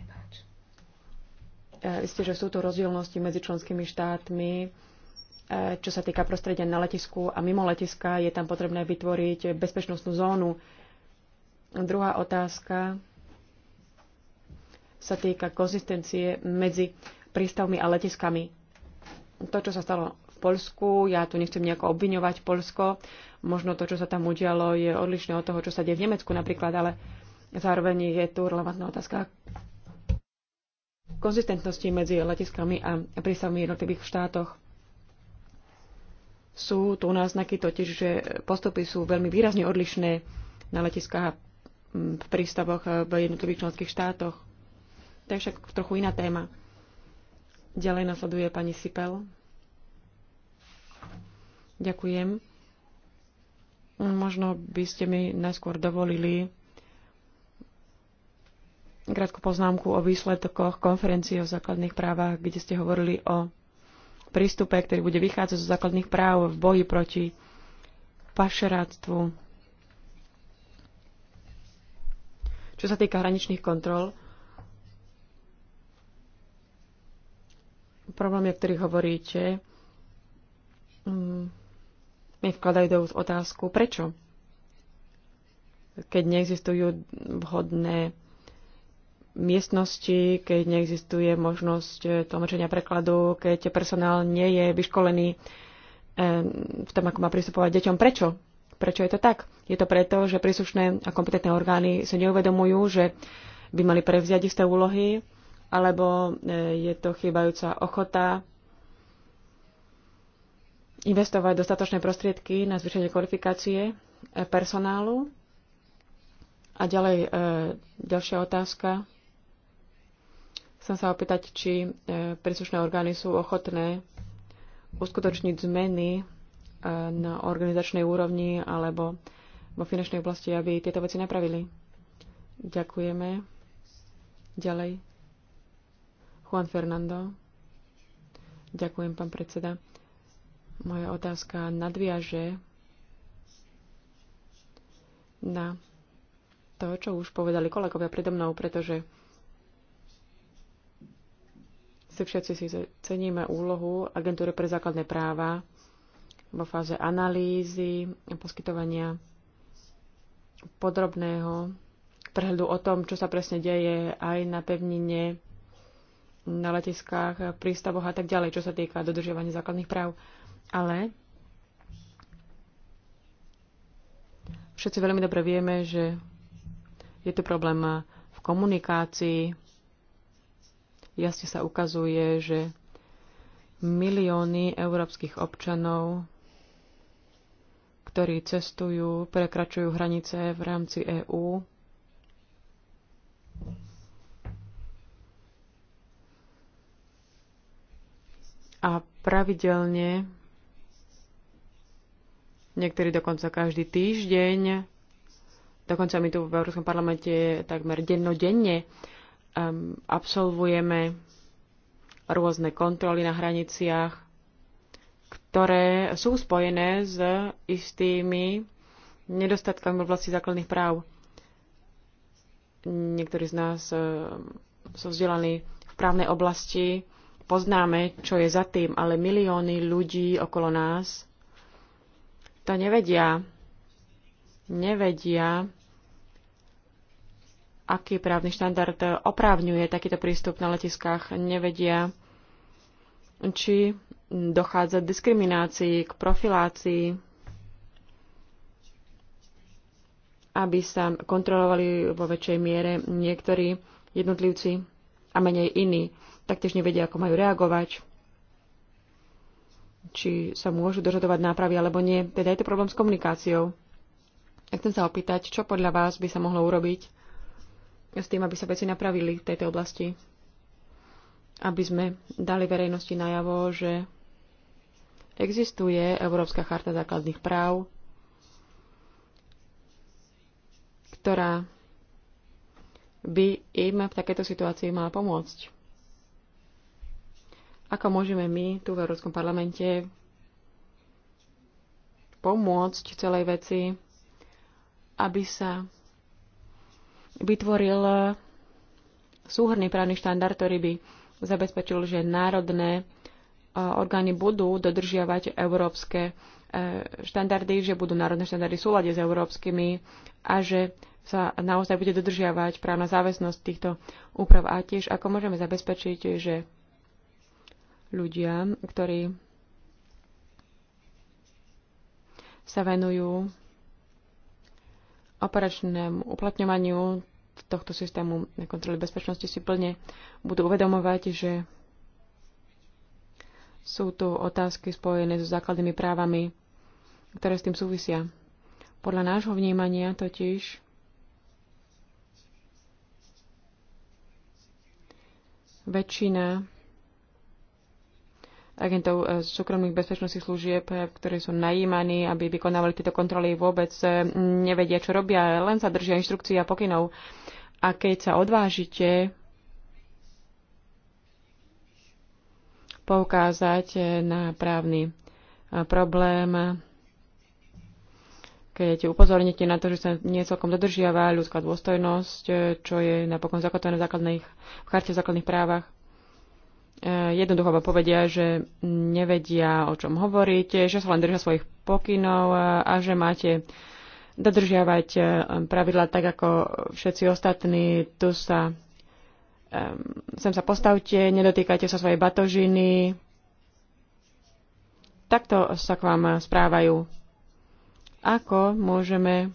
Isté, že sú tu rozdielnosti medzi členskými štátmi. E, čo sa týka prostredia na letisku a mimo letiska, je tam potrebné vytvoriť bezpečnostnú zónu. Druhá otázka sa týka konzistencie medzi prístavmi a letiskami. To, čo sa stalo v Polsku, ja tu nechcem nejako obviňovať Polsko, možno to, čo sa tam udialo, je odlišné od toho, čo sa deje v Nemecku napríklad, ale Zároveň je tu relevantná otázka konzistentnosti medzi letiskami a prístavmi v jednotlivých štátoch. Sú tu náznaky totiž, že postupy sú veľmi výrazne odlišné na letiskách a v prístavoch v jednotlivých členských štátoch. To je však trochu iná téma. Ďalej nasleduje pani Sipel. Ďakujem. Možno by ste mi najskôr dovolili krátku poznámku o výsledkoch konferencie o základných právach, kde ste hovorili o prístupe, ktorý bude vychádzať zo základných práv v boji proti pašeráctvu. Čo sa týka hraničných kontrol, problémy, o ktorých hovoríte, mm, mi vkladajú do otázku, prečo? Keď neexistujú vhodné miestnosti, keď neexistuje možnosť eh, tlmočenia prekladu, keď personál nie je vyškolený eh, v tom, ako má pristupovať deťom. Prečo? Prečo je to tak? Je to preto, že príslušné a kompetentné orgány sa neuvedomujú, že by mali prevziať isté úlohy, alebo eh, je to chýbajúca ochota investovať dostatočné prostriedky na zvýšenie kvalifikácie personálu. A ďalej e, ďalšia otázka. Chcem sa opýtať, či e, príslušné orgány sú ochotné uskutočniť zmeny e, na organizačnej úrovni alebo vo finančnej oblasti, aby tieto veci napravili. Ďakujeme. Ďalej. Juan Fernando. Ďakujem, pán predseda. Moja otázka nadviaže na to, čo už povedali kolegovia predo mnou, pretože si všetci si ceníme úlohu Agentúry pre základné práva vo fáze analýzy, a poskytovania podrobného prehľadu o tom, čo sa presne deje aj na pevnine, na letiskách, prístavoch a tak ďalej, čo sa týka dodržiavania základných práv. Ale všetci veľmi dobre vieme, že je tu problém v komunikácii, jasne sa ukazuje, že milióny európskych občanov, ktorí cestujú, prekračujú hranice v rámci EÚ, a pravidelne, niektorí dokonca každý týždeň, dokonca my tu v Európskom parlamente takmer dennodenne um, absolvujeme rôzne kontroly na hraniciach, ktoré sú spojené s istými nedostatkami v oblasti základných práv. Niektorí z nás sú vzdelaní v právnej oblasti, poznáme, čo je za tým, ale milióny ľudí okolo nás to nevedia. Nevedia, aký právny štandard oprávňuje takýto prístup na letiskách, nevedia, či dochádza k diskriminácii, k profilácii, aby sa kontrolovali vo väčšej miere niektorí jednotlivci a menej iní. Taktiež nevedia, ako majú reagovať, či sa môžu dožadovať nápravy alebo nie. Teda je to problém s komunikáciou. Ja chcem sa opýtať, čo podľa vás by sa mohlo urobiť, s tým, aby sa veci napravili v tejto oblasti. Aby sme dali verejnosti najavo, že existuje Európska charta základných práv, ktorá by im v takéto situácii mala pomôcť. Ako môžeme my tu v Európskom parlamente pomôcť celej veci, aby sa vytvoril súhrný právny štandard, ktorý by zabezpečil, že národné e, orgány budú dodržiavať európske e, štandardy, že budú národné štandardy v súlade s európskymi a že sa naozaj bude dodržiavať právna záväznosť týchto úprav a tiež ako môžeme zabezpečiť, že ľudia, ktorí sa venujú operačnému uplatňovaniu tohto systému na kontroly bezpečnosti si plne budú uvedomovať, že sú tu otázky spojené so základnými právami, ktoré s tým súvisia. Podľa nášho vnímania totiž väčšina agentov eh, súkromných bezpečnostných služieb, eh, ktorí sú najímaní, aby vykonávali tieto kontroly, vôbec eh, nevedia, čo robia, len sa držia inštrukcií a pokynov. A keď sa odvážite poukázať na právny problém, keď upozorníte na to, že sa nie celkom dodržiava ľudská dôstojnosť, čo je napokon zakotvené v, v charte základných právach, E, jednoducho povedia, že nevedia, o čom hovoríte, že sa len držia svojich pokynov a že máte dodržiavať e, pravidla tak, ako všetci ostatní. Tu sa, sem sa postavte, nedotýkajte sa svojej batožiny. Takto sa k vám správajú. Ako môžeme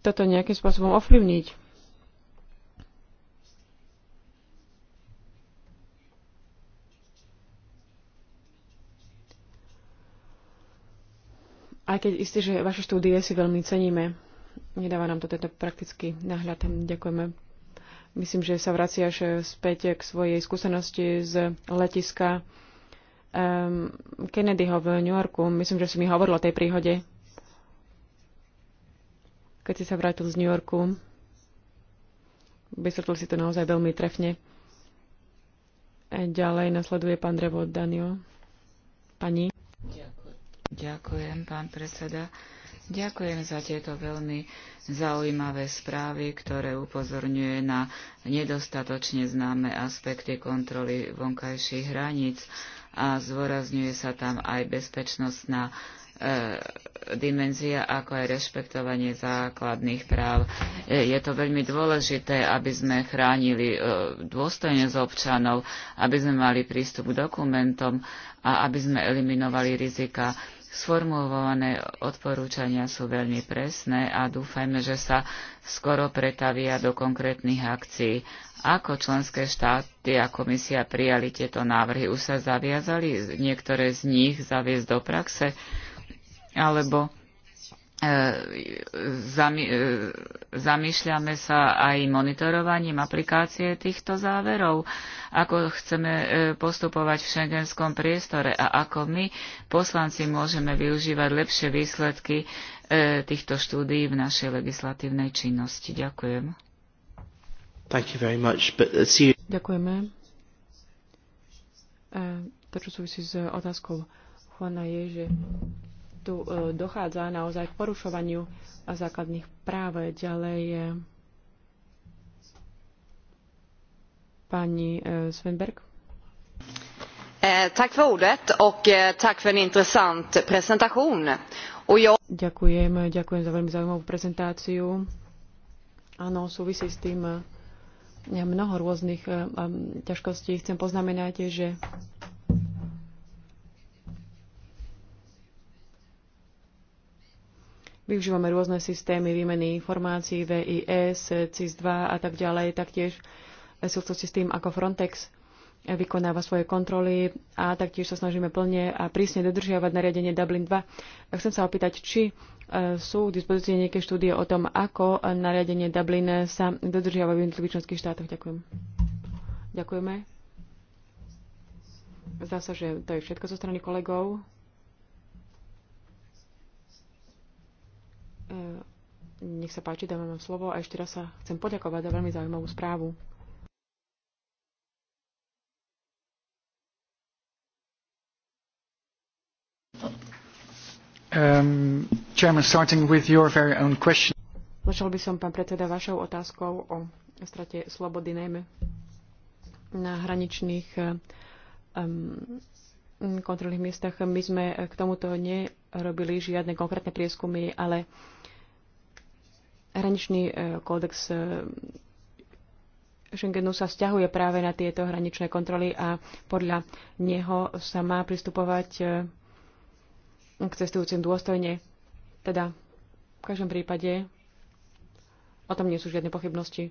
toto nejakým spôsobom ovplyvniť? Aj keď isté, že vaše štúdie si veľmi ceníme. Nedáva nám to tento praktický náhľad. Ďakujeme. Myslím, že sa vraciaš späť k svojej skúsenosti z letiska um, Kennedyho v New Yorku. Myslím, že si mi hovoril o tej príhode, keď si sa vrátil z New Yorku. Vysvetlil si to naozaj veľmi trefne. E, ďalej nasleduje pán Drevo Daniel. Pani. Yeah. Ďakujem, pán predseda. Ďakujem za tieto veľmi zaujímavé správy, ktoré upozorňuje na nedostatočne známe aspekty kontroly vonkajších hraníc a zdôrazňuje sa tam aj bezpečnostná e, dimenzia, ako aj rešpektovanie základných práv. E, je to veľmi dôležité, aby sme chránili e, dôstojne z občanov, aby sme mali prístup k dokumentom a aby sme eliminovali rizika Sformulované odporúčania sú veľmi presné a dúfajme, že sa skoro pretavia do konkrétnych akcií. Ako členské štáty a komisia prijali tieto návrhy? Už sa zaviazali niektoré z nich zaviesť do praxe? Alebo E, e, zamýšľame sa aj monitorovaním aplikácie týchto záverov, ako chceme e, postupovať v šengenskom priestore a ako my, poslanci, môžeme využívať lepšie výsledky týchto štúdií v našej legislatívnej činnosti. Ďakujem. Thank you very much, but uh, see... Ďakujeme. To, čo súvisí s otázkou Juana, je, že tu e, dochádza naozaj k porušovaniu základných práv. Ďalej pani e, Svenberg. E, tack för ordet och tack för en intressant presentation. Och jag... Ďakujem, ďakujem za veľmi zaujímavú prezentáciu. Áno, súvisí s tým mnoho rôznych ťažkostí. Chcem poznamenať, že Využívame rôzne systémy výmeny informácií, VIS, CIS-2 a tak ďalej, taktiež v súvislosti s tým, ako Frontex vykonáva svoje kontroly a taktiež sa snažíme plne a prísne dodržiavať nariadenie Dublin 2. Chcem sa opýtať, či e, sú k dispozícii nejaké štúdie o tom, ako nariadenie Dublin sa dodržiava v jednotlivých členských štátoch. Ďakujem. Ďakujeme. Zdá sa, že to je všetko zo strany kolegov. E, nech sa páči, dávam vám slovo a ešte raz sa chcem poďakovať za veľmi zaujímavú správu. Um, chairman, starting with your very own question. Začal by som, pán predseda, vašou otázkou o strate slobody, najmä na hraničných um, kontrolných miestach. My sme k tomuto ne robili žiadne konkrétne prieskumy, ale hraničný e, kódex e, Schengenu sa vzťahuje práve na tieto hraničné kontroly a podľa neho sa má pristupovať e, k cestujúcim dôstojne. Teda v každom prípade o tom nie sú žiadne pochybnosti.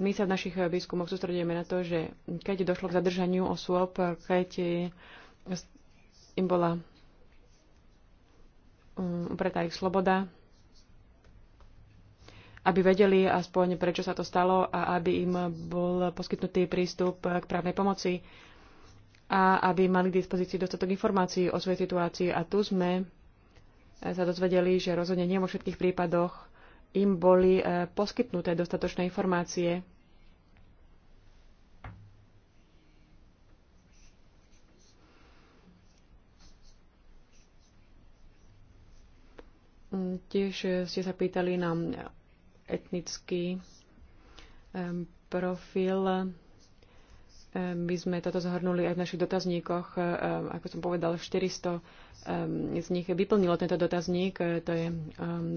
My sa v našich výskumoch sústredujeme na to, že keď došlo k zadržaniu osôb, keď im bola Mm, upretá ich sloboda, aby vedeli aspoň, prečo sa to stalo a aby im bol poskytnutý prístup k právnej pomoci a aby mali k dispozícii dostatok informácií o svojej situácii. A tu sme e, sa dozvedeli, že rozhodne nie vo všetkých prípadoch im boli e, poskytnuté dostatočné informácie Ehm, tiež eh, ste sa pýtali na etnický ehm, profil. Ehm, my sme toto zhrnuli aj v našich dotazníkoch. Ako som povedal, 400 z nich vyplnilo tento dotazník. Eh, to je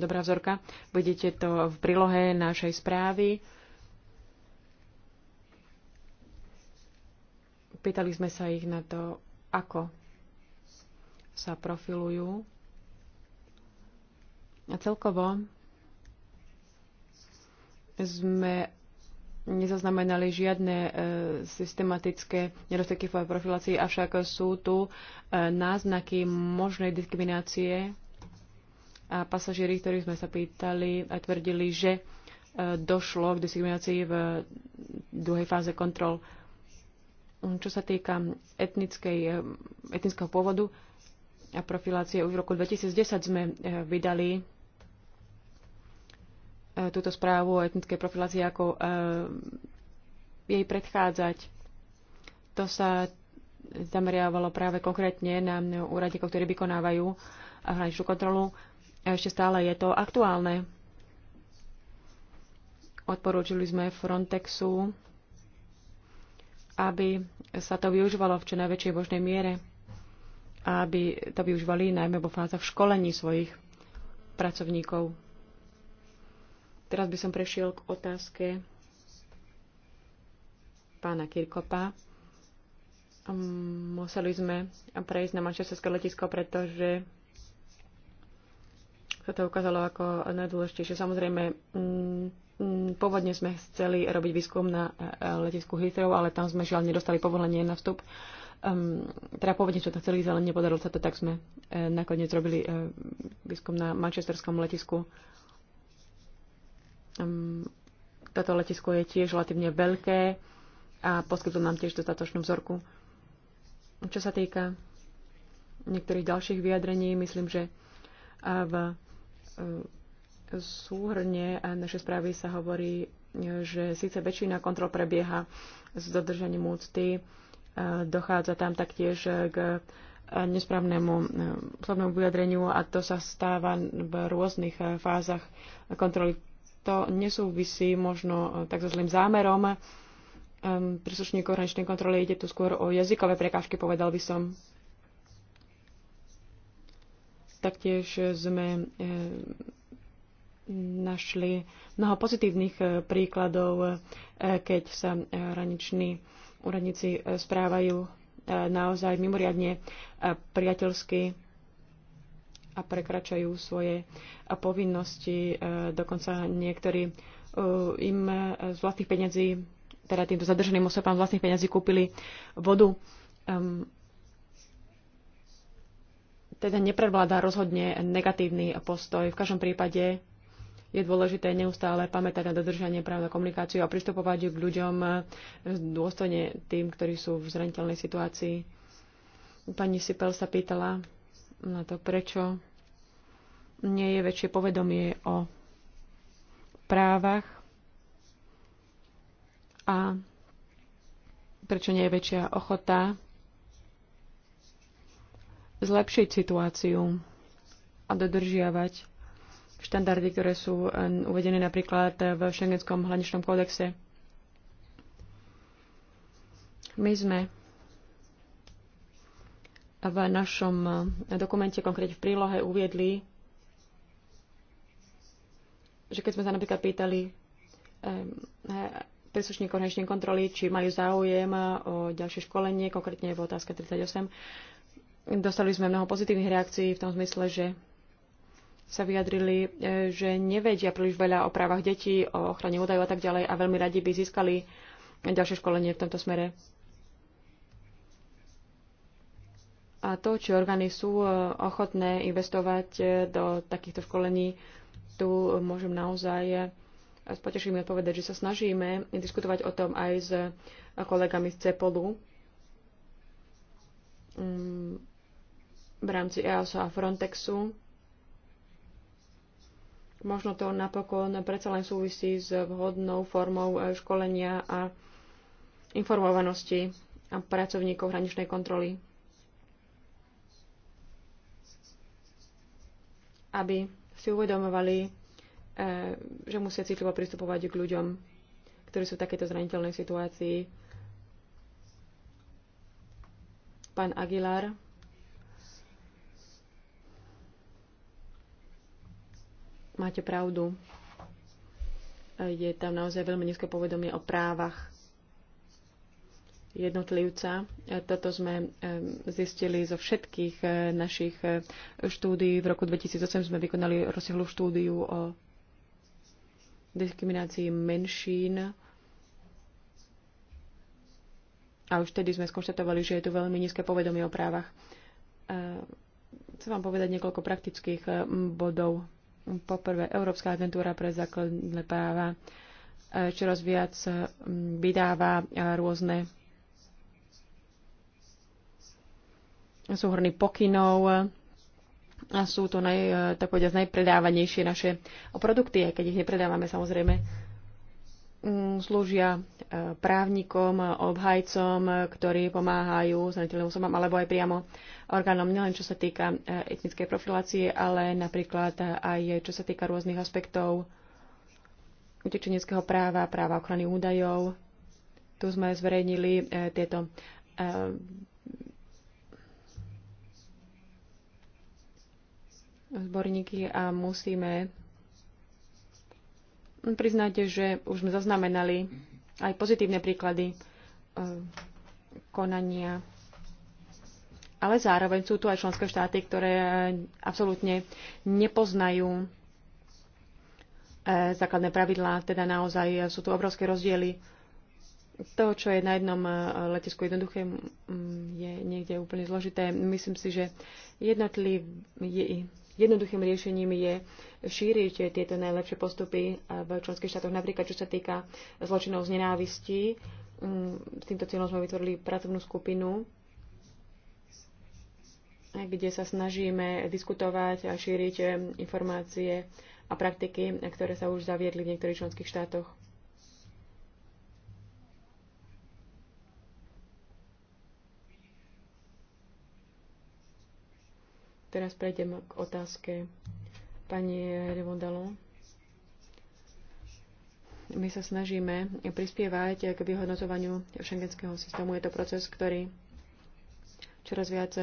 dobrá vzorka. Vidíte to v prílohe našej správy. Pýtali sme sa ich na to, ako sa profilujú a celkovo sme nezaznamenali žiadne e, systematické nedostatky v profilácii, avšak sú tu e, náznaky možnej diskriminácie a pasažieri, ktorých sme sa pýtali, a tvrdili, že e, došlo k diskriminácii v druhej fáze kontrol. Čo sa týka etnickej, e, etnického pôvodu a profilácie, už v roku 2010 sme e, vydali E, túto správu o etnickej profilácii, ako e, jej predchádzať. To sa zameriavalo práve konkrétne na úradníkov, ktorí vykonávajú e, hraničnú kontrolu. Ešte stále je to aktuálne. Odporúčili sme Frontexu, aby sa to využívalo v čo najväčšej možnej miere a aby to využívali najmä vo fázach školení svojich pracovníkov. Teraz by som prešiel k otázke pána Kirkopa. Um, museli sme prejsť na mančesterské letisko, pretože sa to ukázalo ako najdôležitejšie. Samozrejme, mm, mm, pôvodne sme chceli robiť výskum na e, e, letisku Heathrow, ale tam sme žiaľ nedostali povolenie na vstup. Um, teda pôvodne sme to chceli, ale nepodarilo sa to, tak sme e, nakoniec robili e, výskum na manchesterskom letisku. Toto letisko je tiež relatívne veľké a poskytlo nám tiež dostatočnú vzorku. Čo sa týka niektorých ďalších vyjadrení, myslím, že v e, súhrne naše správy sa hovorí, e, že síce väčšina kontrol prebieha s dodržaním úcty, e, dochádza tam taktiež k nesprávnemu slovnému vyjadreniu a to sa stáva v rôznych fázach kontroly to nesúvisí možno eh, tak so zlým zámerom um, eh, príslušníkov hraničnej kontroly. Ide tu skôr o jazykové prekážky, povedal by som. Taktiež sme e, našli mnoho pozitívnych príkladov, e, keď sa hraniční úradníci správajú naozaj mimoriadne priateľsky a prekračajú svoje povinnosti. E, dokonca niektorí e, im z vlastných peňazí, teda týmto zadrženým osobám z vlastných peňazí kúpili vodu. Ehm, teda neprevládá rozhodne negatívny postoj. V každom prípade je dôležité neustále pamätať na dodržanie práv na komunikáciu a pristupovať k ľuďom dôstojne tým, ktorí sú v zraniteľnej situácii. Pani Sipel sa pýtala, na to, prečo nie je väčšie povedomie o právach a prečo nie je väčšia ochota zlepšiť situáciu a dodržiavať štandardy, ktoré sú uvedené napríklad v Schengenskom hraničnom kódexe. My sme v našom eh, dokumente, konkrétne v prílohe, uviedli, že keď sme sa napríklad pýtali eh, eh, príslušníkov konečnej kontroly, či majú záujem o ďalšie školenie, konkrétne v otázke 38, dostali sme mnoho pozitívnych reakcií v tom zmysle, že sa vyjadrili, že nevedia príliš veľa o právach detí, o ochrane údajov a tak ďalej a veľmi radi by získali ďalšie školenie v tomto smere. a to, či orgány sú e, ochotné investovať e, do takýchto školení, tu môžem naozaj e, s potešením odpovedať, že sa snažíme diskutovať o tom aj s kolegami z CEPOLu mm, v rámci EASO a Frontexu. Možno to napokon predsa len súvisí s vhodnou formou školenia a informovanosti pracovníkov hraničnej kontroly. aby si uvedomovali, e, že musia citlivo pristupovať k ľuďom, ktorí sú v takéto zraniteľnej situácii. Pán Aguilar. Máte pravdu. E, je tam naozaj veľmi nízke povedomie o právach jednotlivca. Toto sme e, zistili zo všetkých e, našich e, štúdií. V roku 2008 sme vykonali rozsiahlu štúdiu o diskriminácii menšín a už vtedy sme skonštatovali, že je tu veľmi nízke povedomie o právach. Chcem vám povedať niekoľko praktických bodov. Poprvé, Európska agentúra pre základné práva čoraz viac vydáva rôzne súhrny pokynov a sú to naj, e, tak povedať, najpredávanejšie naše produkty, aj keď ich nepredávame samozrejme. Mm, Slúžia e, právnikom, obhajcom, ktorí pomáhajú zraniteľným osobám, alebo aj priamo orgánom, nielen čo sa týka e, etnickej profilácie, ale napríklad aj čo sa týka rôznych aspektov utečeneckého práva, práva ochrany údajov. Tu sme zverejnili tieto zborníky a musíme priznať, že už sme zaznamenali aj pozitívne príklady e, konania. Ale zároveň sú tu aj členské štáty, ktoré e, absolútne nepoznajú e, základné pravidlá, teda naozaj sú tu obrovské rozdiely. To, čo je na jednom letisku jednoduché, je niekde úplne zložité. Myslím si, že jednotlivý Jednoduchým riešením je šíriť tieto najlepšie postupy eh, v členských štátoch, napríklad čo sa týka zločinov z nenávistí. Mm, s týmto cieľom sme vytvorili pracovnú skupinu, kde sa snažíme diskutovať a šíriť eh, informácie a praktiky, eh, ktoré sa už zaviedli v niektorých členských štátoch. Teraz prejdem k otázke pani Remondalo. My sa snažíme prispievať k vyhodnocovaniu šengenského systému. Je to proces, ktorý čoraz viac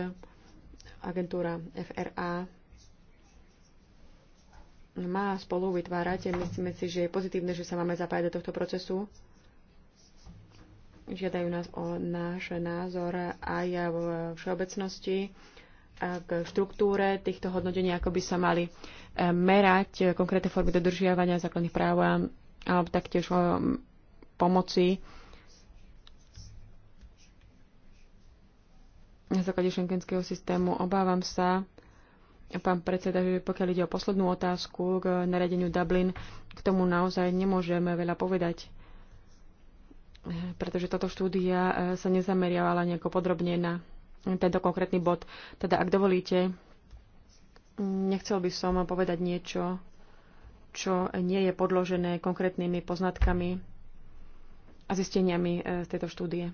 agentúra FRA má spolu vytvárať. Myslíme si, že je pozitívne, že sa máme zapájať do tohto procesu. Žiadajú nás o náš názor aj v všeobecnosti k štruktúre týchto hodnotení, ako by sa mali eh, merať eh, konkrétne formy dodržiavania základných práv alebo taktiež eh, pomoci na základe šenkenského systému. Obávam sa, pán predseda, že pokiaľ ide o poslednú otázku k naredeniu Dublin, k tomu naozaj nemôžeme veľa povedať pretože táto štúdia sa nezameriavala nejako podrobne na tento konkrétny bod. Teda, ak dovolíte, nechcel by som povedať niečo, čo nie je podložené konkrétnymi poznatkami a zisteniami e, z tejto štúdie.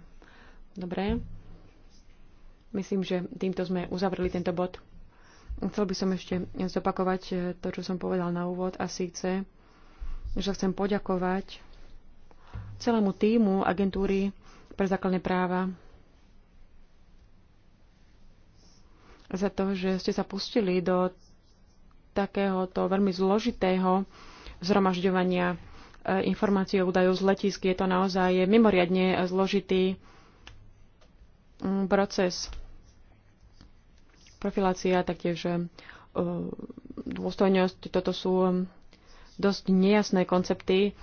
Dobre. Myslím, že týmto sme uzavreli tento bod. Chcel by som ešte zopakovať e, to, čo som povedal na úvod a síce, že chcem poďakovať celému týmu agentúry pre základné práva za to, že ste sa pustili do takéhoto veľmi zložitého zhromažďovania e, informácií o údajov z letisk. Je to naozaj mimoriadne zložitý mm, proces profilácia, taktiež e, dôstojnosť. Toto sú dosť nejasné koncepty,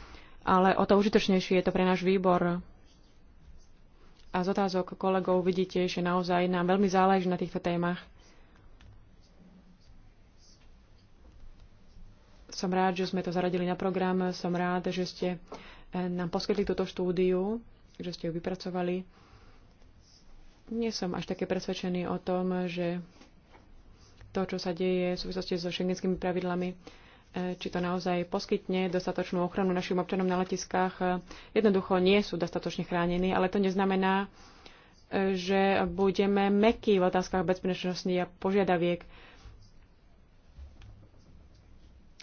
ale o to užitočnejšie je to pre náš výbor. A z otázok kolegov vidíte, že naozaj nám veľmi záleží na týchto témach. Som rád, že sme to zaradili na program. Som rád, že ste eh, nám poskytli túto štúdiu, že ste ju vypracovali. Nie som až také presvedčený o tom, že to, čo sa deje v súvislosti so šengenskými pravidlami, eh, či to naozaj poskytne dostatočnú ochranu našim občanom na letiskách. Eh, jednoducho nie sú dostatočne chránení, ale to neznamená, že budeme mekí v otázkach bezpečnosti a požiadaviek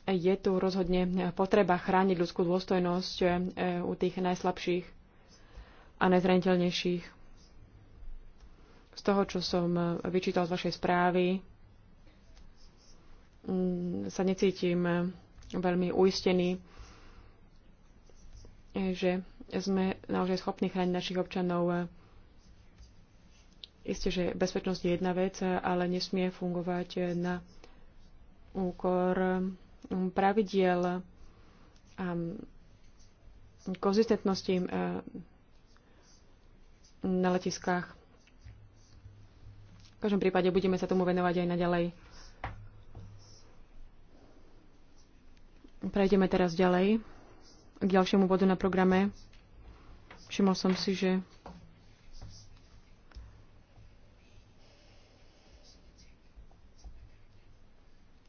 je tu rozhodne potreba chrániť ľudskú dôstojnosť e, u tých najslabších a najzraniteľnejších. Z toho, čo som vyčítal z vašej správy, mm, sa necítim veľmi uistený, že sme naozaj schopní chrániť našich občanov. Isté, že bezpečnosť je jedna vec, ale nesmie fungovať na úkor pravidiel a konzistentnosti e, na letiskách. V každom prípade budeme sa tomu venovať aj naďalej. Prejdeme teraz ďalej k ďalšiemu bodu na programe. Všimol som si, že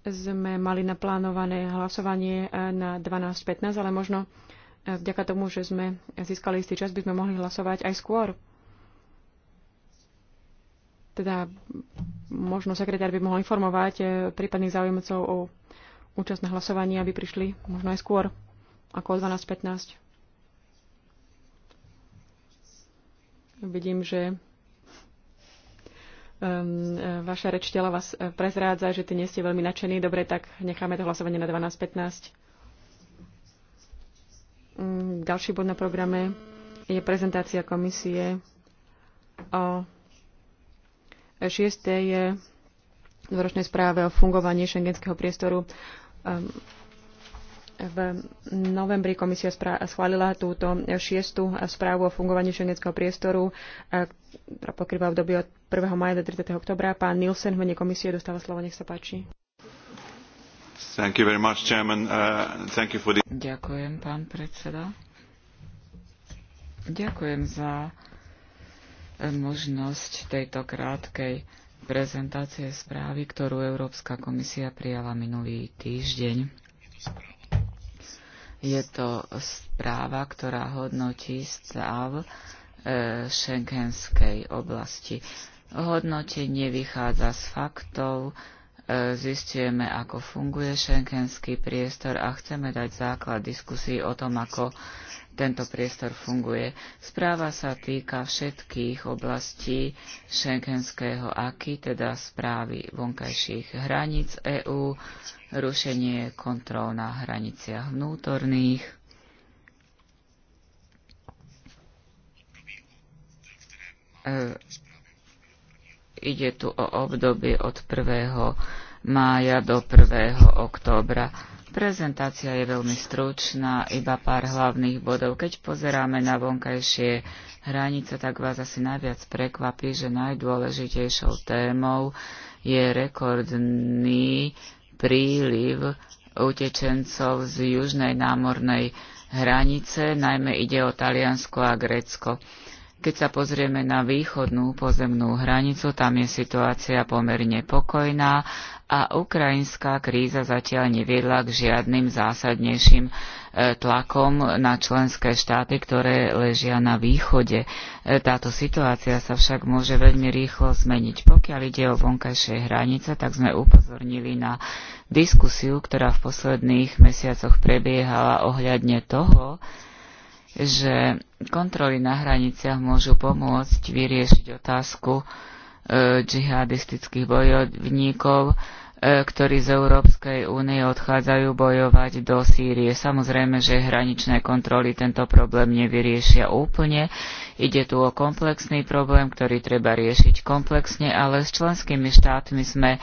sme mali naplánované hlasovanie e, na 12.15, ale možno e, vďaka tomu, že sme získali istý čas, by sme mohli hlasovať aj skôr. Teda možno sekretár by mohol informovať e, prípadných záujemcov o účasť na hlasovanie, aby prišli možno aj skôr ako o 12.15. Vidím, že um, vaša reč tela vás e, prezrádza, že ty nie ste veľmi nadšení. Dobre, tak necháme to hlasovanie na 12.15. Um, mm, ďalší bod na programe je prezentácia komisie o 6. E, dvoročnej správe o fungovaní šengenského priestoru. Um, v novembri komisia schválila túto šiestu správu o fungovaní šengenského priestoru, e, ktorá pokrýva obdobie od 1. maja do 30. oktobra. Pán Nielsen, v mene komisie, dostáva slovo, nech sa páči. Much, uh, the... Ďakujem, pán predseda. Ďakujem za eh, možnosť tejto krátkej prezentácie správy, ktorú Európska komisia prijala minulý týždeň. Je to správa, ktorá hodnotí stav e, šengenskej oblasti hodnotenie vychádza z faktov, e, zistujeme, ako funguje šenkenský priestor a chceme dať základ diskusii o tom, ako tento priestor funguje. Správa sa týka všetkých oblastí šenkenského aky, teda správy vonkajších hraníc EÚ, rušenie kontrol na hraniciach vnútorných, e, Ide tu o obdobie od 1. mája do 1. októbra. Prezentácia je veľmi stručná, iba pár hlavných bodov. Keď pozeráme na vonkajšie hranice, tak vás asi najviac prekvapí, že najdôležitejšou témou je rekordný príliv utečencov z južnej námornej hranice, najmä ide o Taliansko a Grécko. Keď sa pozrieme na východnú pozemnú hranicu, tam je situácia pomerne pokojná a ukrajinská kríza zatiaľ neviedla k žiadnym zásadnejším e, tlakom na členské štáty, ktoré ležia na východe. E, táto situácia sa však môže veľmi rýchlo zmeniť. Pokiaľ ide o vonkajšie hranice, tak sme upozornili na diskusiu, ktorá v posledných mesiacoch prebiehala ohľadne toho, že kontroly na hraniciach môžu pomôcť vyriešiť otázku e, džihadistických bojovníkov, e, ktorí z Európskej únie odchádzajú bojovať do Sýrie. Samozrejme, že hraničné kontroly tento problém nevyriešia úplne. Ide tu o komplexný problém, ktorý treba riešiť komplexne, ale s členskými štátmi sme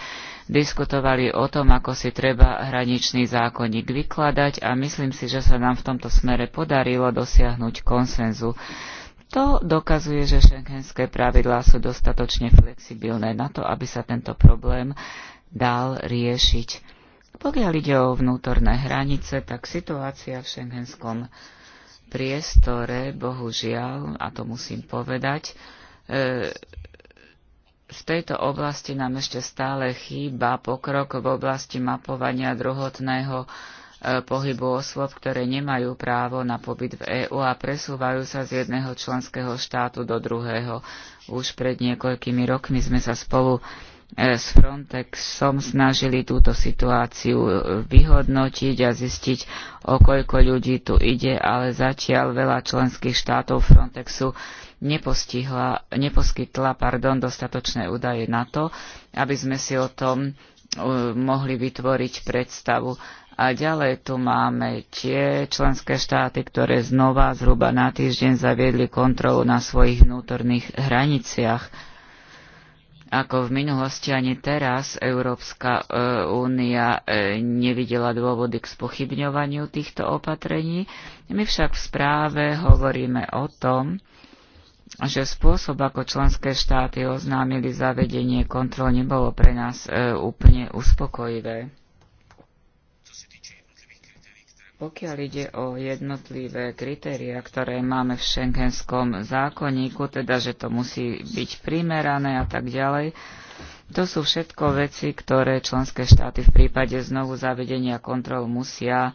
diskutovali o tom, ako si treba hraničný zákonník vykladať a myslím si, že sa nám v tomto smere podarilo dosiahnuť konsenzu. To dokazuje, že šengenské pravidlá sú dostatočne flexibilné na to, aby sa tento problém dal riešiť. Pokiaľ ide o vnútorné hranice, tak situácia v šengenskom priestore, bohužiaľ, a to musím povedať, e, v tejto oblasti nám ešte stále chýba pokrok v oblasti mapovania druhotného e, pohybu osôb, ktoré nemajú právo na pobyt v EÚ a presúvajú sa z jedného členského štátu do druhého. Už pred niekoľkými rokmi sme sa spolu e, s Frontexom snažili túto situáciu e, vyhodnotiť a zistiť, o koľko ľudí tu ide, ale zatiaľ veľa členských štátov Frontexu nepostihla, neposkytla pardon, dostatočné údaje na to, aby sme si o tom e, mohli vytvoriť predstavu. A ďalej tu máme tie členské štáty, ktoré znova zhruba na týždeň zaviedli kontrolu na svojich vnútorných hraniciach. Ako v minulosti ani teraz Európska e, únia e, nevidela dôvody k spochybňovaniu týchto opatrení. My však v správe hovoríme o tom, že spôsob, ako členské štáty oznámili zavedenie kontrol, nebolo pre nás e, úplne uspokojivé. Pokiaľ ide o jednotlivé kritéria, ktoré máme v šengenskom zákonníku, teda že to musí byť primerané a tak ďalej, to sú všetko veci, ktoré členské štáty v prípade znovu zavedenia kontrol musia e,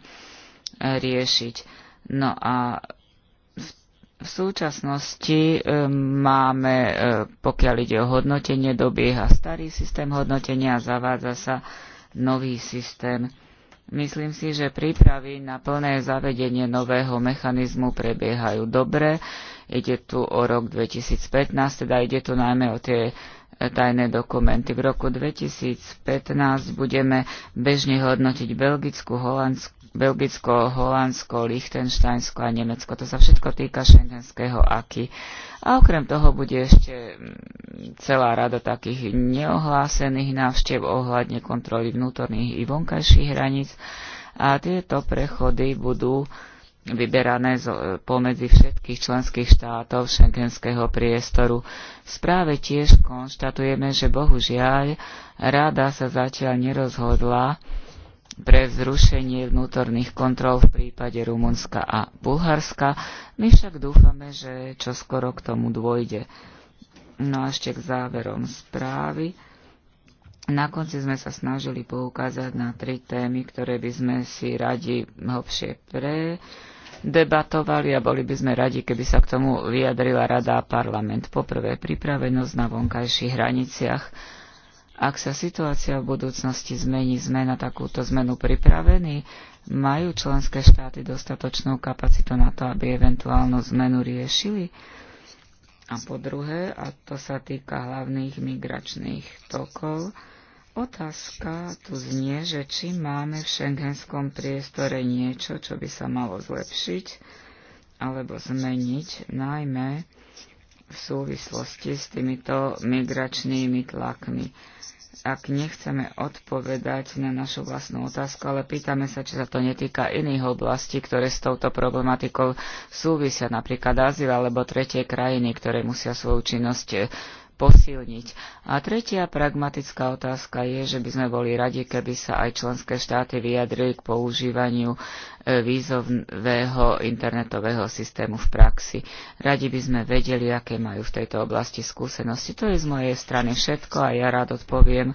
riešiť. No a v súčasnosti máme, e, pokiaľ ide o hodnotenie, dobieha starý systém hodnotenia a zavádza sa nový systém. Myslím si, že prípravy na plné zavedenie nového mechanizmu prebiehajú dobre. Ide tu o rok 2015, teda ide tu najmä o tie e, tajné dokumenty. V roku 2015 budeme bežne hodnotiť belgickú, holandskú, Belgicko, Holandsko, Liechtensteinsko a Nemecko. To sa všetko týka šengenského aky. A okrem toho bude ešte mm, celá rada takých neohlásených návštev ohľadne kontroly vnútorných i vonkajších hraníc. A tieto prechody budú vyberané e, pomedzi všetkých členských štátov šengenského priestoru. V správe tiež konštatujeme, že bohužiaľ rada sa zatiaľ nerozhodla pre zrušenie vnútorných kontrol v prípade Rumunska a Bulharska. My však dúfame, že čoskoro k tomu dôjde. No a ešte k záverom správy. Na konci sme sa snažili poukázať na tri témy, ktoré by sme si radi hlbšie predebatovali a boli by sme radi, keby sa k tomu vyjadrila Rada a parlament. Poprvé, pripravenosť na vonkajších hraniciach ak sa situácia v budúcnosti zmení, sme na takúto zmenu pripravení? Majú členské štáty dostatočnú kapacitu na to, aby eventuálnu zmenu riešili? A po druhé, a to sa týka hlavných migračných tokov, otázka tu znie, že či máme v šengenskom priestore niečo, čo by sa malo zlepšiť alebo zmeniť, najmä v súvislosti s týmito migračnými tlakmi. Ak nechceme odpovedať na našu vlastnú otázku, ale pýtame sa, či sa to netýka iných oblastí, ktoré s touto problematikou súvisia, napríklad azyl alebo tretie krajiny, ktoré musia svoju činnosť posilniť. A tretia pragmatická otázka je, že by sme boli radi, keby sa aj členské štáty vyjadrili k používaniu e, vízového internetového systému v praxi. Radi by sme vedeli, aké majú v tejto oblasti skúsenosti. To je z mojej strany všetko a ja rád odpoviem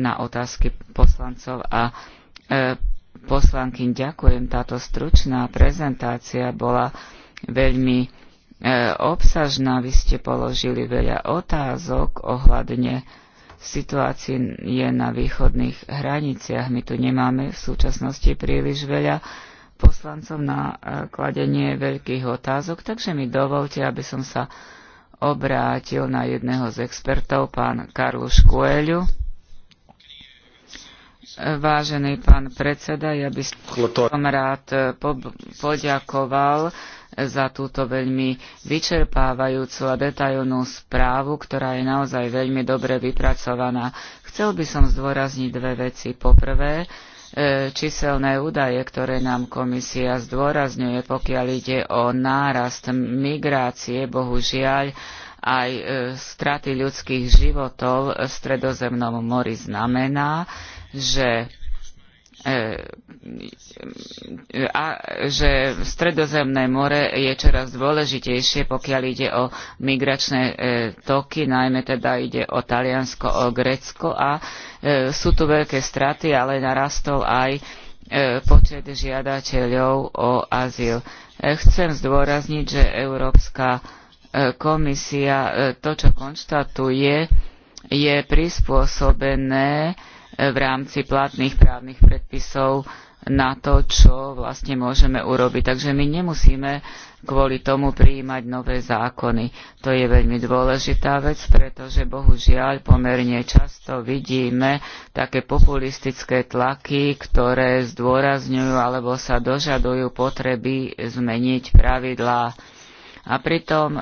na otázky poslancov a e, poslankyň. Ďakujem, táto stručná prezentácia bola veľmi E, obsažná. Vy ste položili veľa otázok ohľadne situácii je na východných hraniciach. My tu nemáme v súčasnosti príliš veľa poslancov na e, kladenie veľkých otázok, takže mi dovolte, aby som sa obrátil na jedného z expertov, pán Karlu Kueľu. E, vážený pán predseda, ja by som rád poďakoval za túto veľmi vyčerpávajúcu a detailnú správu, ktorá je naozaj veľmi dobre vypracovaná. Chcel by som zdôrazniť dve veci. Poprvé, e, číselné údaje, ktoré nám komisia zdôrazňuje, pokiaľ ide o nárast migrácie, bohužiaľ aj e, straty ľudských životov v Stredozemnom mori znamená, že a že Stredozemné more je čoraz dôležitejšie, pokiaľ ide o migračné e, toky, najmä teda ide o Taliansko, o Grécko a e, sú tu veľké straty, ale narastol aj e, počet žiadateľov o azyl. Chcem zdôrazniť, že Európska komisia to, čo konštatuje, je prispôsobené v rámci platných právnych predpisov na to, čo vlastne môžeme urobiť. Takže my nemusíme kvôli tomu prijímať nové zákony. To je veľmi dôležitá vec, pretože bohužiaľ pomerne často vidíme také populistické tlaky, ktoré zdôrazňujú alebo sa dožadujú potreby zmeniť pravidlá. A pritom e,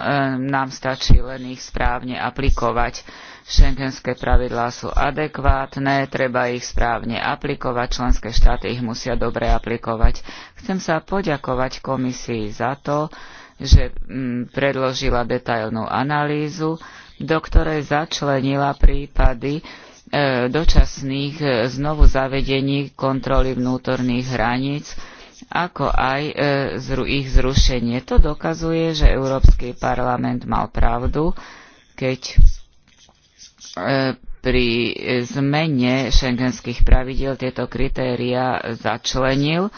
nám stačí len ich správne aplikovať Schengenské pravidlá sú adekvátne, treba ich správne aplikovať, členské štáty ich musia dobre aplikovať. Chcem sa poďakovať komisii za to, že mm, predložila detailnú analýzu, do ktorej začlenila prípady e, dočasných e, znovu zavedení kontroly vnútorných hraníc, ako aj e, ich zrušenie. To dokazuje, že Európsky parlament mal pravdu, keď E, pri zmene šengenských pravidiel tieto kritéria začlenil e,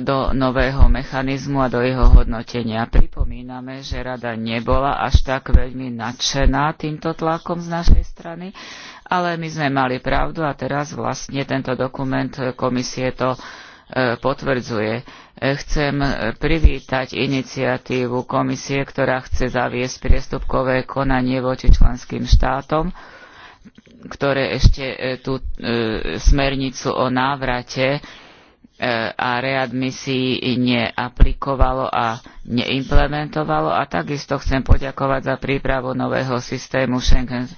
do nového mechanizmu a do jeho hodnotenia. Pripomíname, že rada nebola až tak veľmi nadšená týmto tlakom z našej strany, ale my sme mali pravdu a teraz vlastne tento dokument komisie to potvrdzuje. Chcem privítať iniciatívu komisie, ktorá chce zaviesť priestupkové konanie voči členským štátom, ktoré ešte e, tú e, smernicu o návrate e, a readmisii neaplikovalo a neimplementovalo a takisto chcem poďakovať za prípravu nového systému Schengen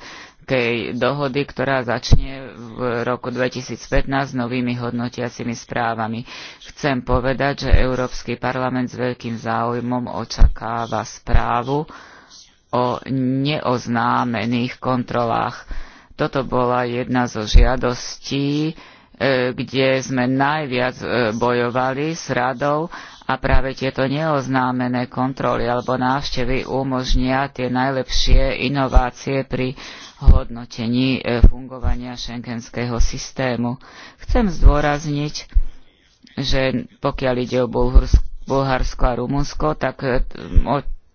Európskej dohody, ktorá začne v roku 2015 s novými hodnotiacimi správami. Chcem povedať, že Európsky parlament s veľkým záujmom očakáva správu o neoznámených kontrolách. Toto bola jedna zo žiadostí, e, kde sme najviac e, bojovali s radou a práve tieto neoznámené kontroly alebo návštevy umožnia tie najlepšie inovácie pri hodnotení e, fungovania šengenského systému. Chcem zdôrazniť, že pokiaľ ide o Bulharsko a Rumunsko, tak e,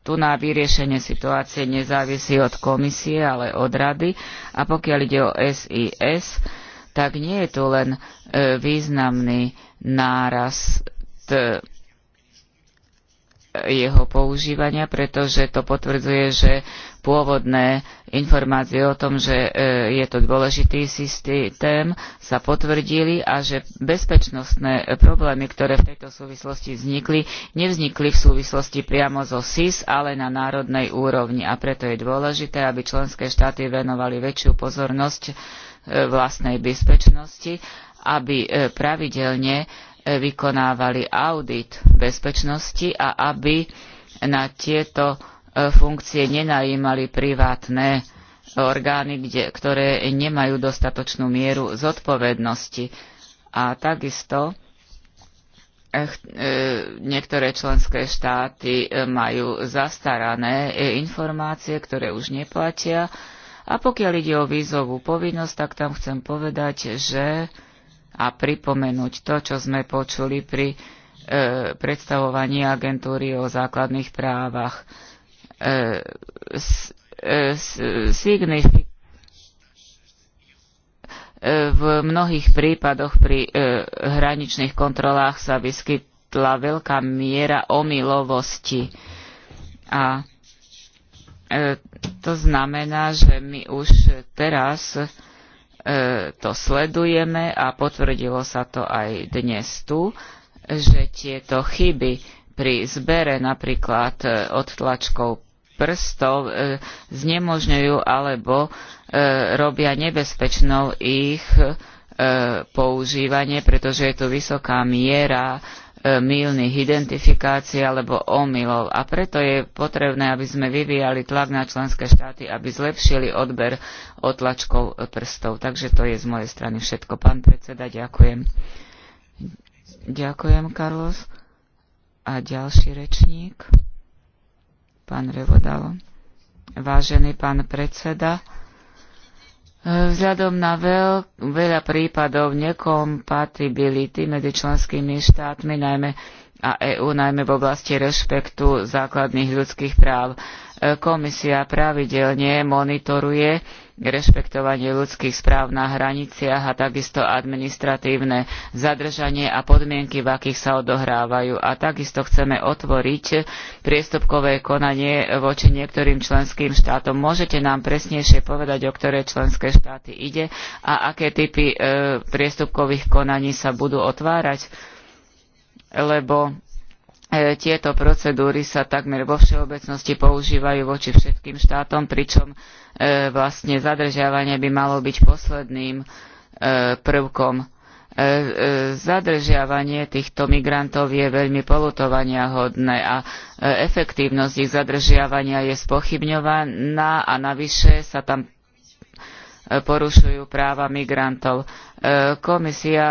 tu na vyriešenie situácie nezávisí od komisie, ale od rady. A pokiaľ ide o SIS, tak nie je tu len e, významný náraz jeho používania, pretože to potvrdzuje, že pôvodné informácie o tom, že e, je to dôležitý systém, sa potvrdili a že bezpečnostné problémy, ktoré v tejto súvislosti vznikli, nevznikli v súvislosti priamo zo SIS, ale na národnej úrovni. A preto je dôležité, aby členské štáty venovali väčšiu pozornosť e, vlastnej bezpečnosti, aby e, pravidelne vykonávali audit bezpečnosti a aby na tieto e, funkcie nenajímali privátne orgány, kde, ktoré nemajú dostatočnú mieru zodpovednosti. A takisto e, e, niektoré členské štáty majú zastarané informácie, ktoré už neplatia. A pokiaľ ide o vízovú povinnosť, tak tam chcem povedať, že a pripomenúť to, čo sme počuli pri e, predstavovaní agentúry o základných právach. E, s, e, s, signifik- e, v mnohých prípadoch pri e, hraničných kontrolách sa vyskytla veľká miera omylovosti. A e, to znamená, že my už teraz e, E, to sledujeme a potvrdilo sa to aj dnes tu, že tieto chyby pri zbere napríklad e, odtlačkov prstov e, znemožňujú alebo robia nebezpečnou ich používanie, pretože je tu vysoká miera E, mylných identifikácií alebo omylov. A preto je potrebné, aby sme vyvíjali tlak na členské štáty, aby zlepšili odber otlačkov prstov. Takže to je z mojej strany všetko. Pán predseda, ďakujem. Ďakujem, Carlos. A ďalší rečník, pán Revodalo. Vážený pán predseda, Vzhľadom na veľ, veľa prípadov nekompatibility medzi členskými štátmi najmä a EÚ, najmä v oblasti rešpektu základných ľudských práv, e, komisia pravidelne monitoruje rešpektovanie ľudských správ na hraniciach a takisto administratívne zadržanie a podmienky, v akých sa odohrávajú. A takisto chceme otvoriť priestupkové konanie voči niektorým členským štátom. Môžete nám presnejšie povedať, o ktoré členské štáty ide a aké typy e, priestupkových konaní sa budú otvárať? Lebo E, tieto procedúry sa takmer vo všeobecnosti používajú voči všetkým štátom, pričom e, vlastne zadržiavanie by malo byť posledným e, prvkom. Zadržiavanie týchto migrantov je veľmi polutovania a efektívnosť ich zadržiavania je spochybňovaná a navyše sa tam porušujú práva migrantov. Komisia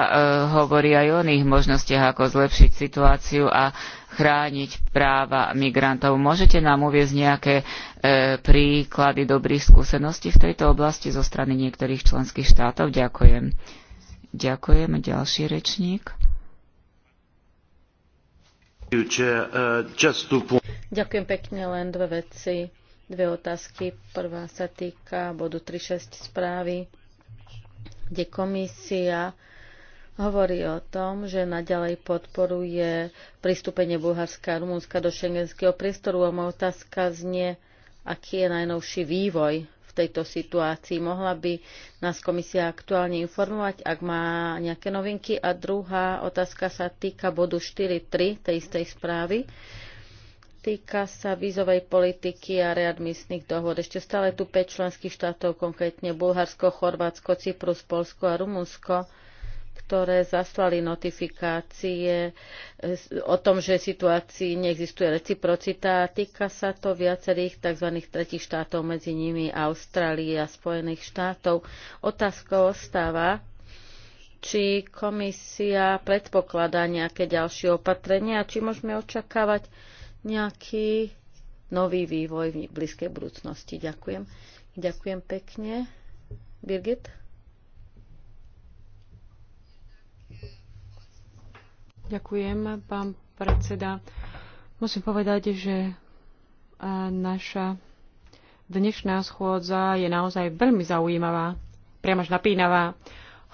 hovorí aj o iných možnostiach, ako zlepšiť situáciu a chrániť práva migrantov. Môžete nám uviezť nejaké e, príklady dobrých skúseností v tejto oblasti zo strany niektorých členských štátov? Ďakujem. Ďakujem. Ďalší rečník. Ďakujem pekne, len dve veci, dve otázky. Prvá sa týka bodu 3.6 správy, kde komisia hovorí o tom, že naďalej podporuje pristúpenie Bulharska a Rumunska do šengenského priestoru a moja otázka znie, aký je najnovší vývoj v tejto situácii. Mohla by nás komisia aktuálne informovať, ak má nejaké novinky. A druhá otázka sa týka bodu 4.3 tej istej správy. Týka sa vízovej politiky a readmisných dohod. Ešte stále tu 5 členských štátov, konkrétne Bulharsko, Chorvátsko, Cyprus, Polsko a Rumunsko ktoré zaslali notifikácie e, o tom, že situácii neexistuje reciprocita. Týka sa to viacerých tzv. tretich štátov, medzi nimi Austrálie a Spojených štátov. Otázkou ostáva, či komisia predpokladá nejaké ďalšie opatrenia a či môžeme očakávať nejaký nový vývoj v blízkej budúcnosti. Ďakujem. Ďakujem pekne. Birgit? Ďakujem, pán predseda. Musím povedať, že naša dnešná schôdza je naozaj veľmi zaujímavá, priam až napínavá.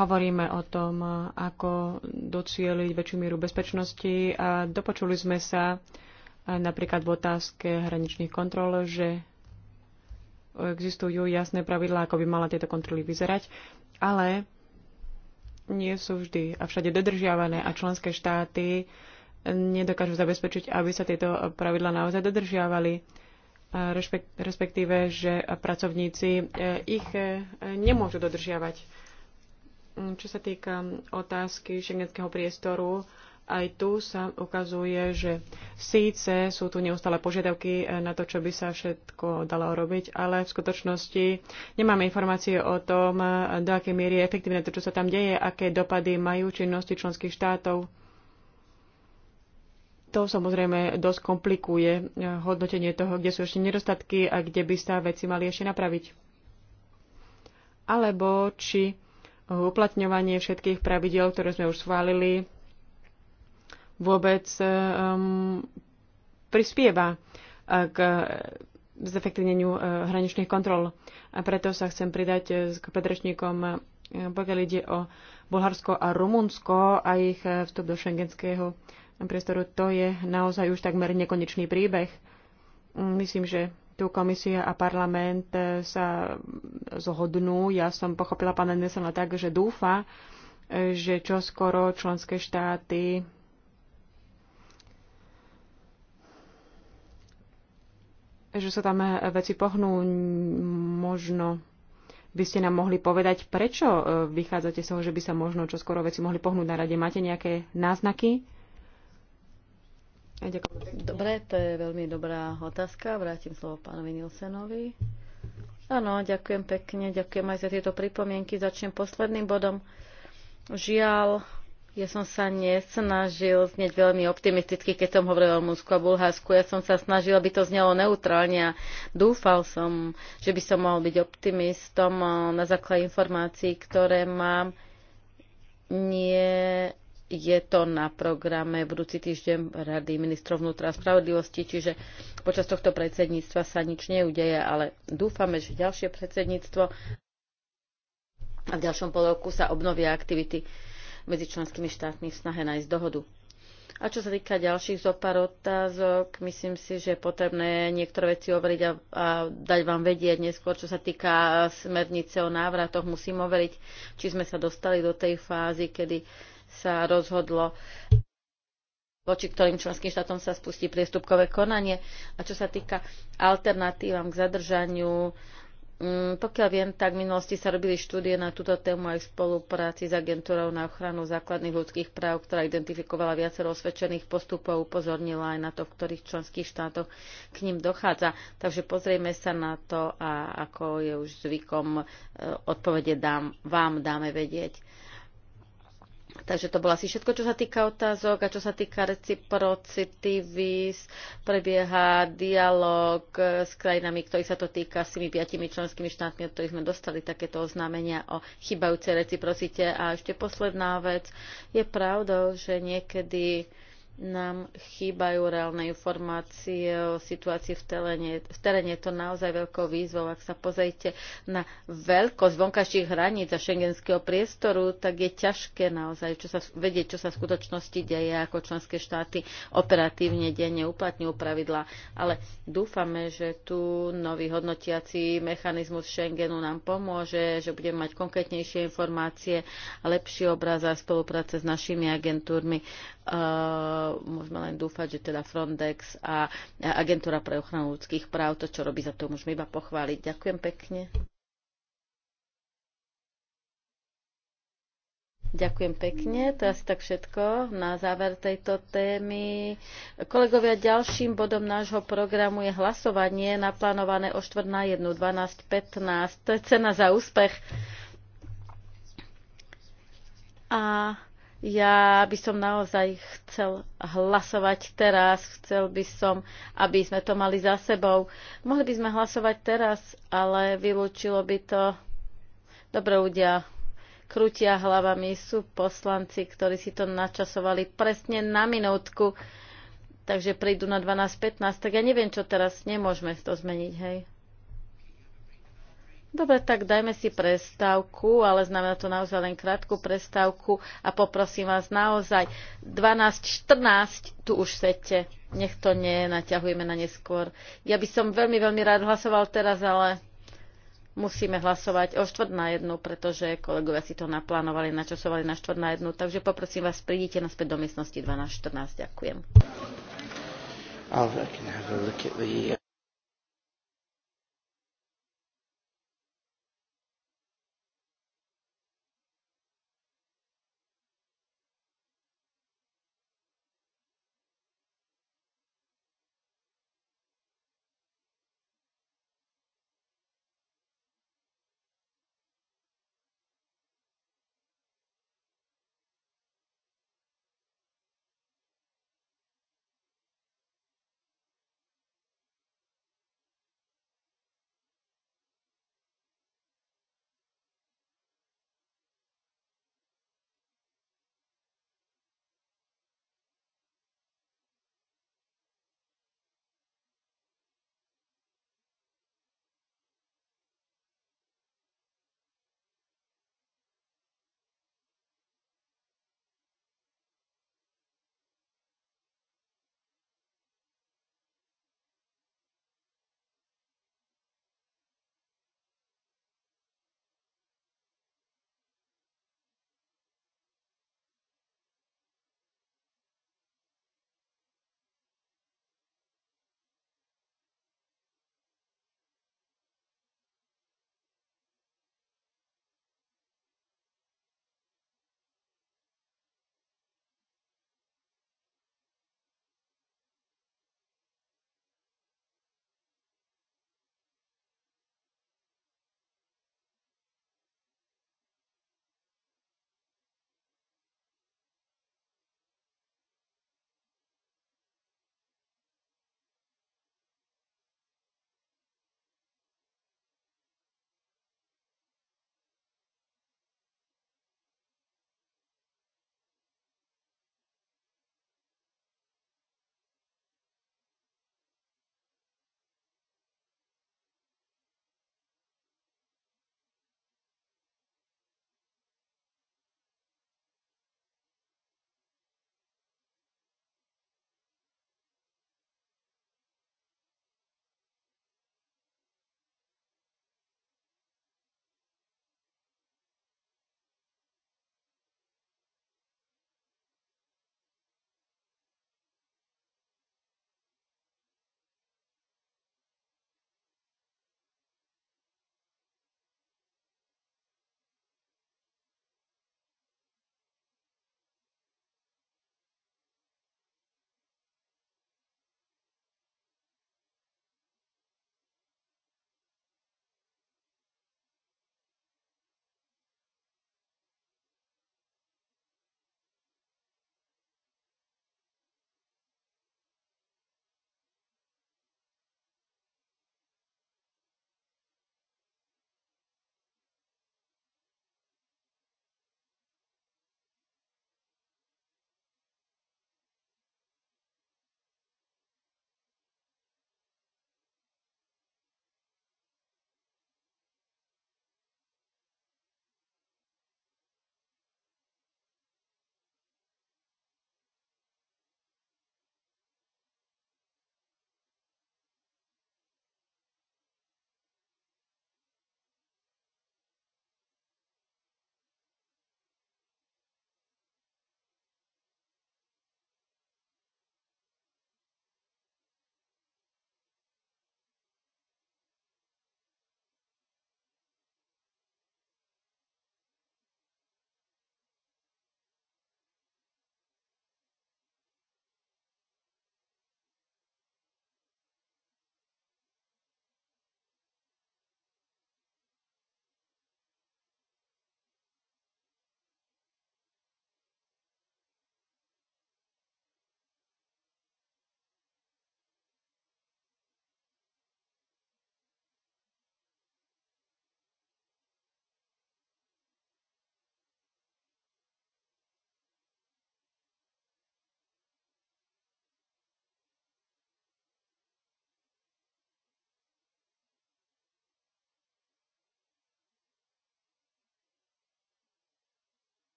Hovoríme o tom, ako docieliť väčšiu mieru bezpečnosti a dopočuli sme sa napríklad v otázke hraničných kontrol, že existujú jasné pravidlá, ako by mala tieto kontroly vyzerať, ale nie sú vždy a všade dodržiavané a členské štáty nedokážu zabezpečiť, aby sa tieto pravidla naozaj dodržiavali, respektíve, že pracovníci e, ich e, nemôžu dodržiavať. Čo sa týka otázky šengenského priestoru, aj tu sa ukazuje, že síce sú tu neustále požiadavky eh, na to, čo by sa všetko dalo robiť, ale v skutočnosti nemáme informácie o tom, eh, do akej miery je efektívne to, čo sa tam deje, aké dopady majú činnosti členských štátov. To samozrejme dosť komplikuje eh, hodnotenie toho, kde sú ešte nedostatky a kde by sa veci mali ešte napraviť. Alebo či uplatňovanie všetkých pravidel, ktoré sme už schválili, vôbec um, prispieva uh, k zefektívneniu uh, hraničných kontrol. A preto sa chcem pridať uh, k predrečníkom, pokiaľ ide o Bulharsko a Rumunsko a ich vstup do šengenského priestoru. To je naozaj už takmer nekonečný príbeh. Mm, myslím, že tu komisia a parlament sa zhodnú. Ja som pochopila pána Nesela tak, že dúfa, že čo skoro členské štáty že sa tam e, veci pohnú, možno by ste nám mohli povedať, prečo e, vychádzate z toho, že by sa možno čoskoro veci mohli pohnúť na rade. Máte nejaké náznaky? Ďakujem. Dobre, to je veľmi dobrá otázka. Vrátim slovo pánovi Nilsenovi. Áno, ďakujem pekne, ďakujem aj za tieto pripomienky. Začnem posledným bodom. Žiaľ, ja som sa nesnažil znieť veľmi optimisticky, keď som hovoril o Rumunsku a Bulharsku. Ja som sa snažil, aby to znelo neutrálne a dúfal som, že by som mohol byť optimistom eh, na základe informácií, ktoré mám. Nie je to na programe budúci týždeň Rady ministrov vnútra a spravodlivosti, čiže počas tohto predsedníctva sa nič neudeje, ale dúfame, že ďalšie predsedníctvo a v ďalšom pol sa obnovia aktivity medzi členskými štátmi v snahe nájsť dohodu. A čo sa týka ďalších zopár otázok, myslím si, že je potrebné niektoré veci overiť a, a dať vám vedieť neskôr, čo sa týka smernice o návratoch. Musím overiť, či sme sa dostali do tej fázy, kedy sa rozhodlo voči ktorým členským štátom sa spustí priestupkové konanie. A čo sa týka alternatívam k zadržaniu, Mm, pokiaľ viem, tak v minulosti sa robili štúdie na túto tému aj v spolupráci s agentúrou na ochranu základných ľudských práv, ktorá identifikovala viacero osvedčených postupov, upozornila aj na to, v ktorých členských štátoch k ním dochádza. Takže pozrieme sa na to a ako je už zvykom, e, odpovede dám, vám dáme vedieť. Takže to bolo asi všetko, čo sa týka otázok a čo sa týka reciprocity víz, prebieha dialog s krajinami, ktorých sa to týka, s tými piatimi členskými štátmi, od ktorých sme dostali takéto oznámenia o chybajúcej reciprocite. A ešte posledná vec. Je pravdou, že niekedy nám chýbajú reálne informácie o situácii v teréne. V teréne je to naozaj veľkou výzvou. Ak sa pozrite na veľkosť vonkajších hraníc a šengenského priestoru, tak je ťažké naozaj čo sa, vedieť, čo sa v skutočnosti deje, ako členské štáty operatívne denne uplatňujú pravidlá. Ale dúfame, že tu nový hodnotiaci mechanizmus Schengenu nám pomôže, že budeme mať konkrétnejšie informácie a lepší obraz a spolupráce s našimi agentúrmi Eh, môžeme len dúfať, že teda Frontex a Agentúra pre ochranu ľudských práv to, čo robí, za to môžeme iba pochváliť. Ďakujem pekne. Ďakujem pekne. To je asi tak všetko na záver tejto témy. Kolegovia, ďalším bodom nášho programu je hlasovanie naplánované o 4 na 1, 12, 15. To je cena za úspech. A ja by som naozaj chcel hlasovať teraz, chcel by som, aby sme to mali za sebou. Mohli by sme hlasovať teraz, ale vylúčilo by to. Dobre ľudia, krutia hlavami, sú poslanci, ktorí si to načasovali presne na minútku, takže prídu na 12.15, tak ja neviem, čo teraz nemôžeme to zmeniť, hej. Dobre, tak dajme si prestávku, ale znamená to naozaj len krátku prestávku a poprosím vás naozaj 12.14 tu už sete. Nech to nie naťahujeme na neskôr. Ja by som veľmi, veľmi rád hlasoval teraz, ale musíme hlasovať o štvrt na jednu, pretože kolegovia si to naplánovali, načasovali na štvrt na jednu. Takže poprosím vás, prídite naspäť do miestnosti 12.14. Ďakujem. I'll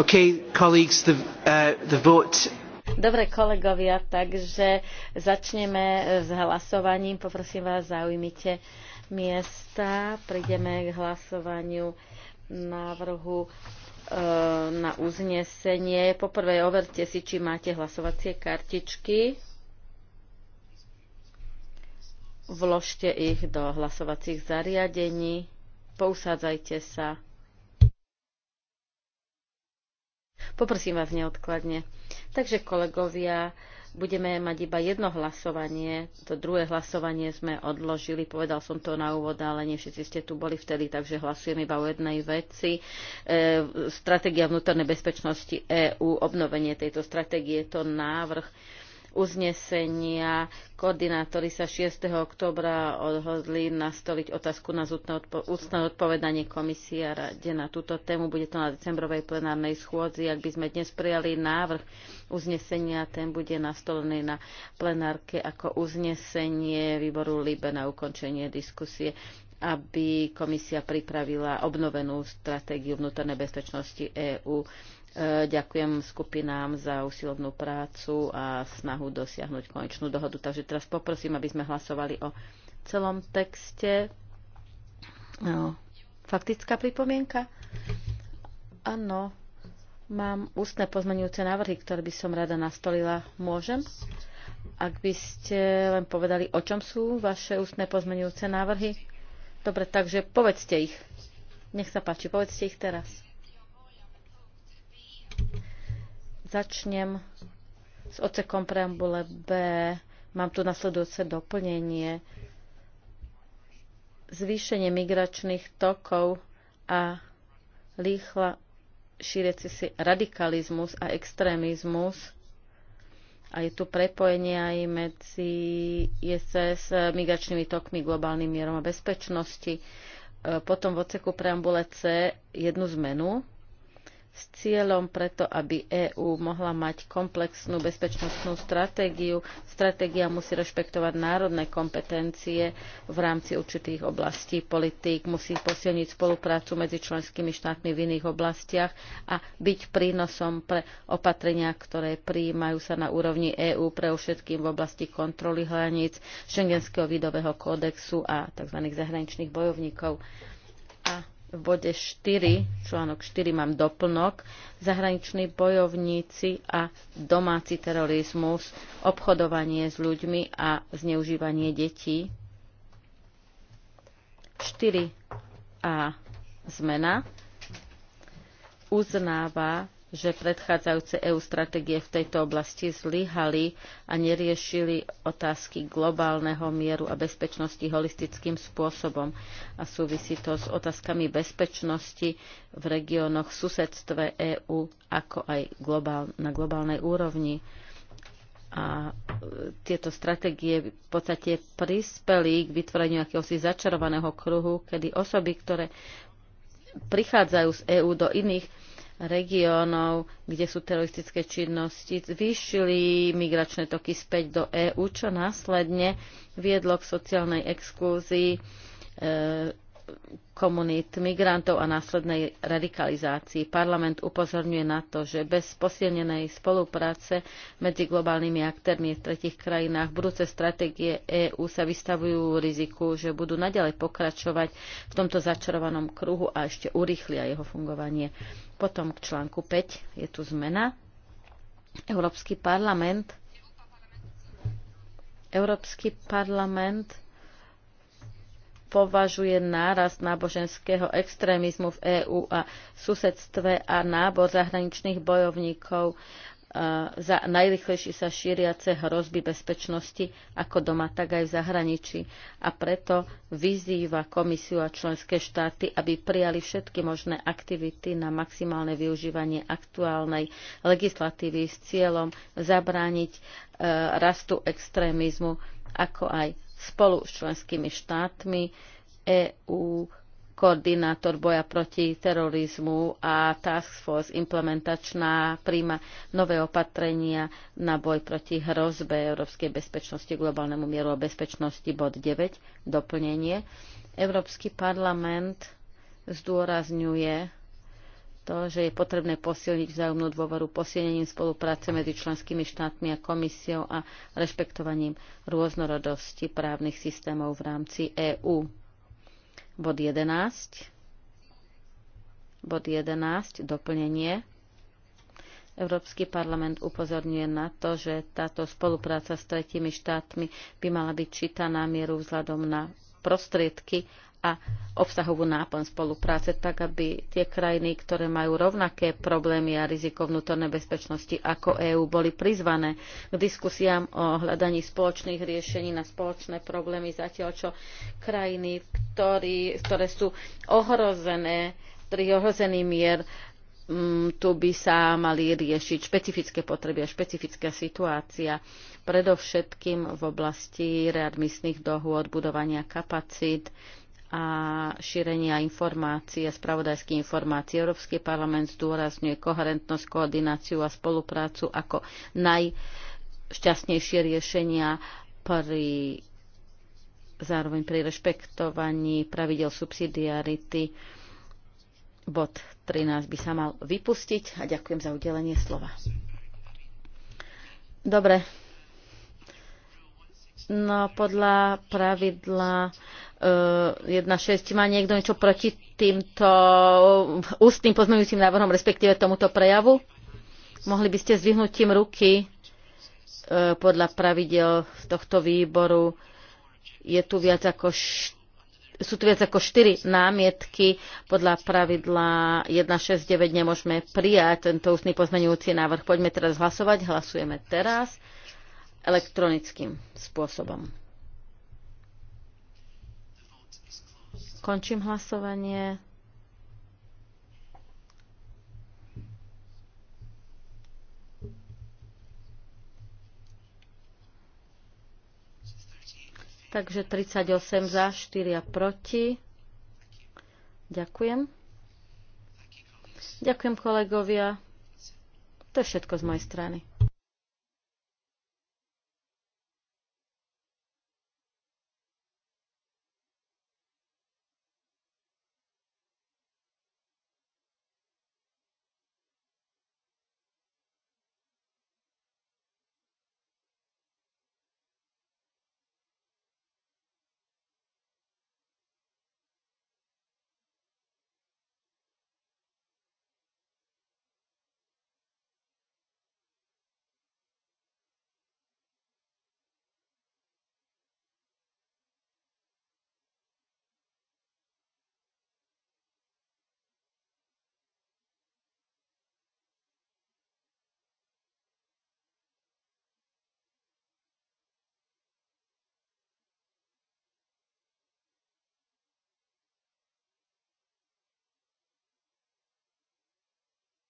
Uh, Dobre kolegovia, takže začneme s hlasovaním. Poprosím vás, zaujmite miesta. Prídeme k hlasovaniu návrhu e, na uznesenie. Poprvé overte si, či máte hlasovacie kartičky. Vložte ich do hlasovacích zariadení. Pousádzajte sa. Poprosím vás neodkladne. Takže kolegovia, budeme mať iba jedno hlasovanie. To druhé hlasovanie sme odložili, povedal som to na úvod, ale nie všetci ste tu boli vtedy, takže hlasujem iba o jednej veci. E, stratégia vnútornej bezpečnosti EÚ, obnovenie tejto stratégie, to návrh uznesenia. Koordinátori sa 6. oktobra odhodli nastoliť otázku na ústne odpovedanie komisie a rade na túto tému. Bude to na decembrovej plenárnej schôdzi. Ak by sme dnes prijali návrh uznesenia, ten bude nastolený na plenárke ako uznesenie výboru LIBE na ukončenie diskusie aby komisia pripravila obnovenú stratégiu vnútornej bezpečnosti EÚ E, ďakujem skupinám za usilovnú prácu a snahu dosiahnuť konečnú dohodu. Takže teraz poprosím, aby sme hlasovali o celom texte. No. Faktická pripomienka? Áno. Mám ústne pozmenujúce návrhy, ktoré by som rada nastolila. Môžem? Ak by ste len povedali, o čom sú vaše ústne pozmenujúce návrhy? Dobre, takže povedzte ich. Nech sa páči, povedzte ich teraz. Začnem s ocekom preambule B. Mám tu nasledujúce doplnenie. Zvýšenie migračných tokov a rýchla šíreci si radikalizmus a extrémizmus. A je tu prepojenie aj medzi ISS, migračnými tokmi, globálnym mierom a bezpečnosti. E, potom v oceku preambule C jednu zmenu, s cieľom preto, aby EÚ mohla mať komplexnú bezpečnostnú stratégiu. Stratégia musí rešpektovať národné kompetencie v rámci určitých oblastí politík, musí posilniť spoluprácu medzi členskými štátmi v iných oblastiach a byť prínosom pre opatrenia, ktoré prijímajú sa na úrovni EÚ pre všetkým v oblasti kontroly hraníc, šengenského vidového kódexu a tzv. zahraničných bojovníkov v bode 4, článok 4 mám doplnok, zahraniční bojovníci a domáci terorizmus, obchodovanie s ľuďmi a zneužívanie detí. 4 a zmena uznáva že predchádzajúce EU stratégie v tejto oblasti zlyhali a neriešili otázky globálneho mieru a bezpečnosti holistickým spôsobom. A súvisí to s otázkami bezpečnosti v regiónoch v susedstve EÚ, ako aj globál, na globálnej úrovni. A e, tieto stratégie v podstate prispeli k vytvoreniu akéhosi začarovaného kruhu, kedy osoby, ktoré prichádzajú z EÚ do iných regiónov, kde sú teroristické činnosti, zvýšili migračné toky späť do EÚ, čo následne viedlo k sociálnej exkluzii e, komunít migrantov a následnej radikalizácii. Parlament upozorňuje na to, že bez posilnenej spolupráce medzi globálnymi aktérmi v tretich krajinách budúce stratégie EÚ sa vystavujú riziku, že budú naďalej pokračovať v tomto začarovanom kruhu a ešte urýchlia jeho fungovanie. Potom k článku 5 je tu zmena. Európsky parlament Európsky parlament považuje nárast náboženského extrémizmu v EÚ a susedstve a nábor zahraničných bojovníkov e, za najrychlejšie sa šíriace hrozby bezpečnosti ako doma, tak aj v zahraničí. A preto vyzýva komisiu a členské štáty, aby prijali všetky možné aktivity na maximálne využívanie aktuálnej legislatívy s cieľom zabrániť e, rastu extrémizmu, ako aj spolu s členskými štátmi EU, koordinátor boja proti terorizmu a Task Force implementačná príjma nové opatrenia na boj proti hrozbe európskej bezpečnosti, globálnemu mieru a bezpečnosti bod 9, doplnenie. Európsky parlament zdôrazňuje to, že je potrebné posilniť vzájomnú dôveru posilnením spolupráce medzi členskými štátmi a komisiou a rešpektovaním rôznorodosti právnych systémov v rámci EÚ. Bod 11. Bod 11. Doplnenie. Európsky parlament upozorňuje na to, že táto spolupráca s tretími štátmi by mala byť čítaná mieru vzhľadom na prostriedky a obsahovú náplň spolupráce, tak aby tie krajiny, ktoré majú rovnaké problémy a riziko vnútornej bezpečnosti ako EÚ, boli prizvané k diskusiám o hľadaní spoločných riešení na spoločné problémy, zatiaľ čo krajiny, ktorý, ktoré sú ohrozené, ktorý je ohrozený mier, mm, tu by sa mali riešiť špecifické potreby a špecifická situácia, predovšetkým v oblasti readmisných dohôd, budovania kapacít, a šírenia informácií a spravodajských informácií. Európsky parlament zdôrazňuje koherentnosť, koordináciu a spoluprácu ako najšťastnejšie riešenia pri zároveň pri rešpektovaní pravidel subsidiarity. Bod 13 by sa mal vypustiť a ďakujem za udelenie slova. Dobre, No podľa pravidla uh, eh, 1.6 má niekto niečo proti týmto eh, ústnym poznujúcim návrhom, respektíve tomuto prejavu? Mohli by ste tým ruky uh, podľa pravidel tohto výboru. Je tu viac ako št- sú tu viac ako štyri námietky. Podľa pravidla 1.6.9 nemôžeme prijať tento ústny pozmeňujúci návrh. Poďme teraz hlasovať. Hlasujeme teraz elektronickým spôsobom. Končím hlasovanie. Takže 38 za, 4 a proti. Ďakujem. Ďakujem kolegovia. To je všetko z mojej strany.